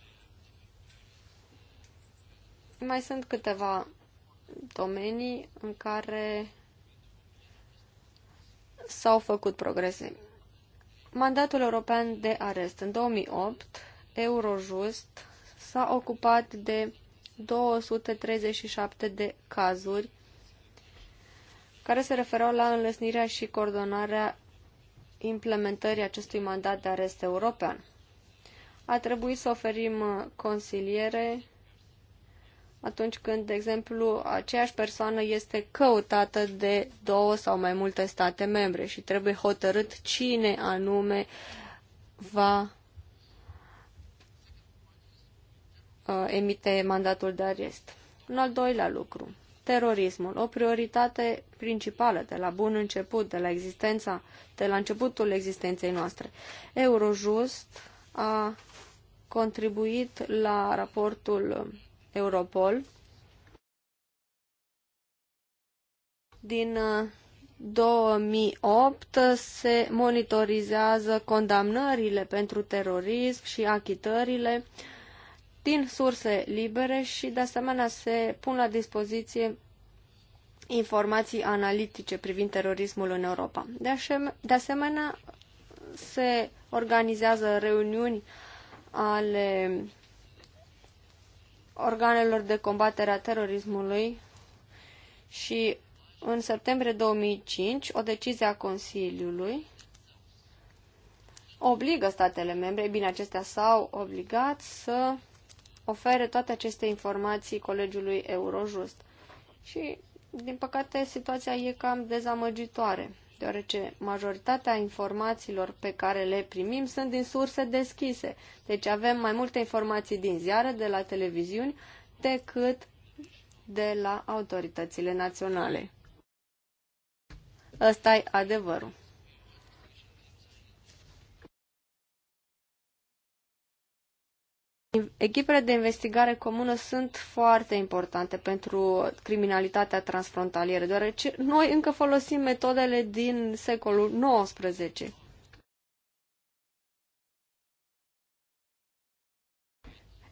Mai sunt câteva domenii în care s-au făcut progrese. Mandatul european de arest. În 2008, Eurojust s-a ocupat de 237 de cazuri care se referau la înlăsnirea și coordonarea implementării acestui mandat de arest european. A trebuit să oferim consiliere atunci când, de exemplu, aceeași persoană este căutată de două sau mai multe state membre și trebuie hotărât cine anume va uh, emite mandatul de arest. Un al doilea lucru, terorismul, o prioritate principală de la bun început, de la existența, de la începutul existenței noastre. Eurojust a contribuit la raportul Europol din 2008 uh, se monitorizează condamnările pentru terorism și achitările din surse libere și de asemenea se pun la dispoziție informații analitice privind terorismul în Europa. De asemenea, se organizează reuniuni ale organelor de combatere a terorismului și în septembrie 2005 o decizie a Consiliului obligă statele membre, bine, acestea s-au obligat să ofere toate aceste informații colegiului Eurojust. Și, din păcate, situația e cam dezamăgitoare deoarece majoritatea informațiilor pe care le primim sunt din surse deschise. Deci avem mai multe informații din ziare, de la televiziuni, decât de la autoritățile naționale. Ăsta e adevărul. Echipele de investigare comună sunt foarte importante pentru criminalitatea transfrontalieră, deoarece noi încă folosim metodele din secolul XIX.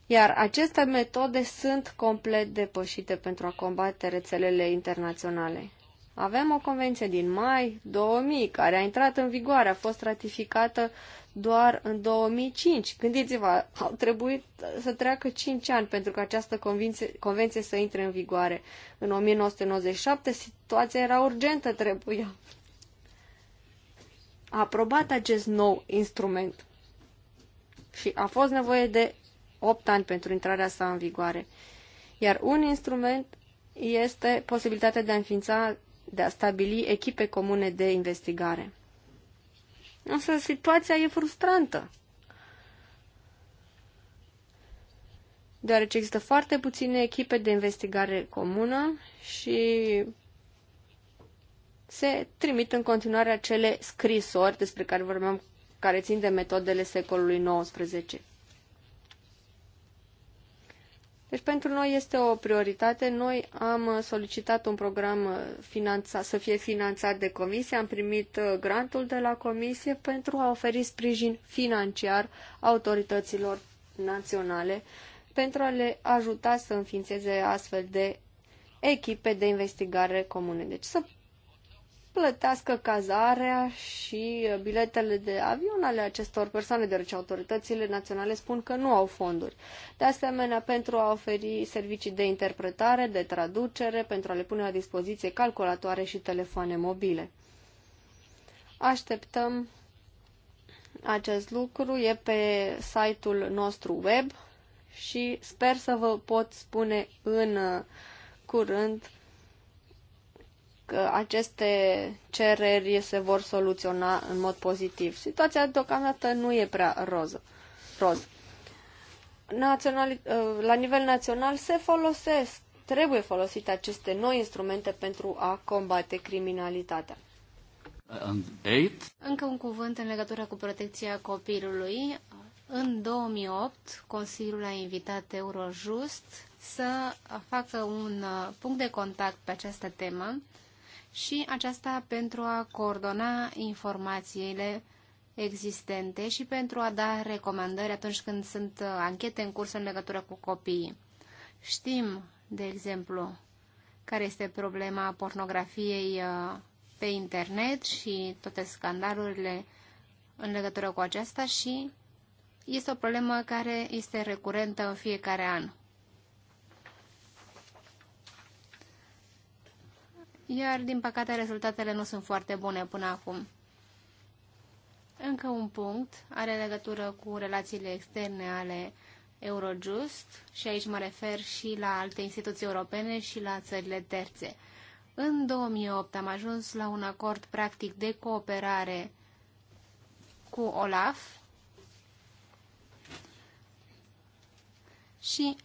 Iar aceste metode sunt complet depășite pentru a combate rețelele internaționale. Avem o convenție din mai 2000 care a intrat în vigoare, a fost ratificată doar în 2005. Gândiți-vă, au trebuit să treacă 5 ani pentru că această convenție, convenție să intre în vigoare. În 1997 situația era urgentă, trebuia a aprobat acest nou instrument și a fost nevoie de 8 ani pentru intrarea sa în vigoare. Iar un instrument este posibilitatea de a înființa, de a stabili echipe comune de investigare. Însă situația e frustrantă. Deoarece există foarte puține echipe de investigare comună și se trimit în continuare acele scrisori despre care vorbeam, care țin de metodele secolului XIX. Deci pentru noi este o prioritate. Noi am solicitat un program finanța, să fie finanțat de comisie, am primit uh, grantul de la comisie pentru a oferi sprijin financiar autorităților naționale pentru a le ajuta să înființeze astfel de echipe de investigare comune. Deci să plătească cazarea și biletele de avion ale acestor persoane, deoarece autoritățile naționale spun că nu au fonduri. De asemenea, pentru a oferi servicii de interpretare, de traducere, pentru a le pune la dispoziție calculatoare și telefoane mobile. Așteptăm acest lucru, e pe site-ul nostru web și sper să vă pot spune în curând că aceste cereri se vor soluționa în mod pozitiv. Situația deocamdată nu e prea roză. roz. Național, uh, la nivel național se folosesc, trebuie folosite aceste noi instrumente pentru a combate criminalitatea. Încă un cuvânt în legătură cu protecția copilului. În 2008, Consiliul a invitat Eurojust să facă un uh, punct de contact pe această temă și aceasta pentru a coordona informațiile existente și pentru a da recomandări atunci când sunt anchete în curs în legătură cu copiii. Știm, de exemplu, care este problema pornografiei uh, pe internet și toate scandalurile în legătură cu aceasta și este o problemă care este recurentă în fiecare an. iar din păcate rezultatele nu sunt foarte bune până acum. Încă un punct are legătură cu relațiile externe ale Eurojust și aici mă refer și la alte instituții europene și la țările terțe. În 2008 am ajuns la un acord practic de cooperare cu OLAF și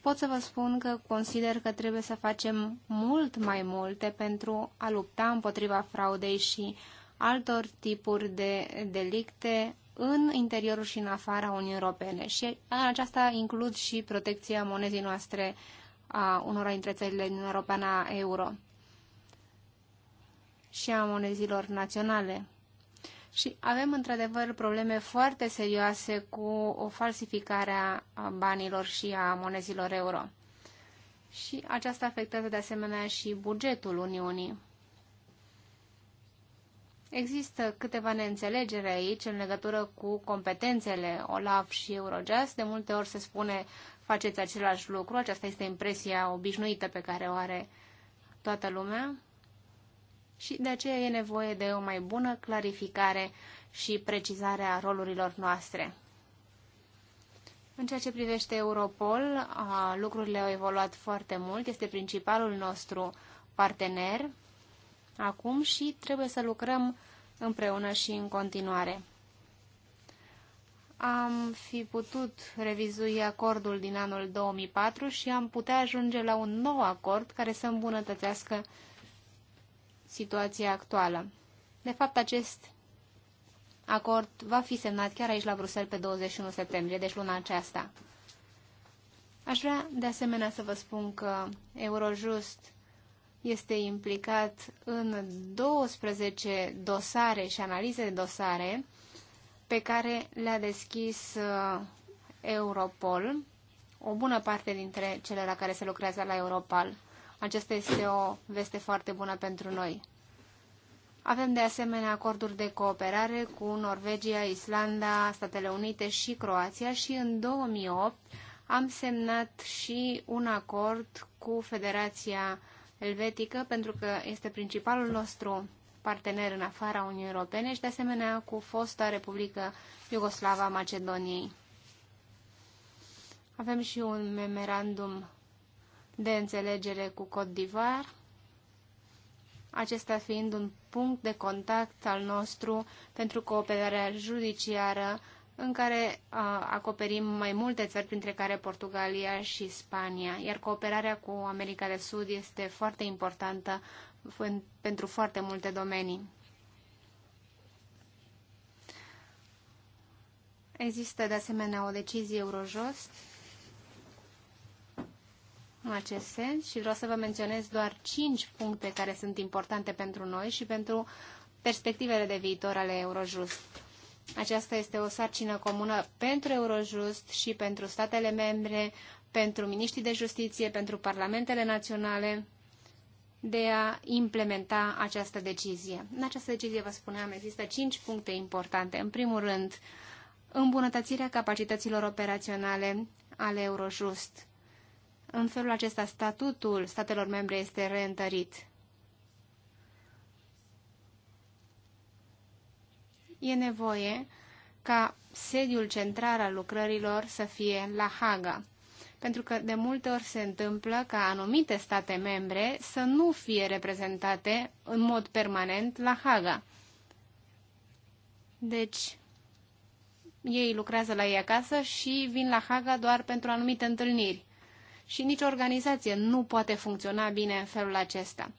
pot să vă spun că consider că trebuie să facem mult mai multe pentru a lupta împotriva fraudei și altor tipuri de delicte în interiorul și în afara Uniunii Europene. Și aceasta includ și protecția monezii noastre a unora dintre țările din Europeană a euro și a monezilor naționale. Și avem într-adevăr probleme foarte serioase cu o falsificare a banilor și a monezilor euro. Și aceasta afectează de asemenea și bugetul Uniunii. Există câteva neînțelegere aici în legătură cu competențele OLAF și Eurojust. De multe ori se spune faceți același lucru. Aceasta este impresia obișnuită pe care o are toată lumea și de aceea e nevoie de o mai bună clarificare și precizare a rolurilor noastre. În ceea ce privește Europol, lucrurile au evoluat foarte mult, este principalul nostru partener acum și trebuie să lucrăm împreună și în continuare. Am fi putut revizui acordul din anul 2004 și am putea ajunge la un nou acord care să îmbunătățească situația actuală. De fapt, acest acord va fi semnat chiar aici la Bruxelles pe 21 septembrie, deci luna aceasta. Aș vrea de asemenea să vă spun că Eurojust este implicat în 12 dosare și analize de dosare pe care le-a deschis uh, Europol, o bună parte dintre cele la care se lucrează la Europol. Aceasta este o veste foarte bună pentru noi. Avem de asemenea acorduri de cooperare cu Norvegia, Islanda, Statele Unite și Croația și în 2008 am semnat și un acord cu Federația Elvetică pentru că este principalul nostru partener în afara Uniunii Europene și de asemenea cu fosta Republică Iugoslava Macedoniei. Avem și un memorandum de înțelegere cu Côte d'Ivoire, acesta fiind un punct de contact al nostru pentru cooperarea judiciară în care a, acoperim mai multe țări, printre care Portugalia și Spania, iar cooperarea cu America de Sud este foarte importantă pentru foarte multe domenii. Există de asemenea o decizie Eurojust în acest sens și vreau să vă menționez doar cinci puncte care sunt importante pentru noi și pentru perspectivele de viitor ale Eurojust. Aceasta este o sarcină comună pentru Eurojust și pentru statele membre, pentru miniștrii de justiție, pentru parlamentele naționale de a implementa această decizie. În această decizie, vă spuneam, există cinci puncte importante. În primul rând, îmbunătățirea capacităților operaționale ale Eurojust. În felul acesta, statutul statelor membre este reîntărit. E nevoie ca sediul central al lucrărilor să fie la Haga pentru că de multe ori se întâmplă ca anumite state membre să nu fie reprezentate în mod permanent la Haga. Deci, ei lucrează la ei acasă și vin la Haga doar pentru anumite întâlniri și nici organizație nu poate funcționa bine în felul acesta.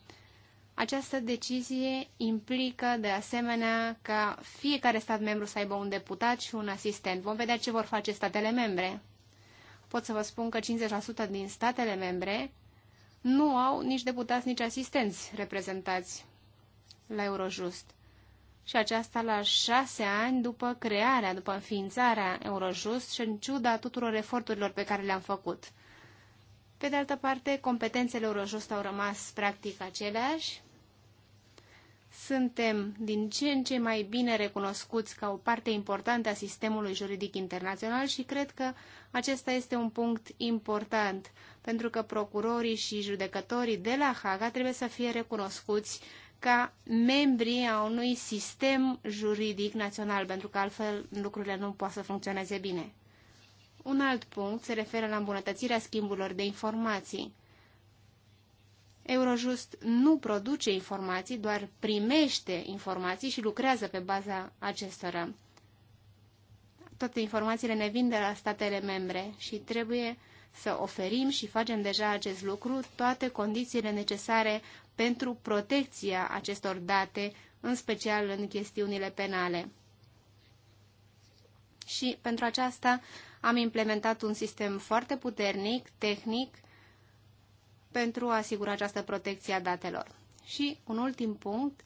Această decizie implică, de asemenea, ca fiecare stat membru să aibă un deputat și un asistent. Vom vedea ce vor face statele membre. Pot să vă spun că 50% din statele membre nu au nici deputați, nici asistenți reprezentați la Eurojust. Și aceasta la șase ani după crearea, după înființarea Eurojust și în ciuda tuturor eforturilor pe care le-am făcut. Pe de altă parte, competențele Eurojust au rămas practic aceleași. Suntem din ce în ce mai bine recunoscuți ca o parte importantă a sistemului juridic internațional și cred că acesta este un punct important, pentru că procurorii și judecătorii de la Haga trebuie să fie recunoscuți ca membri a unui sistem juridic național, pentru că altfel lucrurile nu pot să funcționeze bine. Un alt punct se referă la îmbunătățirea schimburilor de informații. Eurojust nu produce informații, doar primește informații și lucrează pe baza acestora. Toate informațiile ne vin de la statele membre și trebuie să oferim și facem deja acest lucru toate condițiile necesare pentru protecția acestor date, în special în chestiunile penale și pentru aceasta am implementat un sistem foarte puternic, tehnic, pentru a asigura această protecție a datelor. Și un ultim punct,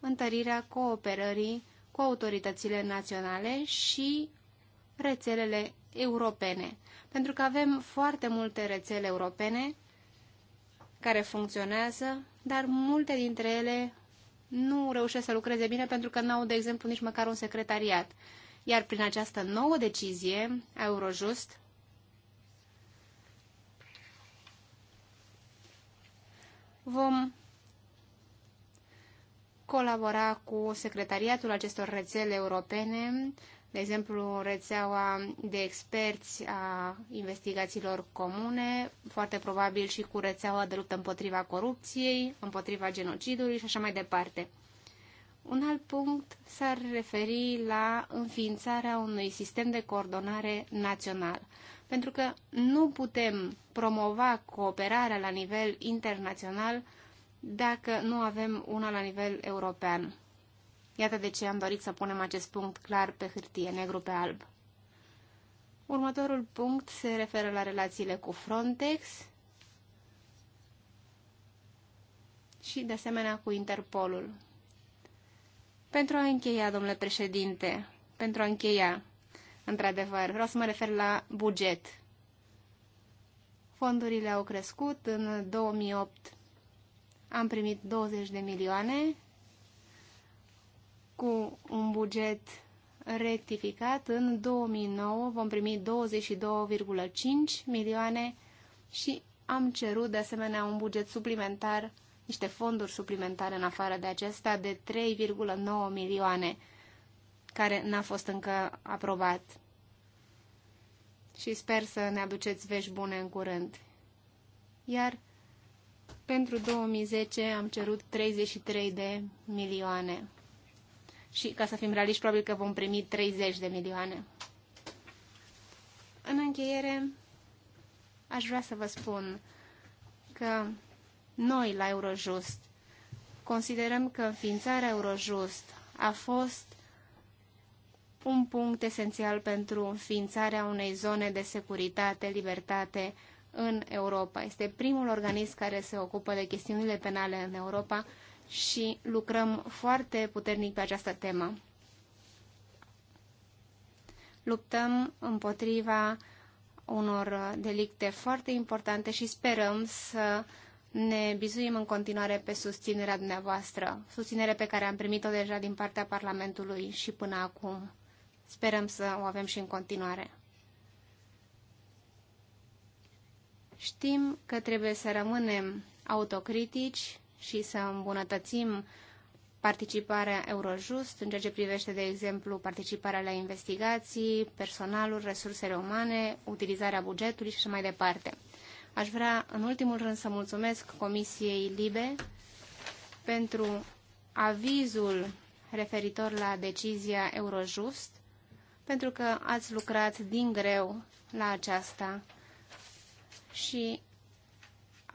întărirea cooperării cu autoritățile naționale și rețelele europene. Pentru că avem foarte multe rețele europene care funcționează, dar multe dintre ele nu reușesc să lucreze bine pentru că n-au, de exemplu, nici măcar un secretariat. Iar prin această nouă decizie a Eurojust, vom colabora cu secretariatul acestor rețele europene de exemplu, rețeaua de experți a investigațiilor comune, foarte probabil și cu rețeaua de luptă împotriva corupției, împotriva genocidului și așa mai departe. Un alt punct s-ar referi la înființarea unui sistem de coordonare național, pentru că nu putem promova cooperarea la nivel internațional dacă nu avem una la nivel european. Iată de ce am dorit să punem acest punct clar pe hârtie, negru pe alb. Următorul punct se referă la relațiile cu Frontex și, de asemenea, cu Interpolul. Pentru a încheia, domnule președinte, pentru a încheia, într-adevăr, vreau să mă refer la buget. Fondurile au crescut în 2008. Am primit 20 de milioane cu un buget rectificat, în 2009 vom primi 22,5 milioane și am cerut de asemenea un buget suplimentar, niște fonduri suplimentare în afară de acesta de 3,9 milioane, care n-a fost încă aprobat. Și sper să ne aduceți vești bune în curând. Iar pentru 2010 am cerut 33 de milioane și, ca să fim realiști, probabil că vom primi 30 de milioane. În încheiere, aș vrea să vă spun că noi la Eurojust considerăm că înființarea Eurojust a fost un punct esențial pentru înființarea unei zone de securitate, libertate în Europa. Este primul organism care se ocupă de chestiunile penale în Europa și lucrăm foarte puternic pe această temă. Luptăm împotriva unor delicte foarte importante și sperăm să ne bizuim în continuare pe susținerea dumneavoastră, susținere pe care am primit-o deja din partea Parlamentului și până acum. Sperăm să o avem și în continuare. Știm că trebuie să rămânem autocritici și să îmbunătățim participarea Eurojust în ceea ce privește, de exemplu, participarea la investigații, personalul, resursele umane, utilizarea bugetului și așa mai departe. Aș vrea, în ultimul rând, să mulțumesc Comisiei Libe pentru avizul referitor la decizia Eurojust, pentru că ați lucrat din greu la aceasta și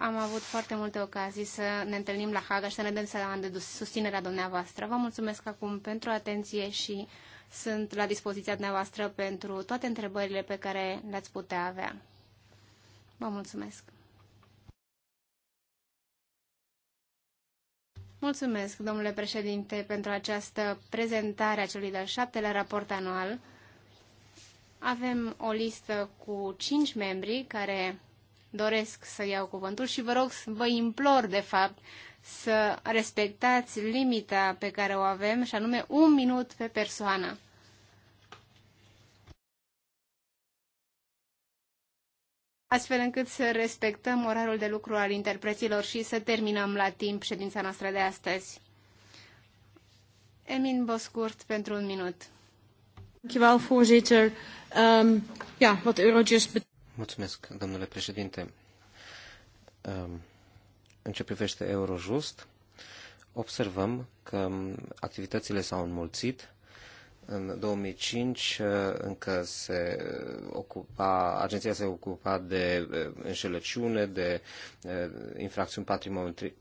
am avut foarte multe ocazii să ne întâlnim la Haga și să ne dăm seama de susținerea dumneavoastră. Vă mulțumesc acum pentru atenție și sunt la dispoziția dumneavoastră pentru toate întrebările pe care le-ați putea avea. Vă mulțumesc! Mulțumesc, domnule președinte, pentru această prezentare a celui de-al șaptelea raport anual. Avem o listă cu cinci membri care doresc să iau cuvântul și vă rog, vă implor, de fapt, să respectați limita pe care o avem, și anume un minut pe persoană. astfel încât să respectăm orarul de lucru al interpreților și să terminăm la timp ședința noastră de astăzi. Emin Boscurt pentru un minut. Dankjewel, voorzitter. Um, ja, wat Mulțumesc, domnule președinte. Ehm, în ce privește Eurojust, observăm că mm, activitățile s-au înmulțit. În 2005 eh, încă se ocupa, agenția se ocupa de eh, înșelăciune, de eh, infracțiuni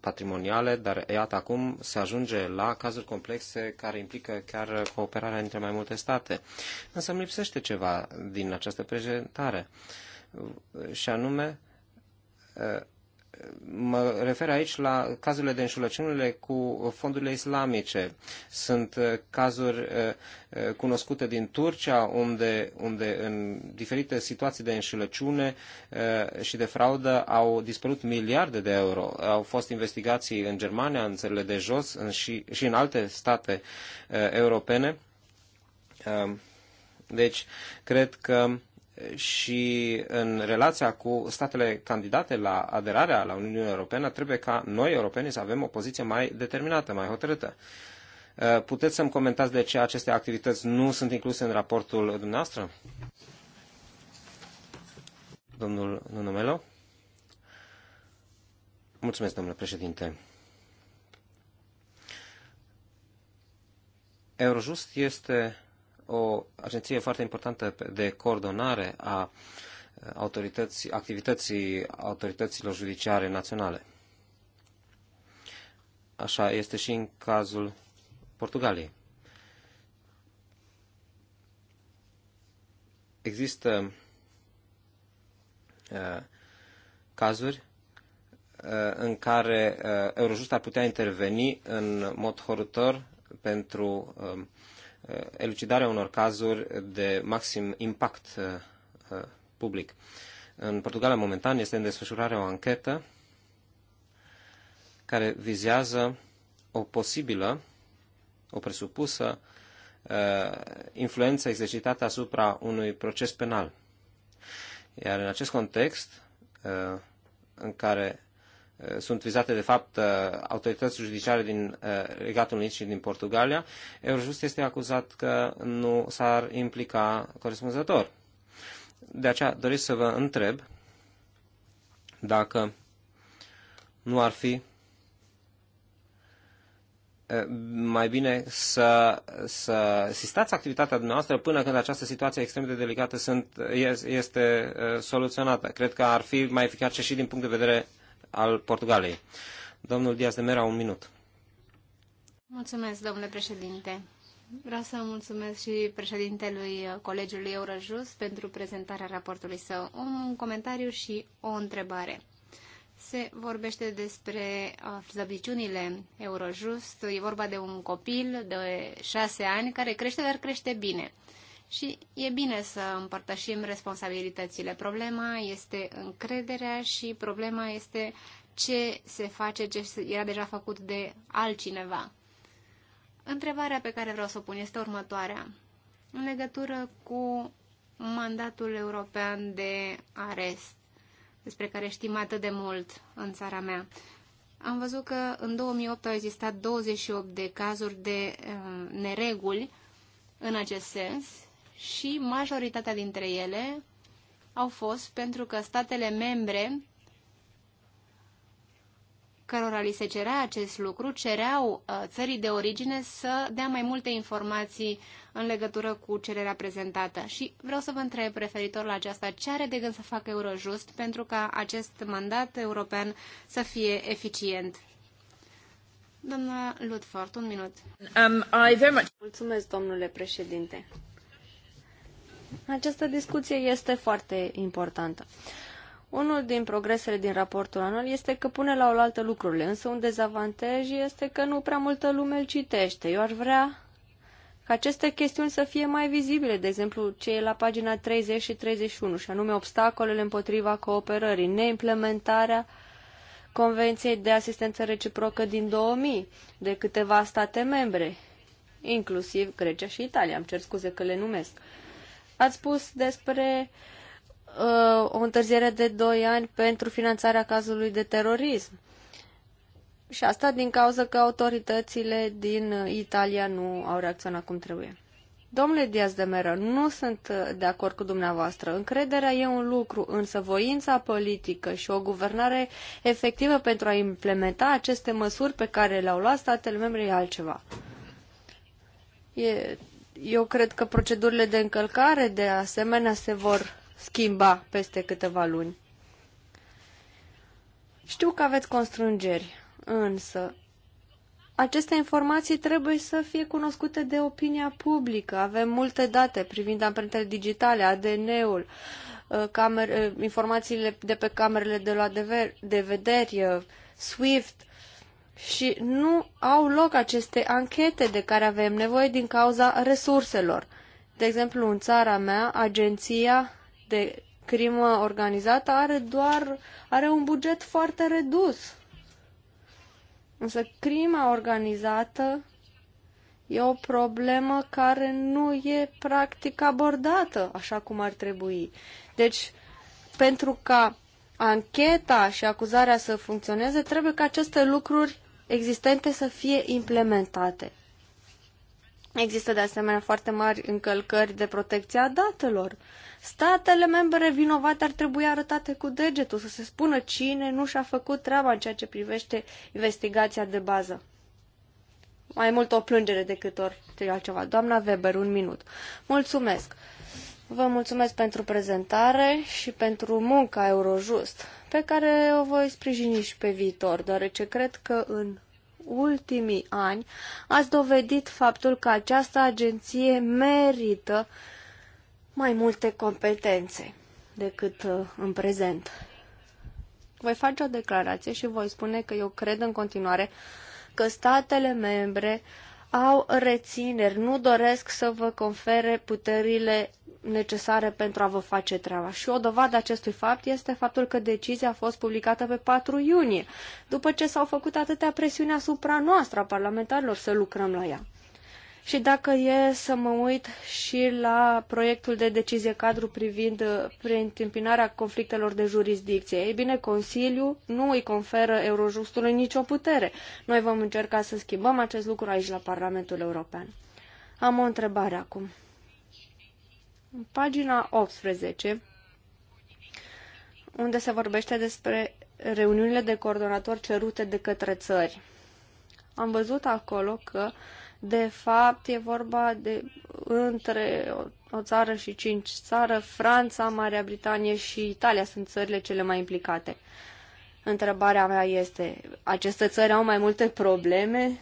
patrimoniale, dar iată acum se ajunge la cazuri complexe care implică chiar cooperarea între mai multe state. Însă îmi lipsește ceva din această prezentare și anume mă refer aici la cazurile de înșulăciunile cu fondurile islamice. Sunt cazuri cunoscute din Turcia, unde, unde în diferite situații de înșelăciune și de fraudă au dispărut miliarde de euro. Au fost investigații în Germania, în țările de jos și, și în alte state europene. Deci, cred că și în relația cu statele candidate la aderarea la Uniunea Europeană, trebuie ca noi, europenii, să avem o poziție mai determinată, mai hotărâtă. Uh, puteți să-mi comentați de ce aceste activități nu sunt incluse în raportul dumneavoastră? Domnul Nunumelo? Mulțumesc, domnule președinte. Eurojust este o agenție foarte importantă de coordonare a eh, autorități, activității autorităților judiciare naționale. Așa este și în cazul Portugaliei. Există uh, cazuri eh, în care Eurojust ar putea interveni în mod hotărător pentru Uh, elucidarea unor cazuri de maxim impact uh, uh, public. În Portugalia, momentan, este în desfășurare o anchetă care vizează o posibilă, o presupusă influență exercitată asupra unui proces penal. Iar în acest context, în care Uh, sunt vizate de fapt uh, autorități judiciare din uh, Regatul Unit și din Portugalia, Eurojust este acuzat că nu s-ar implica corespunzător. De aceea doresc să vă întreb dacă nu ar fi mai bine să, să asistați activitatea dumneavoastră până când această situație extrem de delicată sunt, este soluționată. Cred că ar fi mai eficace și din punct de vedere al Portugalei, Domnul Diaz de Mera, un minut. Mulțumesc, domnule președinte. Vreau să mulțumesc și președintelui Colegiului Eurojust pentru prezentarea raportului său. Un comentariu și o întrebare. Se vorbește despre slăbiciunile uh, Eurojust. E vorba de un copil de șase ani care crește, dar crește bine. Și e bine să împărtășim responsabilitățile. Problema este încrederea și problema este ce se face, ce era deja făcut de altcineva. Întrebarea pe care vreau să o pun este următoarea. În legătură cu mandatul european de arest, despre care știm atât de mult în țara mea. Am văzut că în 2008 au existat 28 de cazuri de uh, nereguli în acest sens și majoritatea dintre ele au fost pentru că statele membre cărora li se cerea acest lucru, cereau uh, țării de origine să dea mai multe informații în legătură cu cererea prezentată. Și vreau să vă întreb referitor la aceasta, ce are de gând să facă Eurojust pentru ca acest mandat european să fie eficient? Doamna Ludford, un minut. Um, I very much... Mulțumesc, domnule președinte. Această discuție este foarte importantă. Unul din progresele din raportul anual este că pune la oaltă lucrurile, însă un dezavantaj este că nu prea multă lume îl citește. Eu ar vrea ca aceste chestiuni să fie mai vizibile, de exemplu cei la pagina 30 și 31, și anume obstacolele împotriva cooperării, neimplementarea Convenției de Asistență Reciprocă din 2000 de câteva state membre, inclusiv Grecia și Italia, Am cer scuze că le numesc. Ați spus despre uh, o întârziere de 2 ani pentru finanțarea cazului de terorism. Și asta din cauza că autoritățile din Italia nu au reacționat cum trebuie. Domnule Diaz de Meră, nu sunt de acord cu dumneavoastră. Încrederea e un lucru, însă voința politică și o guvernare efectivă pentru a implementa aceste măsuri pe care le-au luat statele membre e altceva. E eu cred că procedurile de încălcare de asemenea se vor schimba peste câteva luni. Știu că aveți constrângeri, însă aceste informații trebuie să fie cunoscute de opinia publică. Avem multe date privind amprentele digitale, ADN-ul, uh, uh, informațiile de pe camerele de luat de, ver- de vederi, uh, SWIFT și nu au loc aceste anchete de care avem nevoie din cauza resurselor. De exemplu, în țara mea, agenția de crimă organizată are doar are un buget foarte redus. Însă crima organizată e o problemă care nu e practic abordată așa cum ar trebui. Deci, pentru ca ancheta și acuzarea să funcționeze, trebuie ca aceste lucruri existente să fie implementate. Există de asemenea foarte mari încălcări de protecția datelor. Statele membre vinovate ar trebui arătate cu degetul, să se spună cine nu și-a făcut treaba în ceea ce privește investigația de bază. Mai mult o plângere decât orice altceva. Doamna Weber, un minut. Mulțumesc! Vă mulțumesc pentru prezentare și pentru munca Eurojust pe care o voi sprijini și pe viitor, deoarece cred că în ultimii ani ați dovedit faptul că această agenție merită mai multe competențe decât uh, în prezent. Voi face o declarație și voi spune că eu cred în continuare că statele membre uh, au rețineri, nu doresc să vă confere puterile necesare pentru a vă face treaba. Și o dovadă acestui fapt este faptul că decizia a fost publicată pe 4 iunie, după ce s-au făcut atâtea presiuni asupra noastră a parlamentarilor să lucrăm la ea. Și dacă e să mă uit și la proiectul de decizie cadru privind uh, preîntâmpinarea conflictelor de jurisdicție, ei bine, Consiliul nu îi conferă Eurojustului nicio putere. Noi vom încerca să schimbăm acest lucru aici la Parlamentul European. Am o întrebare acum. În pagina 18, unde se vorbește despre reuniunile de coordonator cerute de către țări. Am văzut acolo că de fapt, e vorba de între o, o țară și cinci țară, Franța, Marea Britanie și Italia sunt țările cele mai implicate. Întrebarea mea este, aceste țări au mai multe probleme?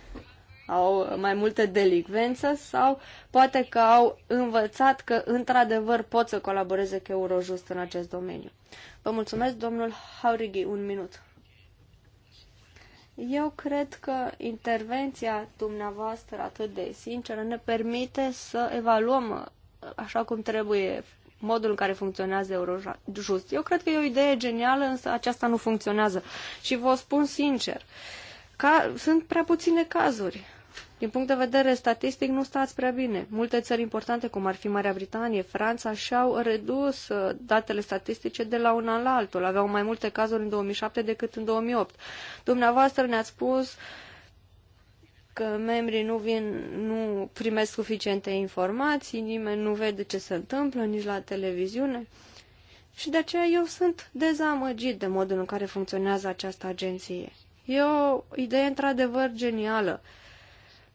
Au mai multe delicvențe sau poate că au învățat că într-adevăr pot să colaboreze cu Eurojust în acest domeniu? Vă mulțumesc, domnul Haurighi, un minut. Eu cred că intervenția dumneavoastră atât de sinceră ne permite să evaluăm uh, așa cum trebuie modul în care funcționează Eurojust. Eu cred că e o idee genială, însă aceasta nu funcționează. Și vă spun sincer, ca, sunt prea puține cazuri din punct de vedere statistic, nu stați prea bine. Multe țări importante, cum ar fi Marea Britanie, Franța, și-au redus uh, datele statistice de la un an la altul. Aveau mai multe cazuri în 2007 decât în 2008. Dumneavoastră ne-ați spus că membrii nu, vin, nu primesc suficiente informații, nimeni nu vede ce se întâmplă nici la televiziune. Și de aceea eu sunt dezamăgit de modul în care funcționează această agenție. E o idee într-adevăr genială.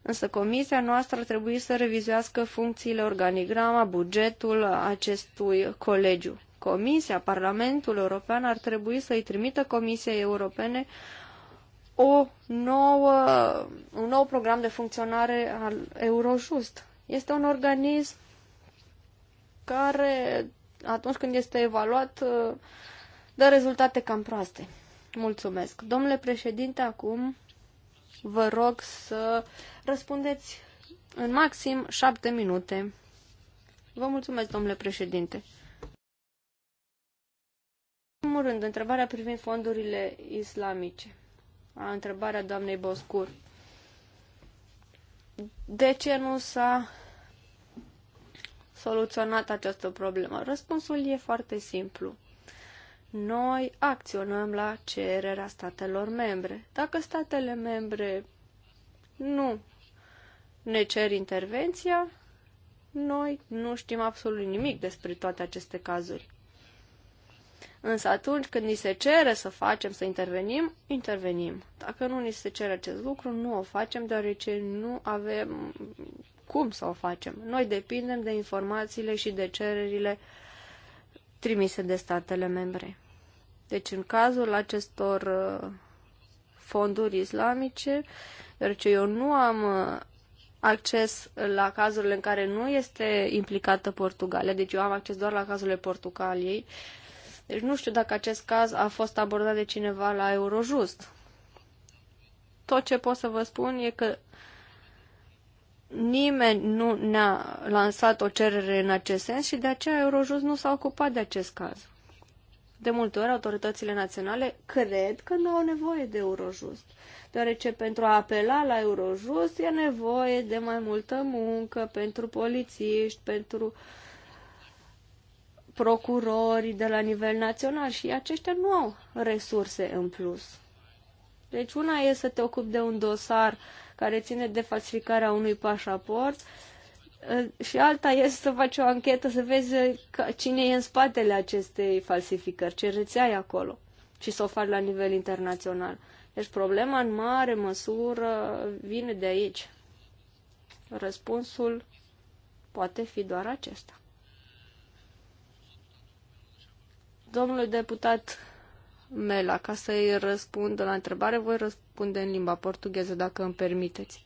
Însă comisia noastră ar trebui să revizuiască funcțiile, organigrama, bugetul acestui colegiu. Comisia, Parlamentul European ar trebui să-i trimită Comisiei Europene o nouă, un nou program de funcționare al Eurojust. Este un organism care, atunci când este evaluat, dă rezultate cam proaste. Mulțumesc. Domnule președinte, acum vă rog să răspundeți în maxim șapte minute. Vă mulțumesc, domnule președinte. În primul rând, întrebarea privind fondurile islamice. A întrebarea doamnei Boscur. De ce nu s-a soluționat această problemă? Răspunsul e foarte simplu noi acționăm la cererea statelor membre. Dacă statele membre nu ne cer intervenția, noi nu știm absolut nimic despre toate aceste cazuri. Însă atunci când ni se cere să facem, să intervenim, intervenim. Dacă nu ni se cere acest lucru, nu o facem, deoarece nu avem cum să o facem. Noi depindem de informațiile și de cererile trimise de statele membre. Deci, în cazul acestor uh, fonduri islamice, deoarece eu nu am uh, acces la cazurile în care nu este implicată Portugalia, deci eu am acces doar la cazurile Portugaliei. Deci nu știu dacă acest caz a fost abordat de cineva la Eurojust. Tot ce pot să vă spun e că nimeni nu ne-a lansat o cerere în acest sens și de aceea Eurojust nu s-a ocupat de acest caz. De multe ori, autoritățile naționale cred că nu au nevoie de Eurojust, deoarece pentru a apela la Eurojust e nevoie de mai multă muncă pentru polițiști, pentru procurori de la nivel național și aceștia nu au resurse în plus. Deci una e să te ocupi de un dosar care ține de falsificarea unui pașaport, Ă, și alta este să faci o anchetă, să vezi cine e în spatele acestei falsificări, ce rețea e acolo și să o faci la nivel internațional. Deci problema în mare măsură vine de aici. Răspunsul poate fi doar acesta. Domnule deputat Mela, ca să-i răspund la întrebare, voi răspunde în limba portugheză, dacă îmi permiteți.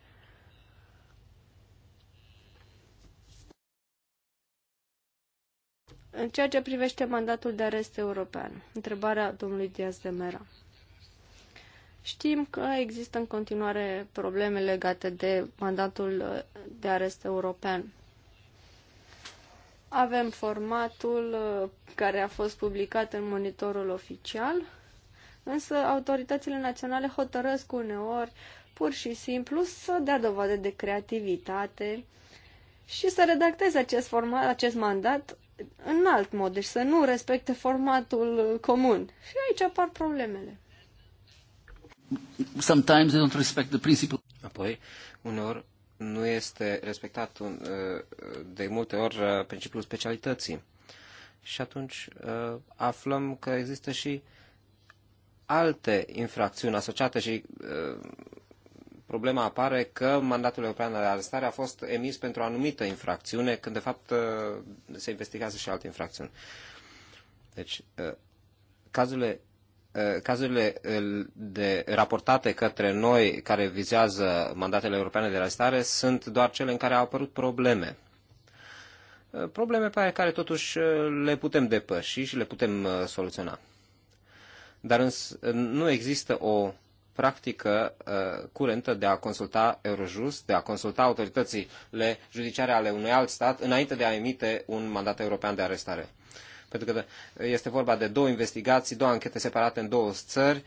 În ceea ce privește mandatul de arest european, întrebarea domnului Diaz de Mera. Știm că există în continuare probleme legate de mandatul uh, de arest european. Avem formatul uh, care a fost publicat în monitorul oficial, însă autoritățile naționale hotărăsc uneori pur și simplu să dea dovadă de creativitate și să redacteze acest format, acest mandat în alt mod, deci să nu respecte formatul comun. Și aici apar problemele. Sometimes they don't respect the principle. Apoi, uneori nu este respectat uh, de multe ori uh, principiul specialității. Și atunci uh, aflăm că există și alte infracțiuni asociate și problema apare că mandatul european de arestare a fost emis pentru o anumită infracțiune, când de fapt uh, se investigează și alte infracțiuni. Deci, uh, cazurile uh, cazurile de raportate către noi care vizează mandatele europene de arestare sunt doar cele în care au apărut probleme. Probleme pe care totuși le putem depăși și le putem soluționa. Dar nu există o practică uh, curentă de a consulta Eurojust, de a consulta autoritățile judiciare ale unui alt stat înainte de a emite un mandat european de arestare. Pentru că este vorba de două investigații, două anchete separate în două țări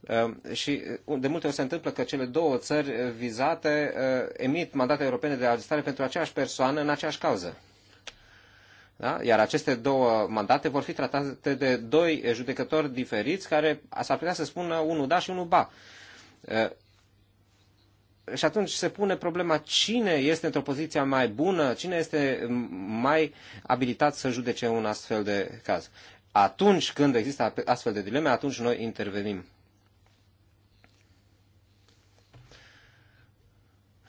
uh, și uh, de multe ori se întâmplă că cele două țări vizate uh, emit mandate europene de arestare pentru aceeași persoană în aceeași cauză. Da? Iar aceste două mandate vor fi tratate de doi judecători diferiți care s-ar putea să spună unul da și unul ba. Și atunci se pune problema cine este într-o poziție mai bună, cine este mai abilitat să judece un astfel de caz. Atunci când există astfel de dileme, atunci noi intervenim.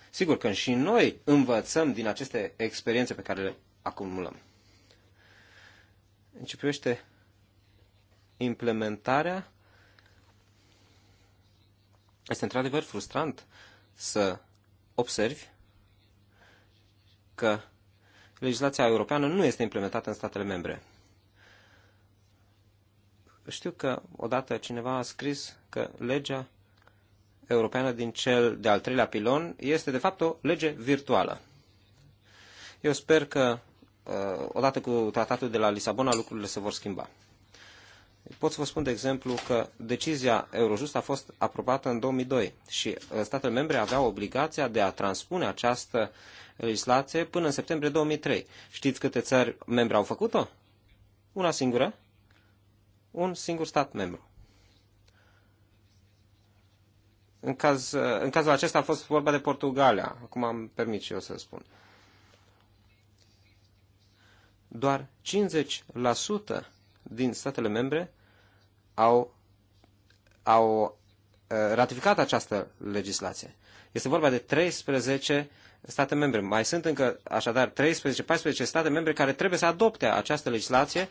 Sigur că și noi învățăm din aceste experiențe pe care le acumulăm începește implementarea, este într-adevăr frustrant să observi că legislația europeană nu este implementată în statele membre. Știu că odată cineva a scris că legea europeană din cel de-al treilea pilon este de fapt o lege virtuală. Eu sper că Uh, odată cu tratatul de la Lisabona, lucrurile se vor schimba. Pot să vă spun, de exemplu, că decizia Eurojust a fost aprobată în 2002 și uh, statele membre aveau obligația de a transpune această legislație până în septembrie 2003. Știți câte țări membre au făcut-o? Una singură? Un singur stat membru. În, caz, uh, în cazul acesta a fost vorba de Portugalia. Acum am permit și eu să spun. Uh, doar 50% din statele membre au, au uh, ratificat această legislație. Este vorba de 13 state membre. Mai sunt încă așadar 13-14 state membre care trebuie să adopte această legislație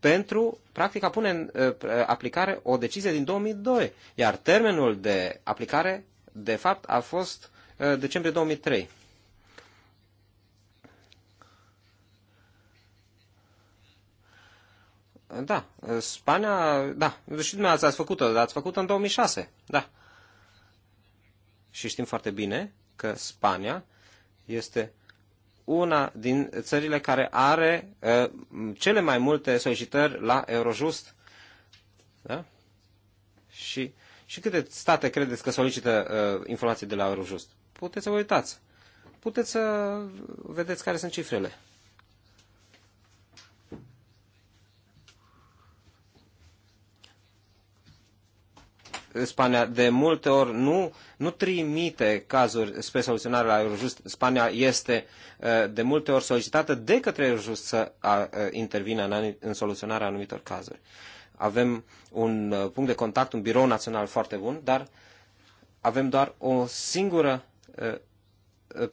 pentru, practic, a pune în uh, aplicare o decizie din 2002. Iar termenul de aplicare, de fapt, a fost uh, decembrie 2003. Da, Spania, da, și dumneavoastră ați făcut-o, dar ați făcut-o în 2006, da. Și știm foarte bine că Spania este una din țările care are uh, cele mai multe solicitări la Eurojust. Da? Și, și câte state credeți că solicită uh, informații de la Eurojust? Puteți să vă uitați. Puteți să vedeți care sunt cifrele. Spania de multe ori nu, nu trimite cazuri spre soluționare la Eurojust. Spania este uh, de multe ori solicitată de către Eurojust să uh, intervină în, în soluționarea anumitor cazuri. Avem un uh, punct de contact, un birou național foarte bun, dar avem doar o singură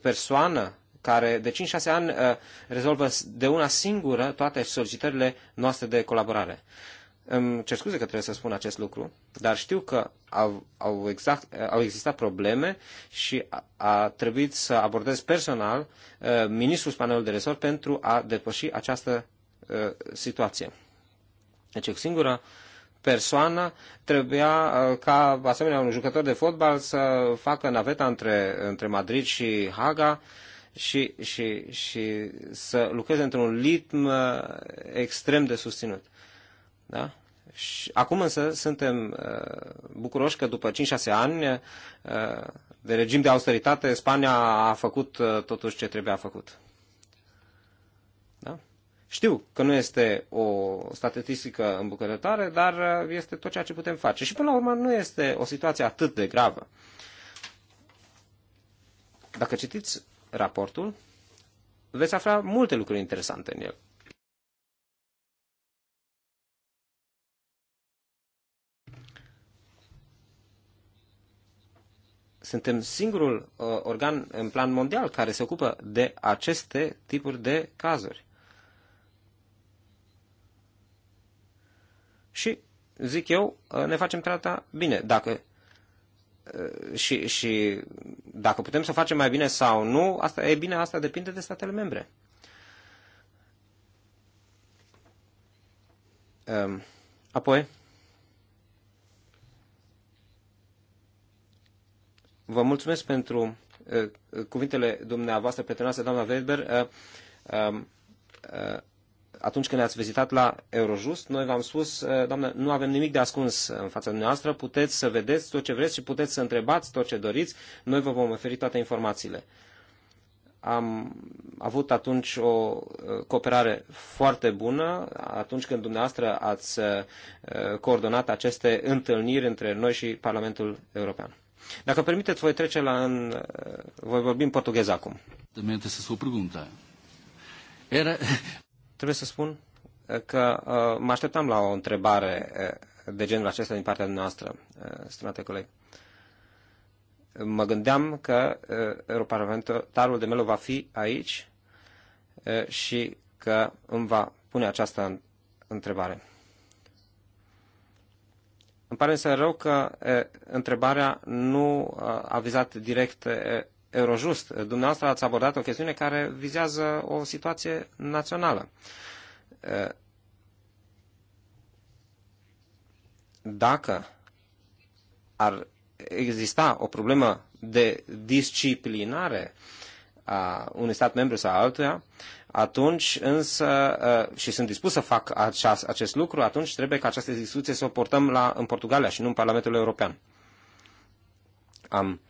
persoană care de 5-6 ani rezolvă de una singură toate solicitările noastre de colaborare îmi cer scuze că trebuie să spun acest lucru, dar știu că au, au, exact, au existat probleme și a, a trebuit să abordez personal uh, ministrul spaniol de resort pentru a depăși această uh, situație. Deci o singură persoană trebuia uh, ca, asemenea, un jucător de fotbal să facă naveta între, între Madrid și Haga și, și, și să lucreze într-un ritm uh, extrem de susținut. Da? Și acum însă suntem uh, bucuroși că după 5-6 ani uh, de regim de austeritate, Spania a făcut uh, totuși ce trebuia făcut. Da? Știu că nu este o statistică îmbucurătoare, dar este tot ceea ce putem face. Și până la urmă nu este o situație atât de gravă. Dacă citiți raportul, veți afla multe lucruri interesante în el. Suntem singurul uh, organ în plan mondial care se ocupă de aceste tipuri de cazuri. Și, zic eu, uh, ne facem treaba bine. Dacă uh, și, și dacă putem să o facem mai bine sau nu, asta, e bine, asta depinde de statele membre. Um, apoi, Vă mulțumesc pentru uh, uh, cuvintele dumneavoastră prietenoase, doamna Weber. Uh, um, atunci când ne-ați vizitat la Eurojust, noi v-am spus, doamnă, nu avem nimic de ascuns în fața dumneavoastră, puteți să vedeți tot ce vreți și puteți să întrebați tot ce doriți, noi vă vom oferi toate informațiile. Am avut atunci o cooperare foarte bună atunci când dumneavoastră ați coordonat aceste întâlniri între noi și Parlamentul European. Dacă permiteți, voi trece la în... Eh, voi vorbi în portughez acum. Trebuie să o pregunta. Era... Trebuie să spun eh, că eh, mă așteptam la o întrebare de genul acesta din partea noastră, stimate coleg. Mă gândeam că europarlamentarul de Melo va fi aici și că îmi va pune această întrebare. Îmi pare să rău că e, întrebarea nu a vizat direct e, Eurojust. Dumneavoastră ați abordat o chestiune care vizează o situație națională. E, dacă ar exista o problemă de disciplinare a unui stat membru sau altuia, atunci însă, uh, și sunt dispus să fac aceast, acest lucru, atunci trebuie ca această discuție să o portăm la, în Portugalia și nu în Parlamentul European. Am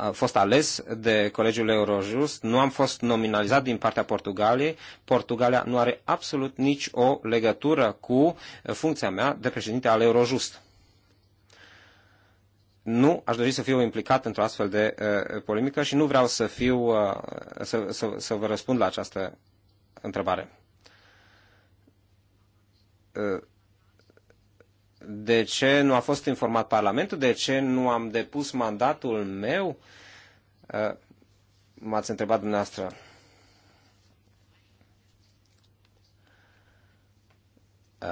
a fost ales de Colegiul Eurojust, nu am fost nominalizat din partea Portugaliei. Portugalia nu are absolut nici o legătură cu funcția mea de președinte al Eurojust nu aș dori să fiu implicat într-o astfel de uh, polemică și nu vreau să fiu uh, să, să, să vă răspund la această întrebare. Uh, de ce nu a fost informat Parlamentul? De ce nu am depus mandatul meu? Uh, m-ați întrebat dumneavoastră.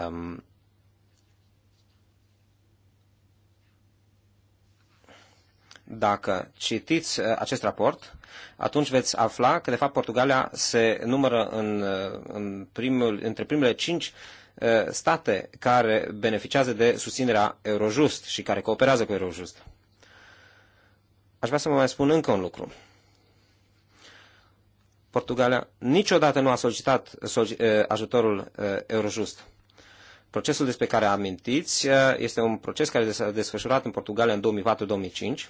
Um, Dacă citiți uh, acest raport, atunci veți afla că, de fapt, Portugalia se numără în, uh, în primul, între primele cinci uh, state care beneficiază de susținerea Eurojust și care cooperează cu Eurojust. Aș vrea să vă mai spun încă un lucru. Portugalia niciodată nu a solicitat ajutorul Eurojust. Procesul despre care amintiți este un proces care s-a desfășurat în Portugalia în 2004-2005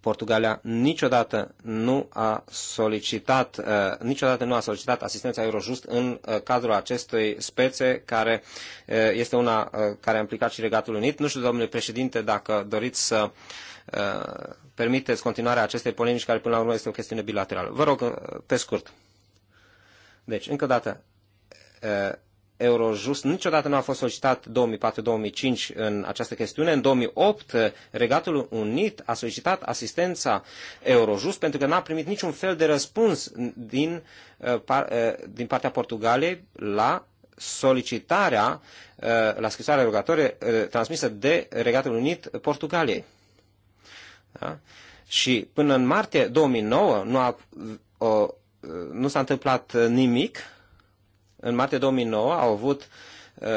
Portugalia niciodată nu a solicitat, uh, niciodată nu a solicitat asistența Eurojust în uh, cadrul acestei spețe care uh, este una uh, care a implicat și Regatul Unit. Nu știu, domnule președinte, dacă doriți să uh, permiteți continuarea acestei polemici care până la urmă este o chestiune bilaterală. Vă rog, uh, pe scurt. Deci, încă o dată, uh, Eurojust niciodată nu a fost solicitat 2004-2005 în această chestiune. În 2008, Regatul Unit a solicitat asistența Eurojust pentru că n-a primit niciun fel de răspuns din, uh, uh, din partea Portugaliei la solicitarea, uh, la scrisoarea rugătoare transmisă de Regatul Unit Portugaliei. Da? Și până în martie 2009 nu, a, o, nu s-a întâmplat nimic în martie 2009 au avut uh,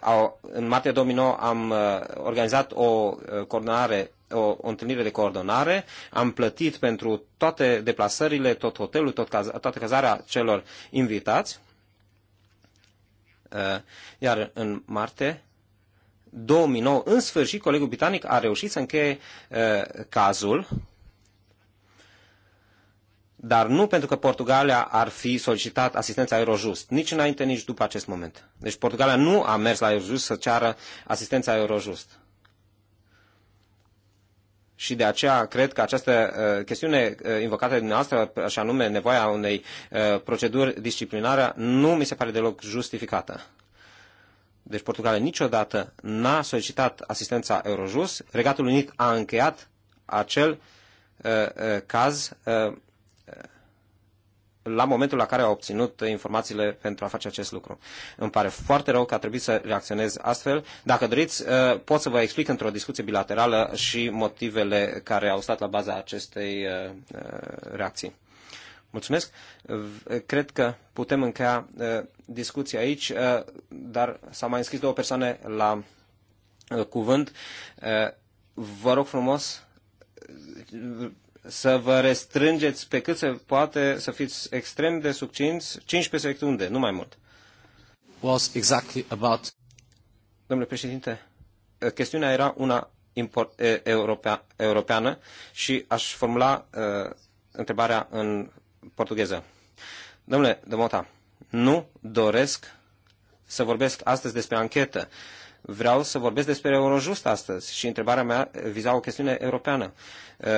au, în martie 2009 am uh, organizat o uh, coordonare o, o întâlnire de coordonare, am plătit pentru toate deplasările, tot hotelul, tot caz, toată cazarea celor invitați. Iar în martie 2009, în sfârșit, colegul britanic a reușit să încheie cazul dar nu pentru că Portugalia ar fi solicitat asistența Eurojust, nici înainte, nici după acest moment. Deci Portugalia nu a mers la Eurojust să ceară asistența Eurojust. Și de aceea cred că această uh, chestiune uh, invocată de dumneavoastră, așa anume nevoia unei uh, proceduri disciplinare, nu mi se pare deloc justificată. Deci Portugalia niciodată n-a solicitat asistența Eurojust. Regatul Unit a încheiat acel uh, uh, caz uh, la momentul la care au obținut informațiile pentru a face acest lucru. Îmi pare foarte rău că a trebuit să reacționez astfel. Dacă doriți, uh, pot să vă explic într-o discuție bilaterală și motivele care au stat la baza acestei uh, uh, reacții. Mulțumesc. Cred că putem încheia discuția aici, dar s-au mai înscris două persoane la cuvânt. Vă rog frumos, să vă restrângeți pe cât se poate să fiți extrem de succinți, 15 secunde, nu mai mult. Was exactly about... Domnule președinte, chestiunea era una import, europea, europeană și aș formula e, întrebarea în portugheză. Domnule Demota, nu doresc să vorbesc astăzi despre anchetă. Vreau să vorbesc despre Eurojust astăzi și întrebarea mea viza o chestiune europeană. Eh,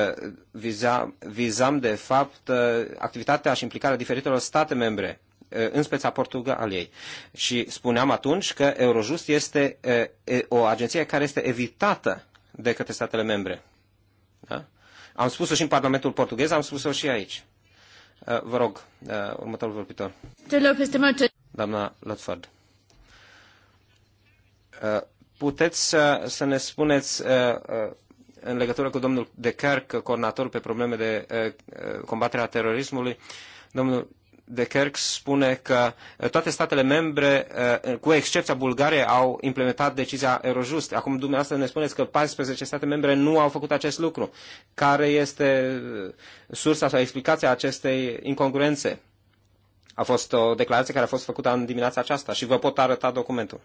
viza, vizam, de fapt, eh, activitatea și implicarea diferitelor state membre eh, în speța Portugaliei. Și spuneam atunci că Eurojust este o agenție care este evitată de către statele membre. Da? Am spus-o și în Parlamentul portughez, am spus-o și aici. Vă rog, următorul vorbitor. Doamna Lutford. Uh, puteți să, ne spuneți uh, uh, în legătură cu domnul De Kerk, coordonator pe probleme de combatere a terorismului, domnul de Kerk spune că toate statele membre, cu excepția Bulgariei, au implementat decizia Eurojust. Acum dumneavoastră ne spuneți că 14 state membre nu au făcut acest lucru. Care este sursa sau explicația acestei incongruențe? A fost o declarație care a fost făcută în dimineața aceasta și vă pot arăta documentul.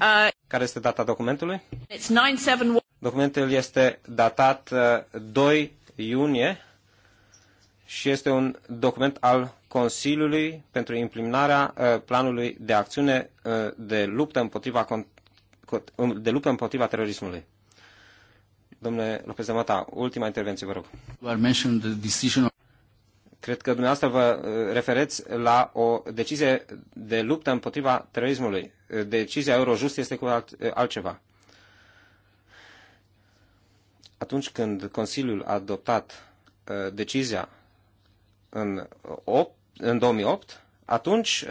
Uh, Care este data documentului? It's 971. Documentul este datat 2 uh, iunie și este un document al Consiliului pentru implementarea uh, planului de acțiune de luptă împotriva, um, de luptă împotriva terorismului. Domnule Lopez de Mata, ultima intervenție, vă rog. Cred că dumneavoastră vă refereți la o decizie de luptă împotriva terorismului decizia Eurojust este cu alt, altceva. Atunci când Consiliul a adoptat decizia în, 8, în 2008, atunci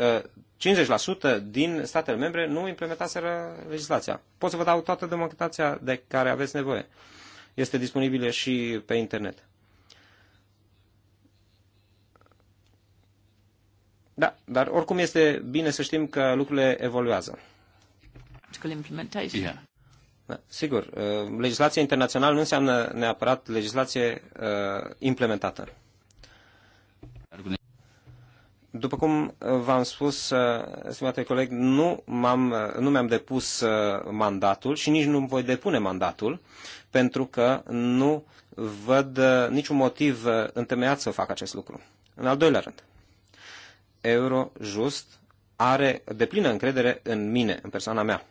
50% din statele membre nu implementaseră legislația. Pot să vă dau toată documentația de care aveți nevoie. Este disponibilă și pe internet. Da, dar oricum este bine să știm că lucrurile evoluează. Yeah. Da, sigur, uh, legislația internațională nu înseamnă neapărat legislație uh, implementată. După cum uh, v-am spus, stimate coleg, nu, m-am, nu mi-am depus mandatul și nici nu voi depune mandatul, pentru că nu văd niciun motiv întemeiat să fac acest lucru. În al doilea rând, Eurojust are deplină încredere în mine, în persoana mea.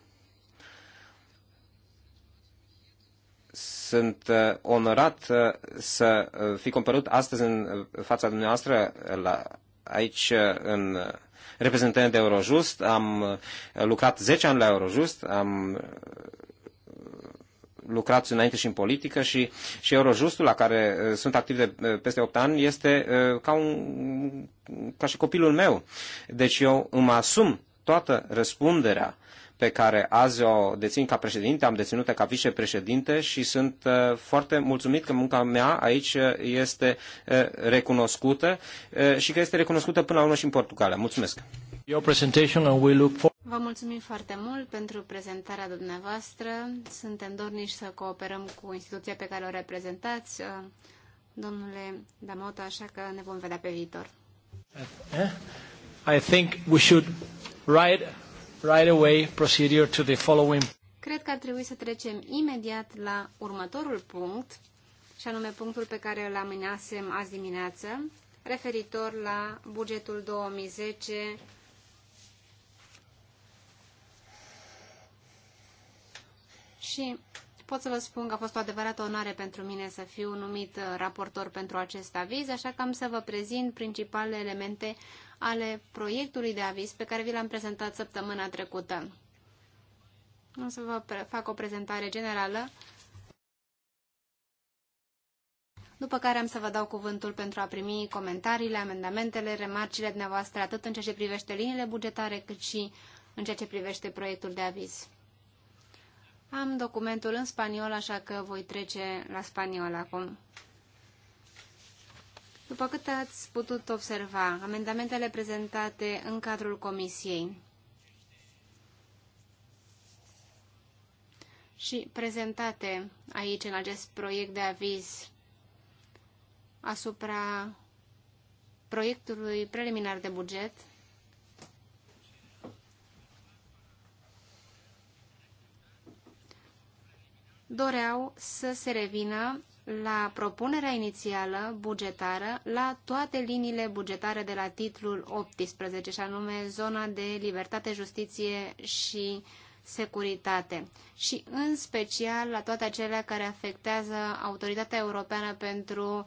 Sunt uh, onorat uh, să uh, fi compărut astăzi în fața dumneavoastră la, aici în reprezentant de Eurojust. Am lucrat 10 ani la Eurojust, am lucrați înainte și în politică și, și Eurojustul, la care uh, sunt activ de uh, peste 8 ani, este uh, ca, un, ca și copilul meu. Deci eu îmi asum toată răspunderea pe care azi o dețin ca președinte, am deținut-o ca vicepreședinte și sunt foarte mulțumit că munca mea aici este recunoscută și că este recunoscută până la urmă și în Portugalia. Mulțumesc! Your presentation and we look for... Vă mulțumim foarte mult pentru prezentarea dumneavoastră. Suntem dorniși să cooperăm cu instituția pe care o reprezentați, uh, domnule Damota, așa că ne vom vedea pe viitor. I think we should right, right away procedure to the following. Cred că ar trebui să trecem imediat la următorul punct, și anume punctul pe care îl aminasem azi dimineață, referitor la bugetul 2010 și pot să vă spun că a fost o adevărată onoare pentru mine să fiu numit uh, raportor pentru acest aviz, așa că am să vă prezint principalele elemente ale proiectului de aviz pe care vi l-am prezentat săptămâna trecută. O să vă fac o prezentare generală, după care am să vă dau cuvântul pentru a primi comentariile, amendamentele, remarcile dumneavoastră, atât în ceea ce privește liniile bugetare, cât și în ceea ce privește proiectul de aviz. Am documentul în spaniol, așa că voi trece la spaniol acum. După cât ați putut observa, amendamentele prezentate în cadrul comisiei și prezentate aici în acest proiect de aviz asupra proiectului preliminar de buget doreau să se revină la propunerea inițială bugetară la toate liniile bugetare de la titlul 18, și anume zona de libertate, justiție și securitate și în special la toate acelea care afectează Autoritatea Europeană pentru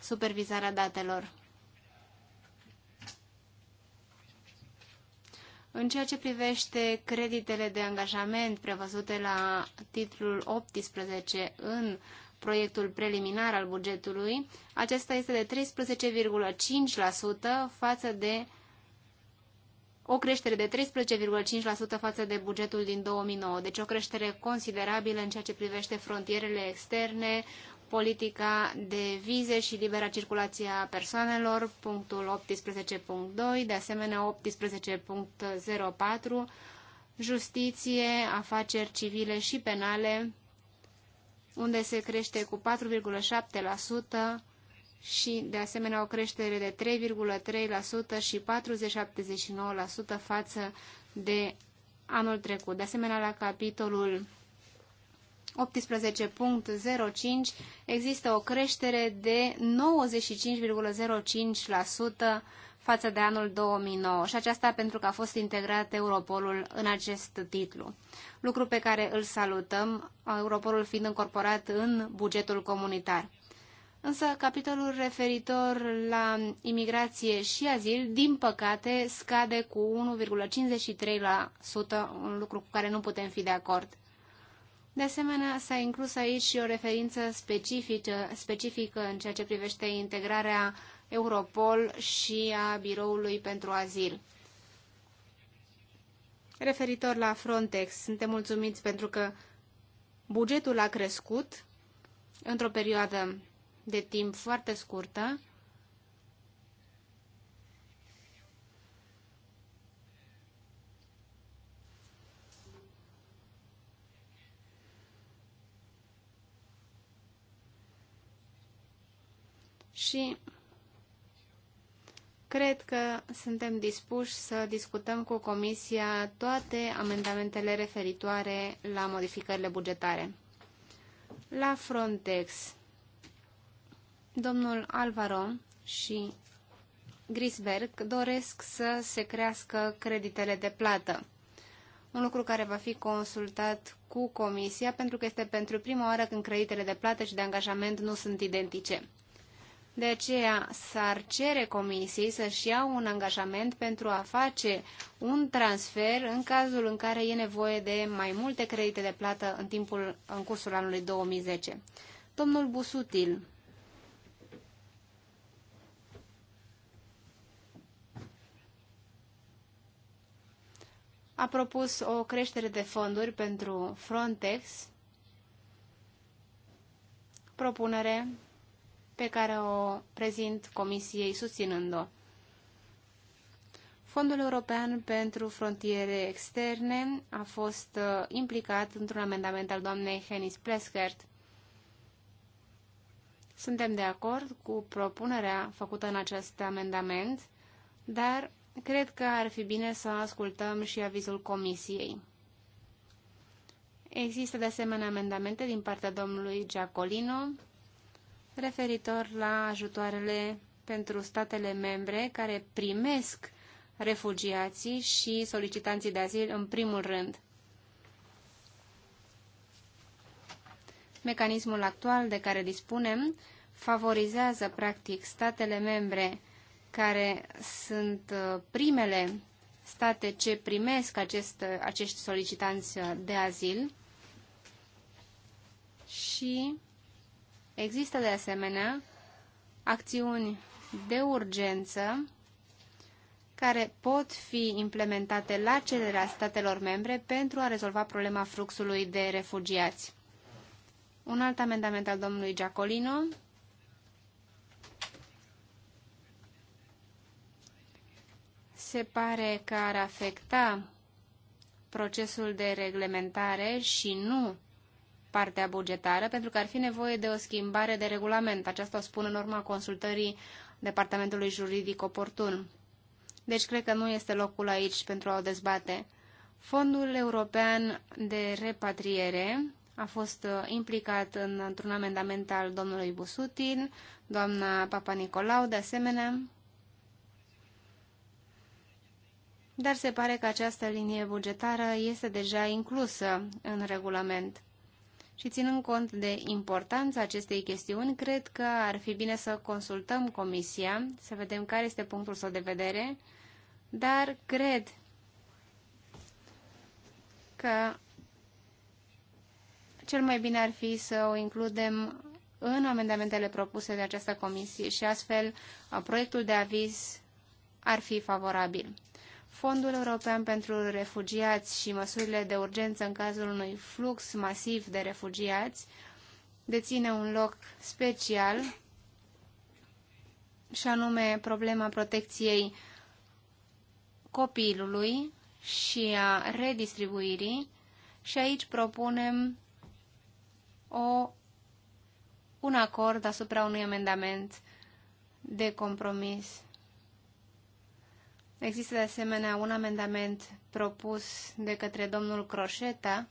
Supervizarea Datelor. În ceea ce privește creditele de angajament prevăzute la titlul 18 în proiectul preliminar al bugetului, acesta este de 13,5% față de o creștere de 13,5% față de bugetul din 2009, deci o creștere considerabilă în ceea ce privește frontierele externe, politica de vize și libera circulație a persoanelor, punctul 18.2, de asemenea 18.04, justiție, afaceri civile și penale, unde se crește cu 4,7% și, de asemenea, o creștere de 3,3% și 4,79% față de anul trecut. De asemenea, la capitolul 18.05 există o creștere de 95,05% față de anul 2009 și aceasta pentru că a fost integrat Europolul în acest titlu. Lucru pe care îl salutăm, Europolul fiind încorporat în bugetul comunitar. Însă, capitolul referitor la imigrație și azil, din păcate, scade cu 1,53%, un lucru cu care nu putem fi de acord. De asemenea, s-a inclus aici și o referință specifică, specifică în ceea ce privește integrarea Europol și a Biroului pentru Azil. Referitor la Frontex, suntem mulțumiți pentru că bugetul a crescut într-o perioadă de timp foarte scurtă și cred că suntem dispuși să discutăm cu Comisia toate amendamentele referitoare la modificările bugetare. La Frontex, domnul Alvaro și Grisberg doresc să se crească creditele de plată. Un lucru care va fi consultat cu Comisia pentru că este pentru prima oară când creditele de plată și de angajament nu sunt identice. De aceea s-ar cere comisiei să-și ia un angajament pentru a face un transfer în cazul în care e nevoie de mai multe credite de plată în, timpul, în cursul anului 2010. Domnul Busutil. a propus o creștere de fonduri pentru Frontex, propunere pe care o prezint Comisiei susținând-o. Fondul European pentru Frontiere Externe a fost uh, implicat într-un amendament al doamnei Henis Pleskert. Suntem de acord cu propunerea făcută în acest amendament, dar cred că ar fi bine să ascultăm și avizul Comisiei. Există de asemenea amendamente din partea domnului Giacolino, referitor la ajutoarele pentru statele membre care primesc refugiații și solicitanții de azil în primul rând. Mecanismul actual de care dispunem favorizează practic statele membre care sunt uh, primele state ce primesc acest, uh, acești solicitanți uh, de azil și Există de asemenea acțiuni de urgență care pot fi implementate la cererea statelor membre pentru a rezolva problema fluxului de refugiați. Un alt amendament al domnului Giacolino se pare că ar afecta procesul de reglementare și nu partea bugetară, pentru că ar fi nevoie de o schimbare de regulament. Aceasta o spun în urma consultării Departamentului Juridic Oportun. Deci cred că nu este locul aici pentru a o dezbate. Fondul European de Repatriere a fost uh, implicat în, într-un amendament al domnului Busutin, doamna Papa Nicolau, de asemenea. Dar se pare că această linie bugetară este deja inclusă în regulament și ținând cont de importanța acestei chestiuni, cred că ar fi bine să consultăm Comisia, să vedem care este punctul său de vedere, dar cred că cel mai bine ar fi să o includem în amendamentele propuse de această comisie și astfel proiectul de aviz ar fi favorabil. Fondul European pentru Refugiați și măsurile de urgență în cazul unui flux masiv de refugiați deține un loc special și anume problema protecției copilului și a redistribuirii și aici propunem o, un acord asupra unui amendament de compromis. Există de asemenea un amendament propus de către domnul Croșeta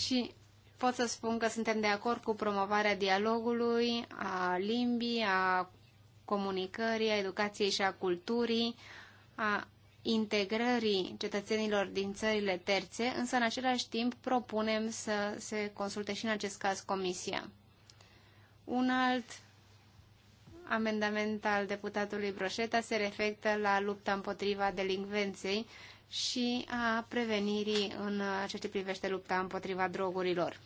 și pot să spun că suntem de acord cu promovarea dialogului, a limbii, a comunicării, a educației și a culturii, a integrării cetățenilor din țările terțe, însă în același timp propunem să se consulte și în acest caz Comisia. Un alt amendament al deputatului Broșeta se reflectă la lupta împotriva delincvenței și a prevenirii în ceea ce privește lupta împotriva drogurilor.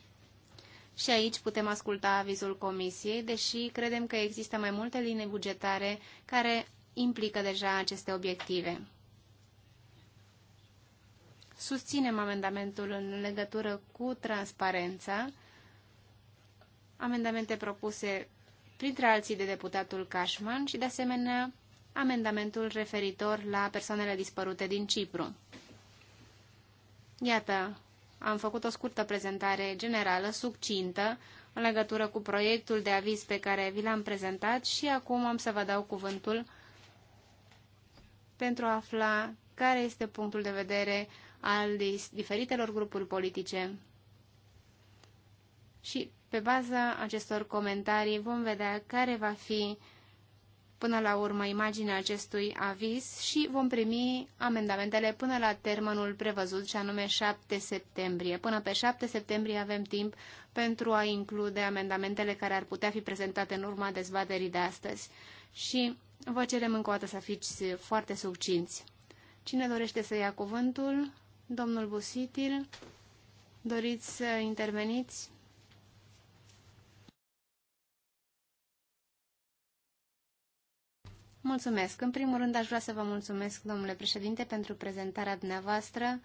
Și aici putem asculta avizul Comisiei, deși credem că există mai multe linii bugetare care implică deja aceste obiective. Susținem amendamentul în legătură cu transparența, amendamente propuse printre alții de deputatul Cashman și, de asemenea, amendamentul referitor la persoanele dispărute din Cipru. Iată, am făcut o scurtă prezentare generală, succintă, în legătură cu proiectul de aviz pe care vi l-am prezentat și acum am să vă dau cuvântul pentru a afla care este punctul de vedere al diferitelor grupuri politice și pe baza acestor comentarii vom vedea care va fi până la urmă imaginea acestui aviz și vom primi amendamentele până la termenul prevăzut, și anume 7 septembrie. Până pe 7 septembrie avem timp pentru a include amendamentele care ar putea fi prezentate în urma dezbaterii de astăzi. Și vă cerem încă o dată să fiți foarte succinți. Cine dorește să ia cuvântul? Domnul Busitil, doriți să interveniți? Mulțumesc. În primul rând aș vrea să vă mulțumesc, domnule președinte, pentru prezentarea dumneavoastră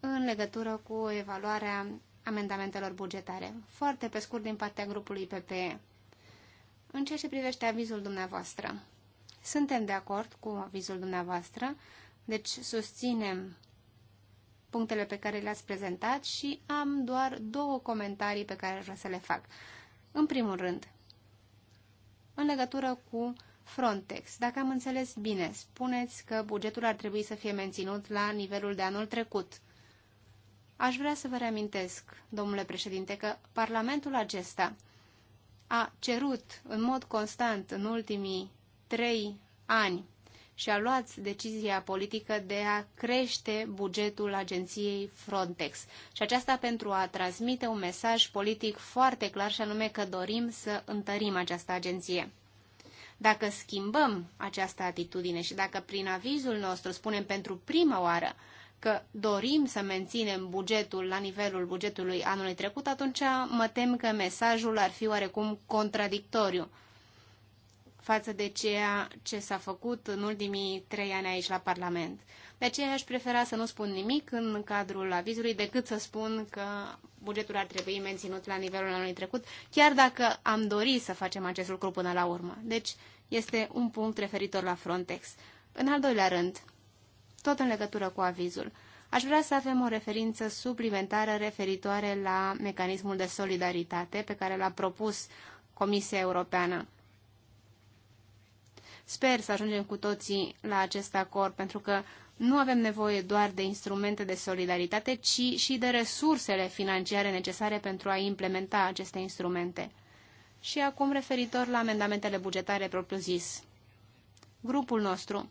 în legătură cu evaluarea amendamentelor bugetare. Foarte pe scurt din partea grupului PPE. În ceea ce privește avizul dumneavoastră, suntem de acord cu avizul dumneavoastră, deci susținem punctele pe care le-ați prezentat și am doar două comentarii pe care vrea să le fac. În primul rând, în legătură cu Frontex. Dacă am înțeles bine, spuneți că bugetul ar trebui să fie menținut la nivelul de anul trecut. Aș vrea să vă reamintesc, domnule președinte, că Parlamentul acesta a cerut în mod constant în ultimii trei ani și a luat decizia politică de a crește bugetul agenției Frontex. Și aceasta pentru a transmite un mesaj politic foarte clar și anume că dorim să întărim această agenție. Dacă schimbăm această atitudine și dacă prin avizul nostru spunem pentru prima oară că dorim să menținem bugetul la nivelul bugetului anului trecut, atunci mă tem că mesajul ar fi oarecum contradictoriu față de ceea ce s-a făcut în ultimii trei ani aici la Parlament. De aceea aș prefera să nu spun nimic în cadrul avizului decât să spun că bugetul ar trebui menținut la nivelul anului trecut, chiar dacă am dori să facem acest lucru până la urmă. Deci este un punct referitor la Frontex. În al doilea rând, tot în legătură cu avizul, aș vrea să avem o referință suplimentară referitoare la mecanismul de solidaritate pe care l-a propus Comisia Europeană. Sper să ajungem cu toții la acest acord, pentru că nu avem nevoie doar de instrumente de solidaritate, ci și de resursele financiare necesare pentru a implementa aceste instrumente. Și acum referitor la amendamentele bugetare propriu-zis. Grupul nostru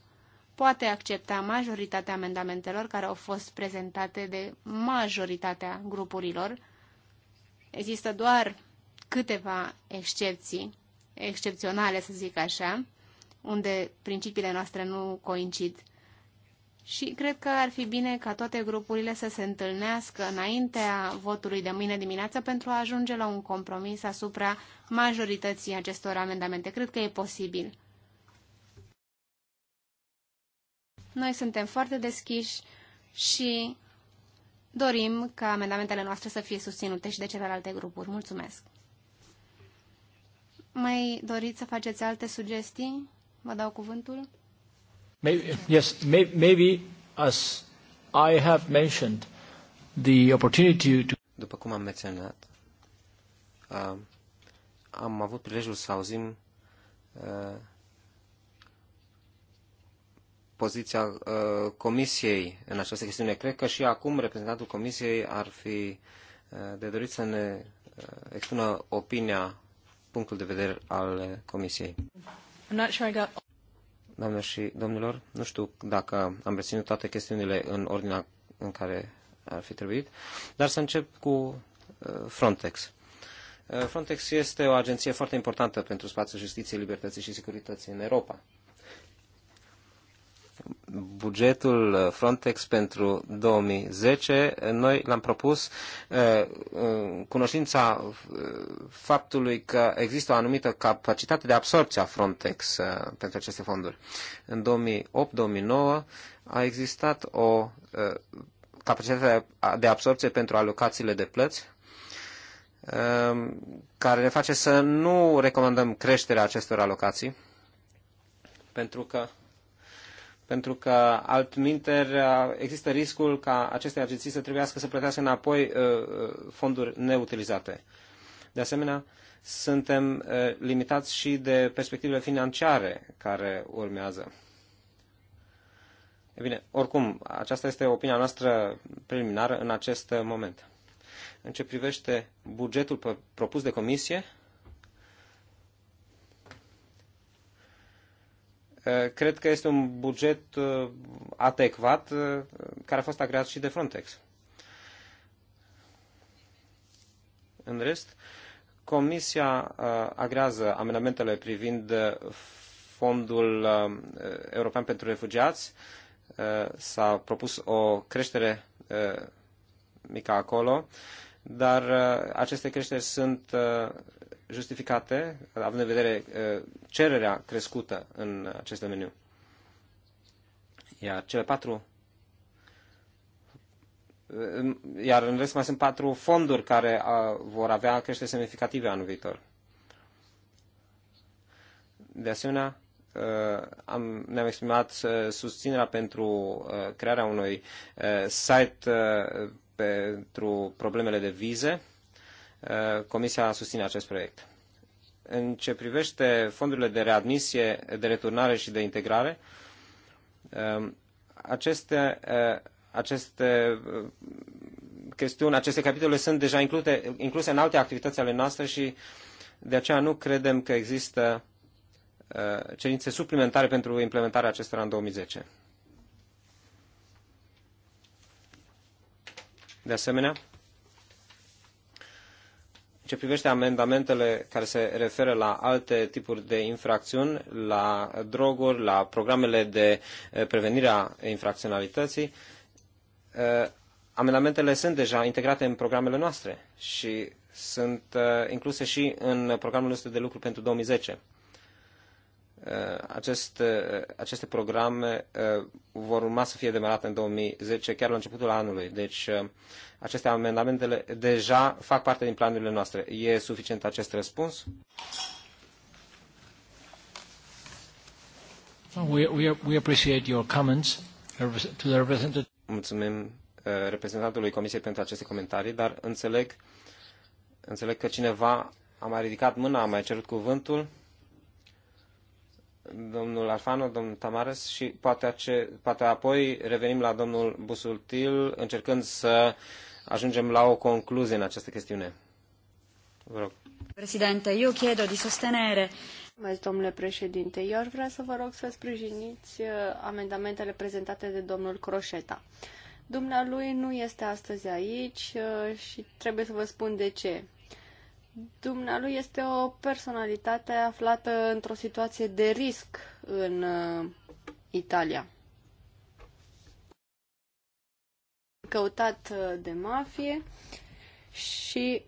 poate accepta majoritatea amendamentelor care au fost prezentate de majoritatea grupurilor. Există doar câteva excepții, excepționale să zic așa, unde principiile noastre nu coincid și cred că ar fi bine ca toate grupurile să se întâlnească înaintea votului de mâine dimineață pentru a ajunge la un compromis asupra majorității acestor amendamente. Cred că e posibil. Noi suntem foarte deschiși și dorim ca amendamentele noastre să fie susținute și de celelalte grupuri. Mulțumesc! Mai doriți să faceți alte sugestii? Vă dau cuvântul. Maybe, yes, may, maybe as I have mentioned, the opportunity to... După cum am menționat, uh, am avut prilejul să auzim uh, poziția uh, Comisiei în această chestiune. Cred că și acum reprezentantul Comisiei ar fi uh, de dorit să ne uh, expună opinia, punctul de vedere al uh, Comisiei. I'm not sure I got doamne și domnilor. Nu știu dacă am reținut toate chestiunile în ordinea în care ar fi trebuit, dar să încep cu uh, Frontex. Uh, Frontex este o agenție foarte importantă pentru spațiul justiției, libertății și securității în Europa bugetul uh, Frontex pentru 2010, noi l-am propus uh, cunoștința uh, faptului că există o anumită capacitate de absorpție a Frontex pentru aceste fonduri. În 2008-2009 a existat o capacitate de absorpție pentru alocațiile de plăți um, care ne face să nu recomandăm creșterea acestor alocații, pentru că pentru că altminteri există riscul ca aceste agenții să trebuiască să plătească înapoi uh, uh, fonduri neutilizate. De asemenea, suntem uh, limitați și de perspectivele financiare care urmează. E bine, oricum, aceasta este opinia noastră preliminară în acest moment. În ce privește bugetul propus de comisie, Eh, cred că este un buget eh, adecvat eh, care a fost agreat și de Frontex. În rest, Comisia agrează amendamentele privind Fondul European pentru Refugiați. S-a propus o creștere mică acolo, dar aceste creșteri sunt justificate, având în vedere uh, cererea crescută în acest domeniu. Iar cele patru uh, iar în rest mai sunt patru fonduri care uh, vor avea creștere semnificative anul viitor. De asemenea, am, ne-am exprimat susținerea pentru crearea unui site pentru problemele de vize Uh, Comisia susține acest proiect. În ce privește fondurile de readmisie, de returnare și de integrare, um, aceste, uh, aceste uh, chestiuni, aceste capitole sunt deja incluse în alte activități ale noastre și de aceea nu credem că există cerințe suplimentare pentru implementarea acestora în 2010. De asemenea, ce privește amendamentele care se referă la alte tipuri de infracțiuni, la droguri, la programele de eh, prevenire a infracționalității, eh, amendamentele sunt deja integrate în programele noastre și sunt eh, incluse și în programul nostru de lucru pentru 2010. Uh, acest, uh, aceste programe uh, vor urma să fie demarate în 2010, chiar la începutul anului. Deci aceste amendamente deja fac parte din planurile noastre. E suficient acest răspuns? Mulțumim reprezentantului Comisiei pentru aceste comentarii, dar înțeleg, înțeleg că cineva a mai ridicat mâna, a mai cerut cuvântul domnul Alfano, domnul Tamares și poate, ace, poate apoi revenim la domnul Busultil încercând să ajungem la o concluzie în această chestiune. Vă rog. Președinte, eu chiedo di sostenere Mulțumesc, domnule președinte. Eu aș vrea să vă rog să sprijiniți uh, amendamentele prezentate de domnul Croșeta. Dumnealui nu este astăzi aici uh, și trebuie să vă spun de ce. Dumnealui este o personalitate aflată într-o situație de risc în uh, Italia. Căutat uh, de mafie și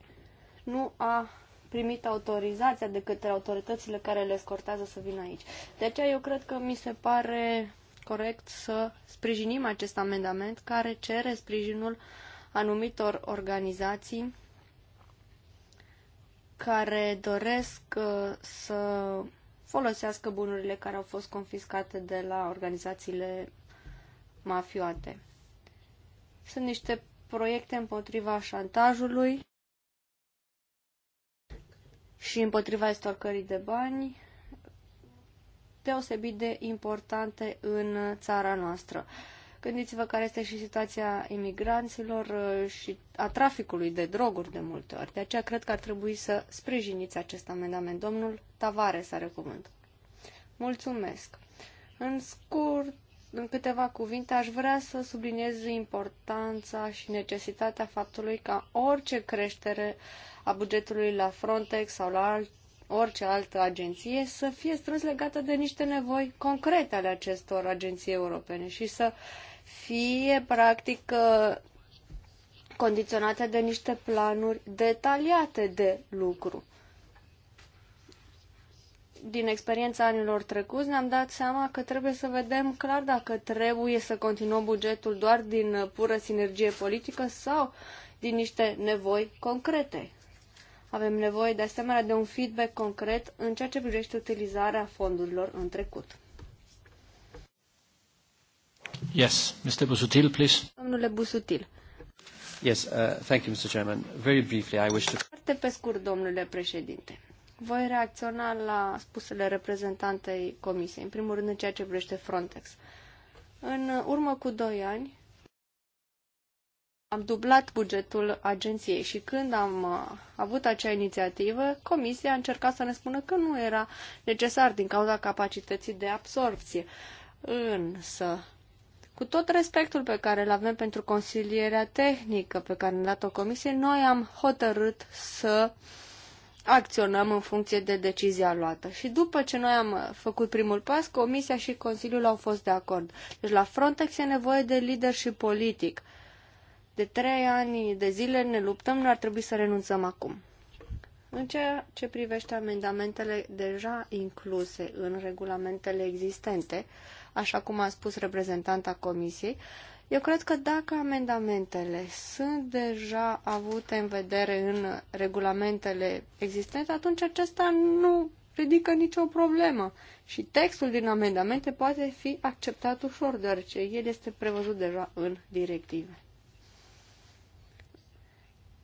nu a primit autorizația de către autoritățile care le escortează să vină aici. De aceea eu cred că mi se pare corect să sprijinim acest amendament care cere sprijinul anumitor organizații care doresc uh, să folosească bunurile care au fost confiscate de la organizațiile mafioate. Sunt niște proiecte împotriva șantajului și împotriva estorcării de bani deosebit de importante în țara noastră. Gândiți-vă care este și situația imigranților uh, și a traficului de droguri de multe ori. De aceea cred că ar trebui să sprijiniți acest amendament. Domnul Tavares are cuvânt. Mulțumesc. În scurt, în câteva cuvinte, aș vrea să subliniez importanța și necesitatea faptului ca orice creștere a bugetului la Frontex sau la alt, orice altă agenție să fie strâns legată de niște nevoi concrete ale acestor agenții europene și să fie practic uh, condiționate de niște planuri detaliate de lucru. Din experiența anilor trecuți ne-am dat seama că trebuie să vedem clar dacă trebuie să continuăm bugetul doar din pură sinergie politică sau din niște nevoi concrete. Avem nevoie de asemenea de un feedback concret în ceea ce privește utilizarea fondurilor în trecut. Yes, Mr. Busutil, please. Domnule Busutil. Yes, uh, thank you, Mr. Chairman. Very briefly, I wish to... Foarte pe scurt, domnule președinte. Voi reacționa la spusele reprezentantei Comisiei, în primul rând în ceea ce privește Frontex. În urmă cu doi ani am dublat bugetul agenției și când am uh, avut acea inițiativă, Comisia a încercat să ne spună că nu era necesar din cauza capacității de absorpție. Însă, cu tot respectul pe care îl avem pentru consilierea tehnică pe care ne-a dat-o comisie, noi am hotărât să acționăm în funcție de decizia luată. Și după ce noi am făcut primul pas, Comisia și Consiliul au fost de acord. Deci la Frontex e nevoie de lider și politic. De trei ani de zile ne luptăm, nu ar trebui să renunțăm acum. În ceea ce privește amendamentele deja incluse în regulamentele existente, uh, așa cum a spus reprezentanta Comisiei, eu cred că dacă amendamentele sunt deja avute în vedere în regulamentele existente, atunci acesta nu ridică nicio problemă și textul din amendamente poate fi acceptat ușor, deoarece el este prevăzut deja în directive.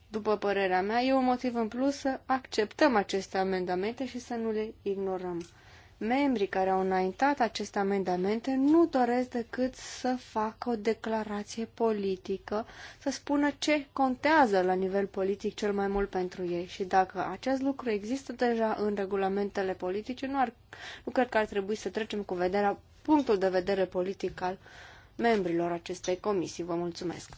După părerea mea, e un motiv în plus să acceptăm aceste amendamente și să nu le ignorăm membrii care au înaintat aceste amendamente nu doresc decât să facă o declarație politică, să spună ce contează la nivel politic cel mai mult pentru ei. Și dacă acest lucru există deja în regulamentele politice, nu, ar, nu cred că ar trebui să trecem cu vederea punctul de vedere politic al membrilor acestei comisii. Vă mulțumesc!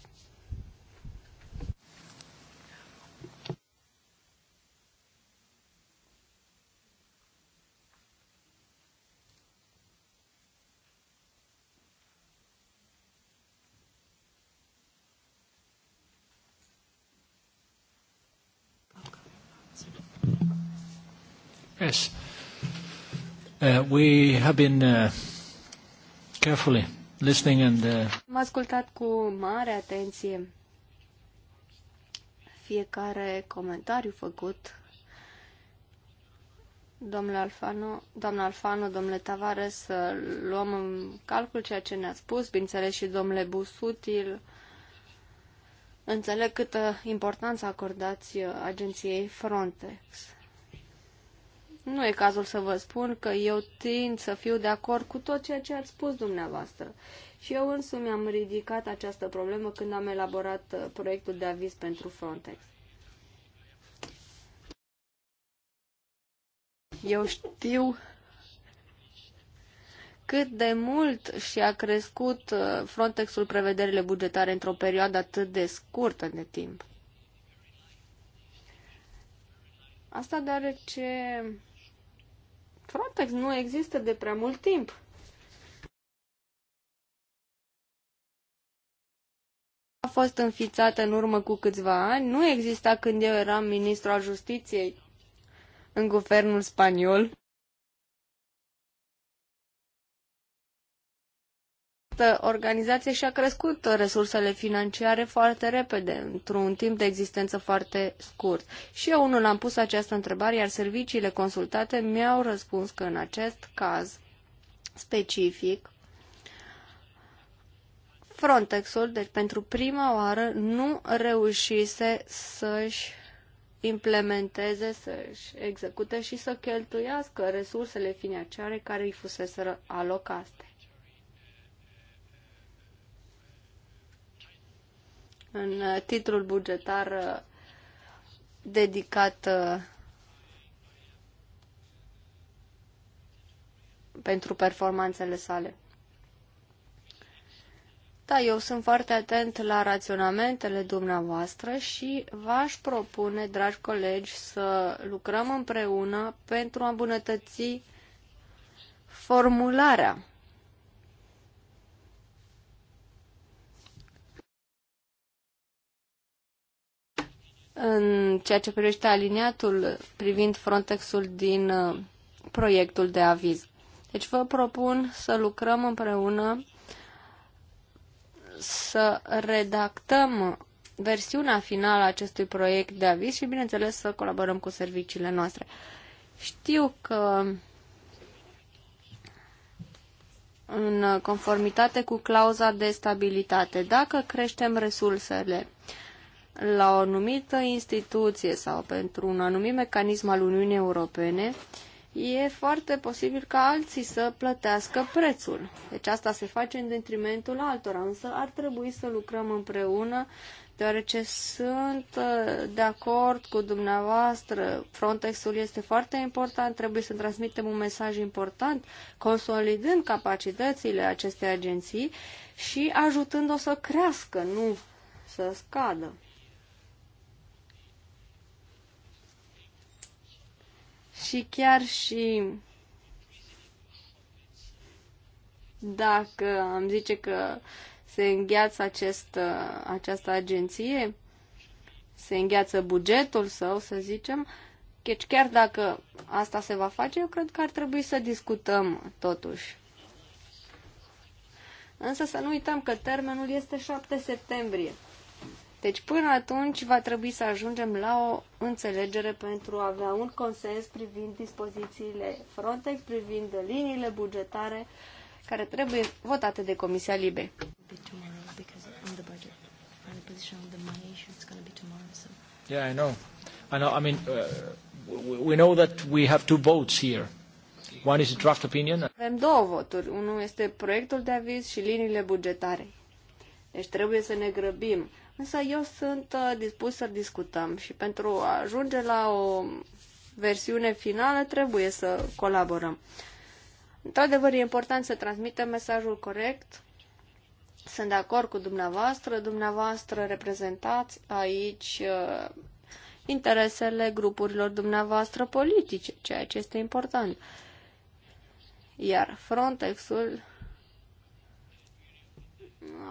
Yes. Uh, we have been uh, carefully listening and... Uh, Am ascultat cu mare atenție fiecare comentariu făcut. Domnule Alfano, doamna Alfano, domnule Tavares, să luăm în calcul ceea ce ne-a spus, bineînțeles și domnule Busutil. Înțeleg câtă importanță acordați agenției Frontex. Nu e cazul să vă spun că eu tind să fiu de acord cu tot ceea ce ați spus dumneavoastră. Și eu însumi am ridicat această problemă când am elaborat uh, proiectul de aviz pentru Frontex. Eu știu cât de mult și-a crescut uh, Frontexul prevederile bugetare într-o perioadă atât de scurtă de timp. Asta deoarece Frontex nu există de prea mult timp. A fost înfițată în urmă cu câțiva ani, nu exista când eu eram ministru al justiției în guvernul spaniol. această organizație și-a crescut resursele financiare foarte repede, într-un timp de existență foarte scurt. Și eu unul am pus această întrebare, iar serviciile consultate mi-au răspuns că în acest caz specific, Frontexul, deci pentru prima oară, nu reușise să-și implementeze, să-și execute și să cheltuiască resursele financiare care îi fuseseră alocate. în uh, titlul bugetar uh, dedicat uh, pentru performanțele sale. Da, eu sunt foarte atent la raționamentele dumneavoastră și v-aș propune, dragi colegi, să lucrăm împreună pentru a îmbunătăți formularea în ceea ce privește aliniatul privind Frontexul din uh, proiectul de aviz. Deci vă propun să lucrăm împreună să redactăm versiunea finală a acestui proiect de aviz și, bineînțeles, să colaborăm cu serviciile noastre. Știu că în conformitate cu clauza de stabilitate, dacă creștem resursele la o anumită instituție sau pentru un anumit mecanism al Uniunii Europene, e foarte posibil ca alții să plătească prețul. Deci asta se face în detrimentul altora, însă ar trebui să lucrăm împreună, deoarece sunt uh, de acord cu dumneavoastră. Frontexul este foarte important, trebuie să transmitem un mesaj important, consolidând capacitățile acestei agenții și ajutând-o să crească, nu să scadă. Și chiar și dacă am zice că se îngheață acest, această agenție, se îngheață bugetul său, să zicem, deci chiar dacă asta se va face, eu cred că ar trebui să discutăm totuși. Însă să nu uităm că termenul este 7 septembrie. Deci până atunci va trebui să ajungem la o înțelegere pentru a avea un consens privind dispozițiile Frontex, privind liniile bugetare care trebuie votate de Comisia Libe. Yeah, I know. I know. I mean, uh, we know that we have two votes here. One is a draft opinion. Avem două voturi. Unul este proiectul de aviz și liniile bugetare. Deci trebuie să ne grăbim. Însă eu sunt uh, dispus să discutăm și pentru a ajunge la o versiune finală trebuie să colaborăm. Într-adevăr, e important să transmitem mesajul corect. Sunt de acord cu dumneavoastră. Dumneavoastră reprezentați aici uh, interesele grupurilor dumneavoastră politice, ceea ce este important. Iar Frontexul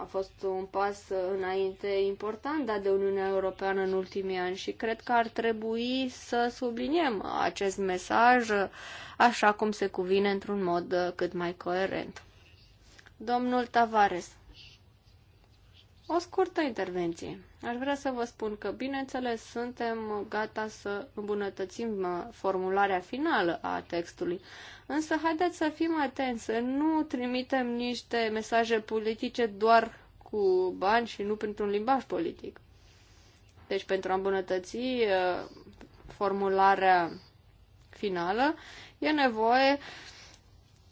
a fost un pas înainte important dat de Uniunea Europeană în ultimii ani și cred că ar trebui să subliniem acest mesaj așa cum se cuvine într-un mod cât mai coerent. Domnul Tavares. O scurtă intervenție. Aș vrea să vă spun că, bineînțeles, suntem gata să îmbunătățim uh, formularea finală a textului, însă haideți să fim atenți, să nu trimitem niște mesaje politice doar cu bani și nu printr-un limbaj politic. Deci, pentru a îmbunătăți uh, formularea finală, e nevoie uh,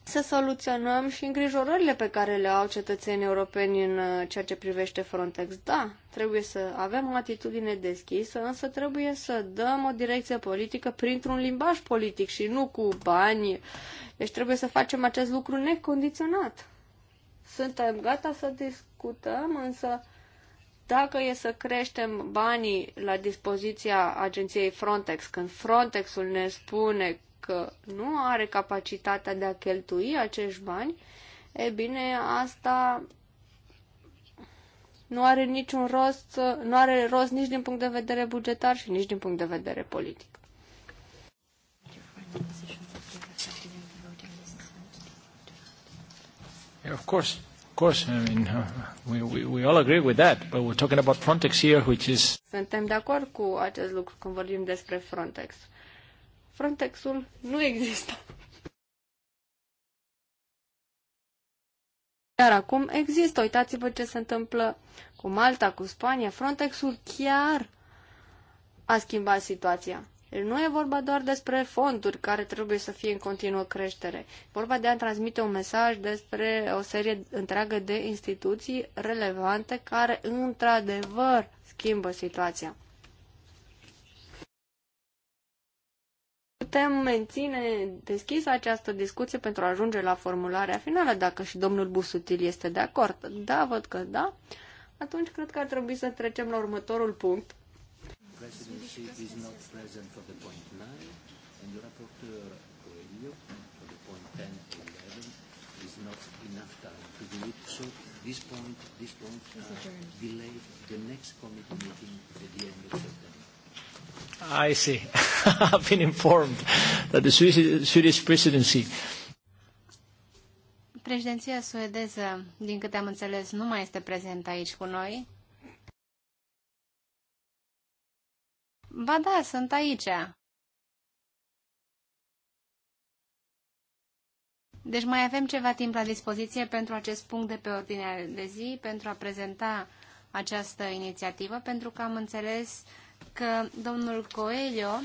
să soluționăm și îngrijorările pe care le au cetățenii europeni în uh, ceea ce privește Frontex. Da, trebuie să avem o atitudine deschisă, însă trebuie să dăm o direcție politică printr-un limbaj politic și nu cu bani. Deci trebuie să facem acest lucru necondiționat. Suntem gata să discutăm, însă dacă e să creștem banii la dispoziția agenției Frontex, când Frontexul ne spune că nu are capacitatea de a cheltui acești bani, e bine, asta nu are niciun rost, nu are rost nici din punct de vedere bugetar și nici din punct de vedere politic. of course, of course. I mean, uh, we, we, we all agree with that, but we're talking about Frontex here, which is. Suntem de acord cu acest lucru când vorbim despre Frontex. Frontexul nu există. Iar acum există. Uitați-vă ce se întâmplă cu Malta, cu Spania. Frontexul chiar a schimbat situația. Deci nu e vorba doar despre fonduri care trebuie să fie în continuă creștere. E vorba de a transmite un mesaj despre o serie întreagă de instituții relevante care într-adevăr schimbă situația. putem menține deschisă această discuție pentru a ajunge la formularea finală, dacă și domnul Busutil este de acord. Da, văd că da. Atunci cred că ar trebui să trecem la următorul punct. This point, this point, uh, delay the next committee meeting at the end of September. I see. I've been informed that the Swedish presidency Președinția suedeză, din câte am înțeles, nu mai este prezentă aici cu noi. Ba da, sunt aici. Deci mai avem ceva timp la dispoziție pentru acest punct de pe ordinea de zi, pentru a prezenta această inițiativă, pentru că am înțeles uh, că domnul Coelho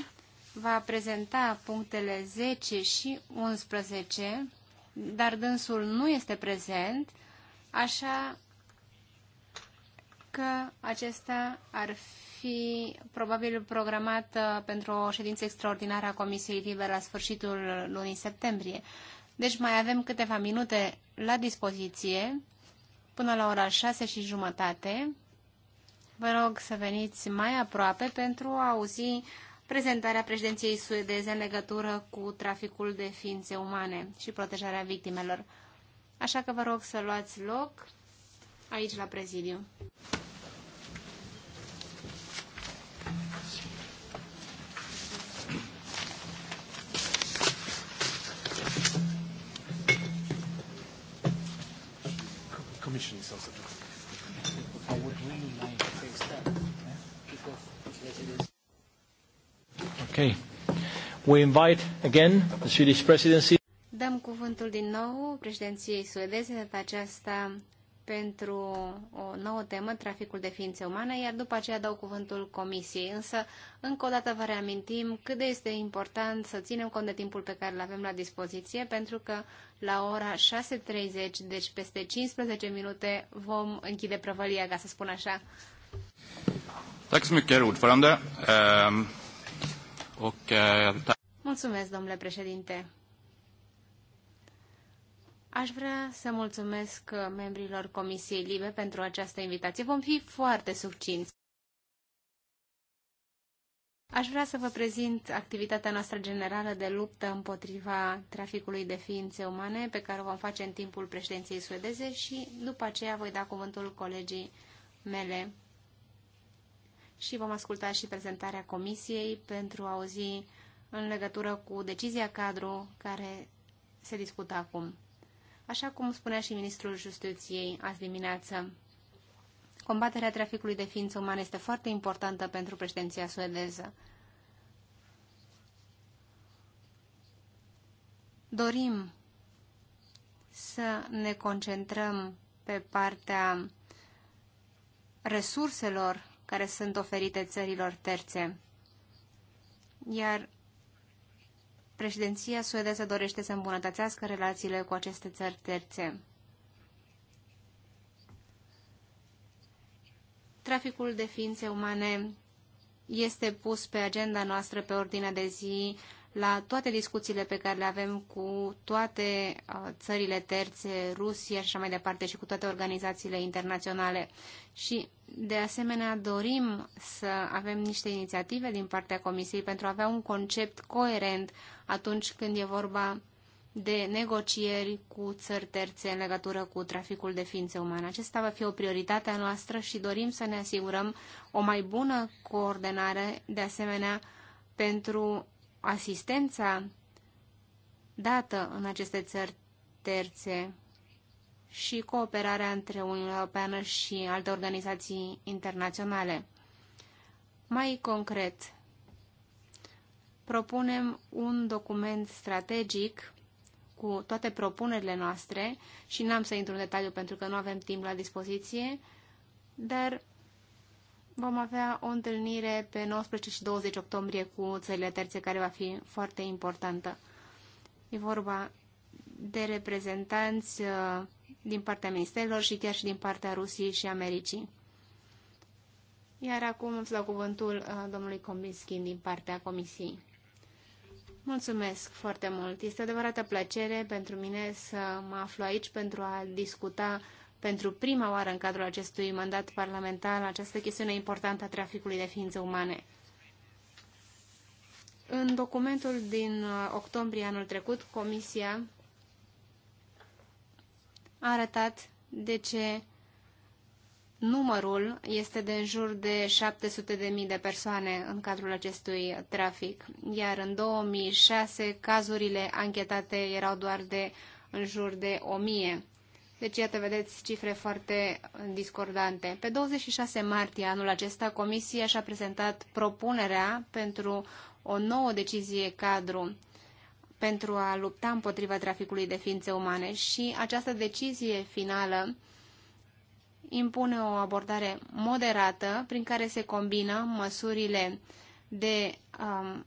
va prezenta punctele 10 și 11, dar dânsul nu este prezent, așa că acesta ar fi probabil programat uh, pentru o ședință extraordinară a Comisiei Libe la sfârșitul lunii septembrie. Deci mai avem câteva minute la dispoziție până la ora 6 și jumătate Vă rog să veniți mai aproape pentru a auzi prezentarea președinției suedeze în legătură cu traficul de ființe umane și protejarea victimelor. Așa că vă rog să luați loc aici la prezidiu. Commission is also I would really like Okay. We invite again the Swedish presidency. Dăm cuvântul din nou președinției suedeze de aceasta pentru o nouă temă, traficul de ființe umane, iar după aceea dau cuvântul comisiei. Însă, încă o dată vă reamintim cât de este important să ținem cont de timpul pe care îl avem la dispoziție, pentru că la ora 6.30, deci peste 15 minute, vom închide prăvălia, ca să spun așa. Ehm, eh, mulțumesc, domnule președinte. Aș vrea să mulțumesc eh, membrilor Comisiei Libe pentru această invitație. Vom fi foarte succinți. Aș vrea să vă prezint activitatea noastră generală de luptă împotriva traficului de ființe umane pe care o vom face în timpul președinției suedeze și după aceea voi da cuvântul colegii mele și vom asculta și prezentarea comisiei pentru a auzi în legătură cu decizia cadru care se discută acum. Așa cum spunea și ministrul justiției azi dimineață, combaterea traficului de ființe umane este foarte importantă pentru președinția suedeză. Dorim să ne concentrăm pe partea resurselor care sunt oferite țărilor terțe. Iar președinția suedeză dorește să îmbunătățească relațiile cu aceste țări terțe. Traficul de ființe umane este pus pe agenda noastră, pe ordinea de zi, la toate discuțiile pe care le avem cu toate uh, țările terțe, Rusia și așa mai departe și cu toate organizațiile internaționale. Și de asemenea dorim să avem niște inițiative din partea Comisiei pentru a avea un concept coerent atunci când e vorba de negocieri cu țări terțe în legătură cu traficul de ființe umane. Acesta va fi o prioritate a noastră și dorim să ne asigurăm o mai bună coordonare, de asemenea, pentru asistența dată în aceste țări terțe și cooperarea între Uniunea Europeană și alte organizații internaționale. Mai concret, propunem un document strategic cu toate propunerile noastre și n-am să intru în detaliu pentru că nu avem timp la dispoziție, dar Vom avea o întâlnire pe 19 și 20 octombrie cu țările terțe, care va fi foarte importantă. E vorba de reprezentanți uh, din partea ministerilor și chiar și din partea Rusiei și Americii. Iar acum îți dau cuvântul uh, domnului Comiskin din partea Comisiei. Mulțumesc foarte mult. Este o adevărată plăcere pentru mine să mă aflu aici pentru a discuta uh, pentru prima oară în cadrul acestui mandat parlamentar această chestiune importantă a traficului de ființe umane. În documentul din uh, octombrie anul trecut, Comisia a arătat de ce numărul este de în jur de 700.000 de persoane în cadrul acestui trafic, iar în 2006 cazurile anchetate erau doar de în jur de 1000. Deci, iată, vedeți cifre foarte uh, discordante. Pe 26 martie anul acesta, Comisia și-a prezentat propunerea pentru o nouă decizie cadru pentru a lupta împotriva traficului de ființe umane și această decizie finală impune o abordare moderată prin care se combină măsurile de um,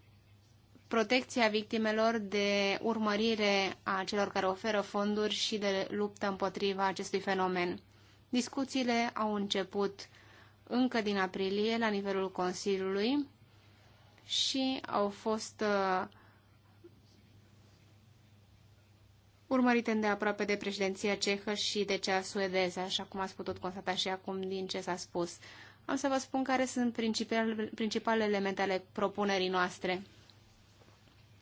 protecția victimelor de urmărire a celor care oferă fonduri și de luptă împotriva acestui fenomen. Discuțiile au început încă din aprilie la nivelul Consiliului și au fost uh, urmărite îndeaproape de președinția cehă și de cea suedeză, așa cum ați putut constata și acum din ce s-a spus. Am să vă spun care sunt principalele elemente ale propunerii noastre.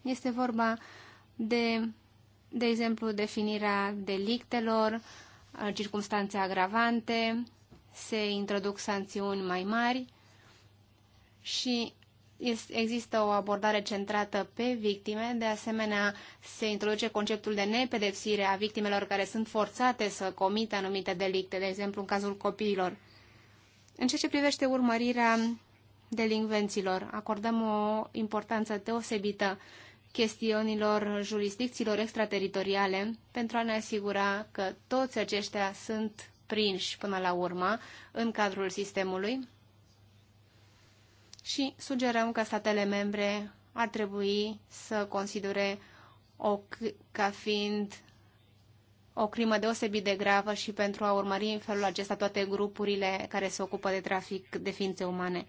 Este vorba de, de exemplu, definirea delictelor, circunstanțe agravante, se introduc sancțiuni mai mari și există o abordare centrată pe victime. De asemenea, se introduce conceptul de nepedepsire a victimelor care sunt forțate să comită anumite delicte, de exemplu în cazul copiilor. În ceea ce privește urmărirea delinvenților, acordăm o importanță deosebită chestiunilor jurisdicțiilor extrateritoriale pentru a ne asigura că toți aceștia sunt prinși până la urmă în cadrul sistemului și sugerăm că statele membre ar trebui să considere o, ca fiind o crimă deosebit de gravă și pentru a urmări în felul acesta toate grupurile care se ocupă de trafic de ființe umane.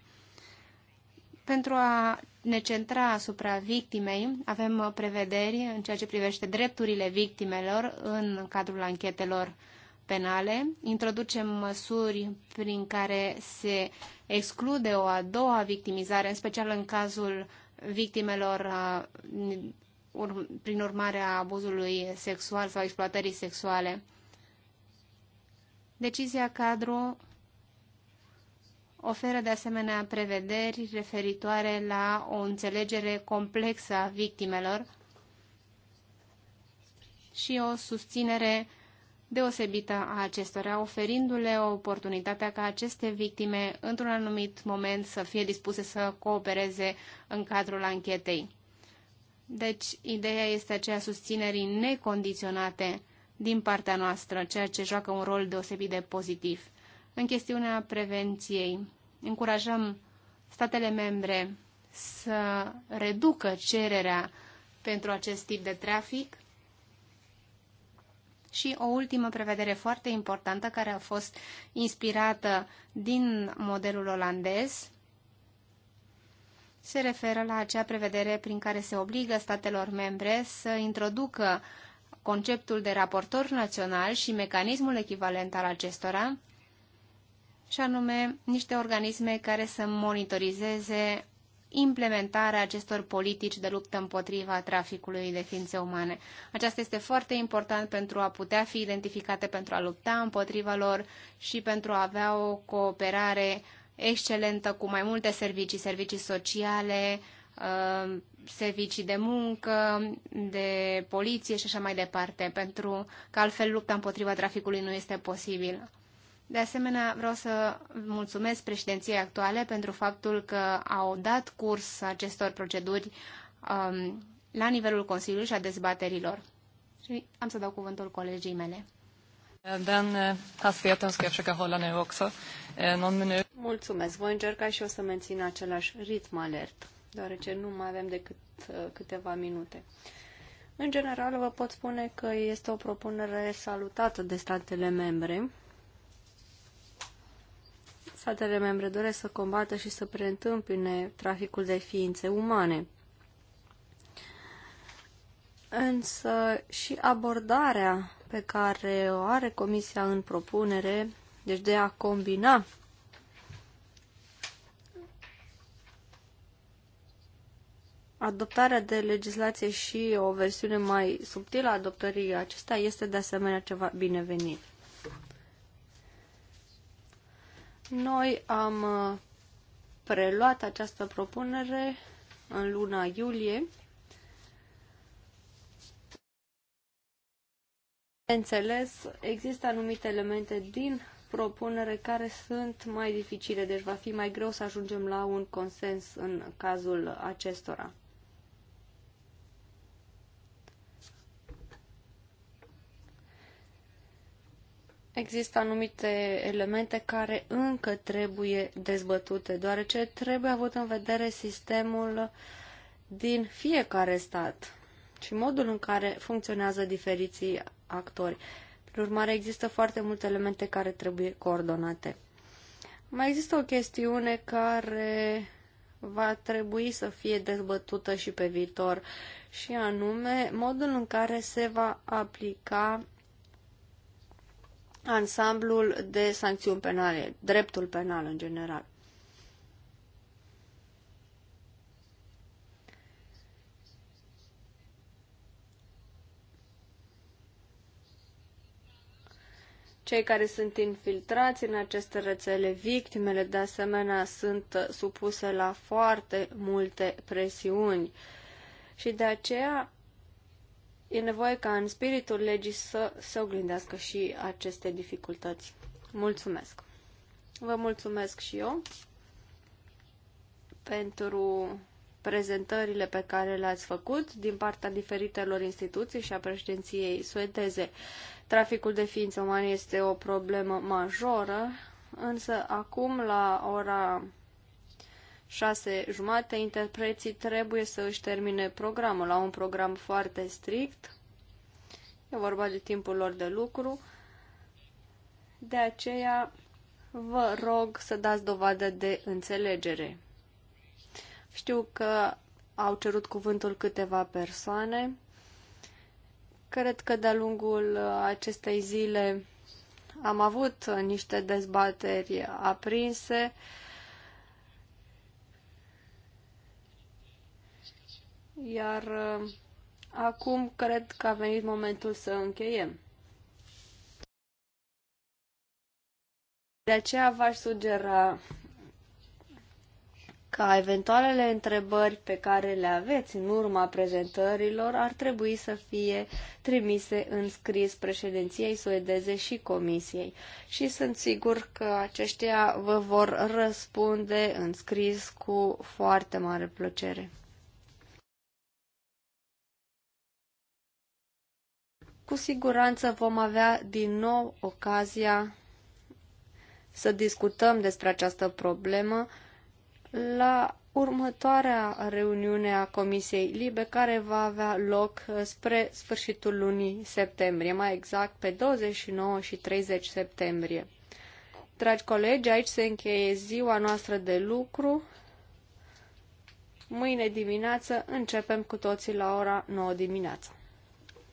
Pentru a ne centra asupra victimei, avem uh, prevederi în ceea ce privește drepturile victimelor în cadrul anchetelor penale. Introducem măsuri prin care se exclude o a doua victimizare, în special în cazul victimelor uh, prin urmarea abuzului sexual sau exploatării sexuale. Decizia cadru oferă de asemenea prevederi referitoare la o înțelegere complexă a victimelor și o susținere deosebită a acestora, oferindu-le oportunitatea ca aceste victime, într-un anumit moment, să fie dispuse să coopereze în cadrul anchetei. Deci, ideea este aceea susținerii necondiționate din partea noastră, ceea ce joacă un rol deosebit de pozitiv. În chestiunea prevenției, încurajăm statele membre să reducă cererea pentru acest tip de trafic și o ultimă prevedere foarte importantă care a fost inspirată din modelul olandez se referă la acea prevedere prin care se obligă statelor membre să introducă conceptul de raportor național și mecanismul echivalent al acestora și anume niște organisme care să monitorizeze implementarea acestor politici de luptă împotriva traficului de ființe umane. Aceasta este foarte important pentru a putea fi identificate, pentru a lupta împotriva lor și pentru a avea o cooperare excelentă cu mai multe servicii, servicii sociale, uh, servicii de muncă, de poliție și așa mai departe, pentru că altfel lupta împotriva traficului nu este posibil. De asemenea, vreau să mulțumesc președinției actuale pentru faptul că au dat curs acestor proceduri um, la nivelul Consiliului și a dezbaterilor. Și am să dau cuvântul colegii mele. Den hastigheten eh, ska jag försöka hålla nu också. Eh, någon minut. Mulțumesc. Voi încerca și eu să mențin același ritm alert, deoarece nu mai avem decât eh, câteva minute. În general, vă pot spune că este o propunere salutată de statele membre, statele membre doresc să combată și să preîntâmpine traficul de ființe umane. Însă și abordarea pe care o are Comisia în propunere, deci de a combina adoptarea de legislație și o versiune mai subtilă a adoptării acestea este de asemenea ceva binevenit. Noi am uh, preluat această propunere în luna iulie. Înțeles, există anumite elemente din propunere care sunt mai dificile, deci va fi mai greu să ajungem la un consens în cazul acestora. Există anumite elemente care încă trebuie dezbătute, deoarece trebuie avut în vedere sistemul din fiecare stat și modul în care funcționează diferiții actori. Prin urmare, există foarte multe elemente care trebuie coordonate. Mai există o chestiune care va trebui să fie dezbătută și pe viitor, și anume modul în care se va aplica ansamblul de sancțiuni penale, dreptul penal în general. Cei care sunt infiltrați în aceste rețele, victimele de asemenea sunt supuse la foarte multe presiuni și de aceea e nevoie ca în spiritul legii să se oglindească și aceste dificultăți. Mulțumesc! Vă mulțumesc și eu pentru prezentările pe care le-ați făcut din partea diferitelor instituții și a președinției suedeze. Traficul de ființe umane este o problemă majoră, însă acum la ora șase jumate, interpreții trebuie să își termine programul. Au un program foarte strict, e vorba de timpul lor de lucru, de aceea vă rog să dați dovadă de înțelegere. Știu că au cerut cuvântul câteva persoane. Cred că de-a lungul acestei zile am avut niște dezbateri aprinse. Iar uh, acum cred că a venit momentul să încheiem. De aceea v-aș sugera ca eventualele întrebări pe care le aveți în urma prezentărilor ar trebui să fie trimise în scris președinției suedeze și comisiei. Și sunt sigur că aceștia vă vor răspunde în scris cu foarte mare plăcere. Cu siguranță vom avea din nou ocazia să discutăm despre această problemă la următoarea reuniune a Comisiei Libe care va avea loc uh, spre sfârșitul lunii septembrie, mai exact pe 29 și 30 septembrie. Dragi colegi, aici se încheie ziua noastră de lucru. Mâine dimineață începem cu toții la ora 9 dimineața.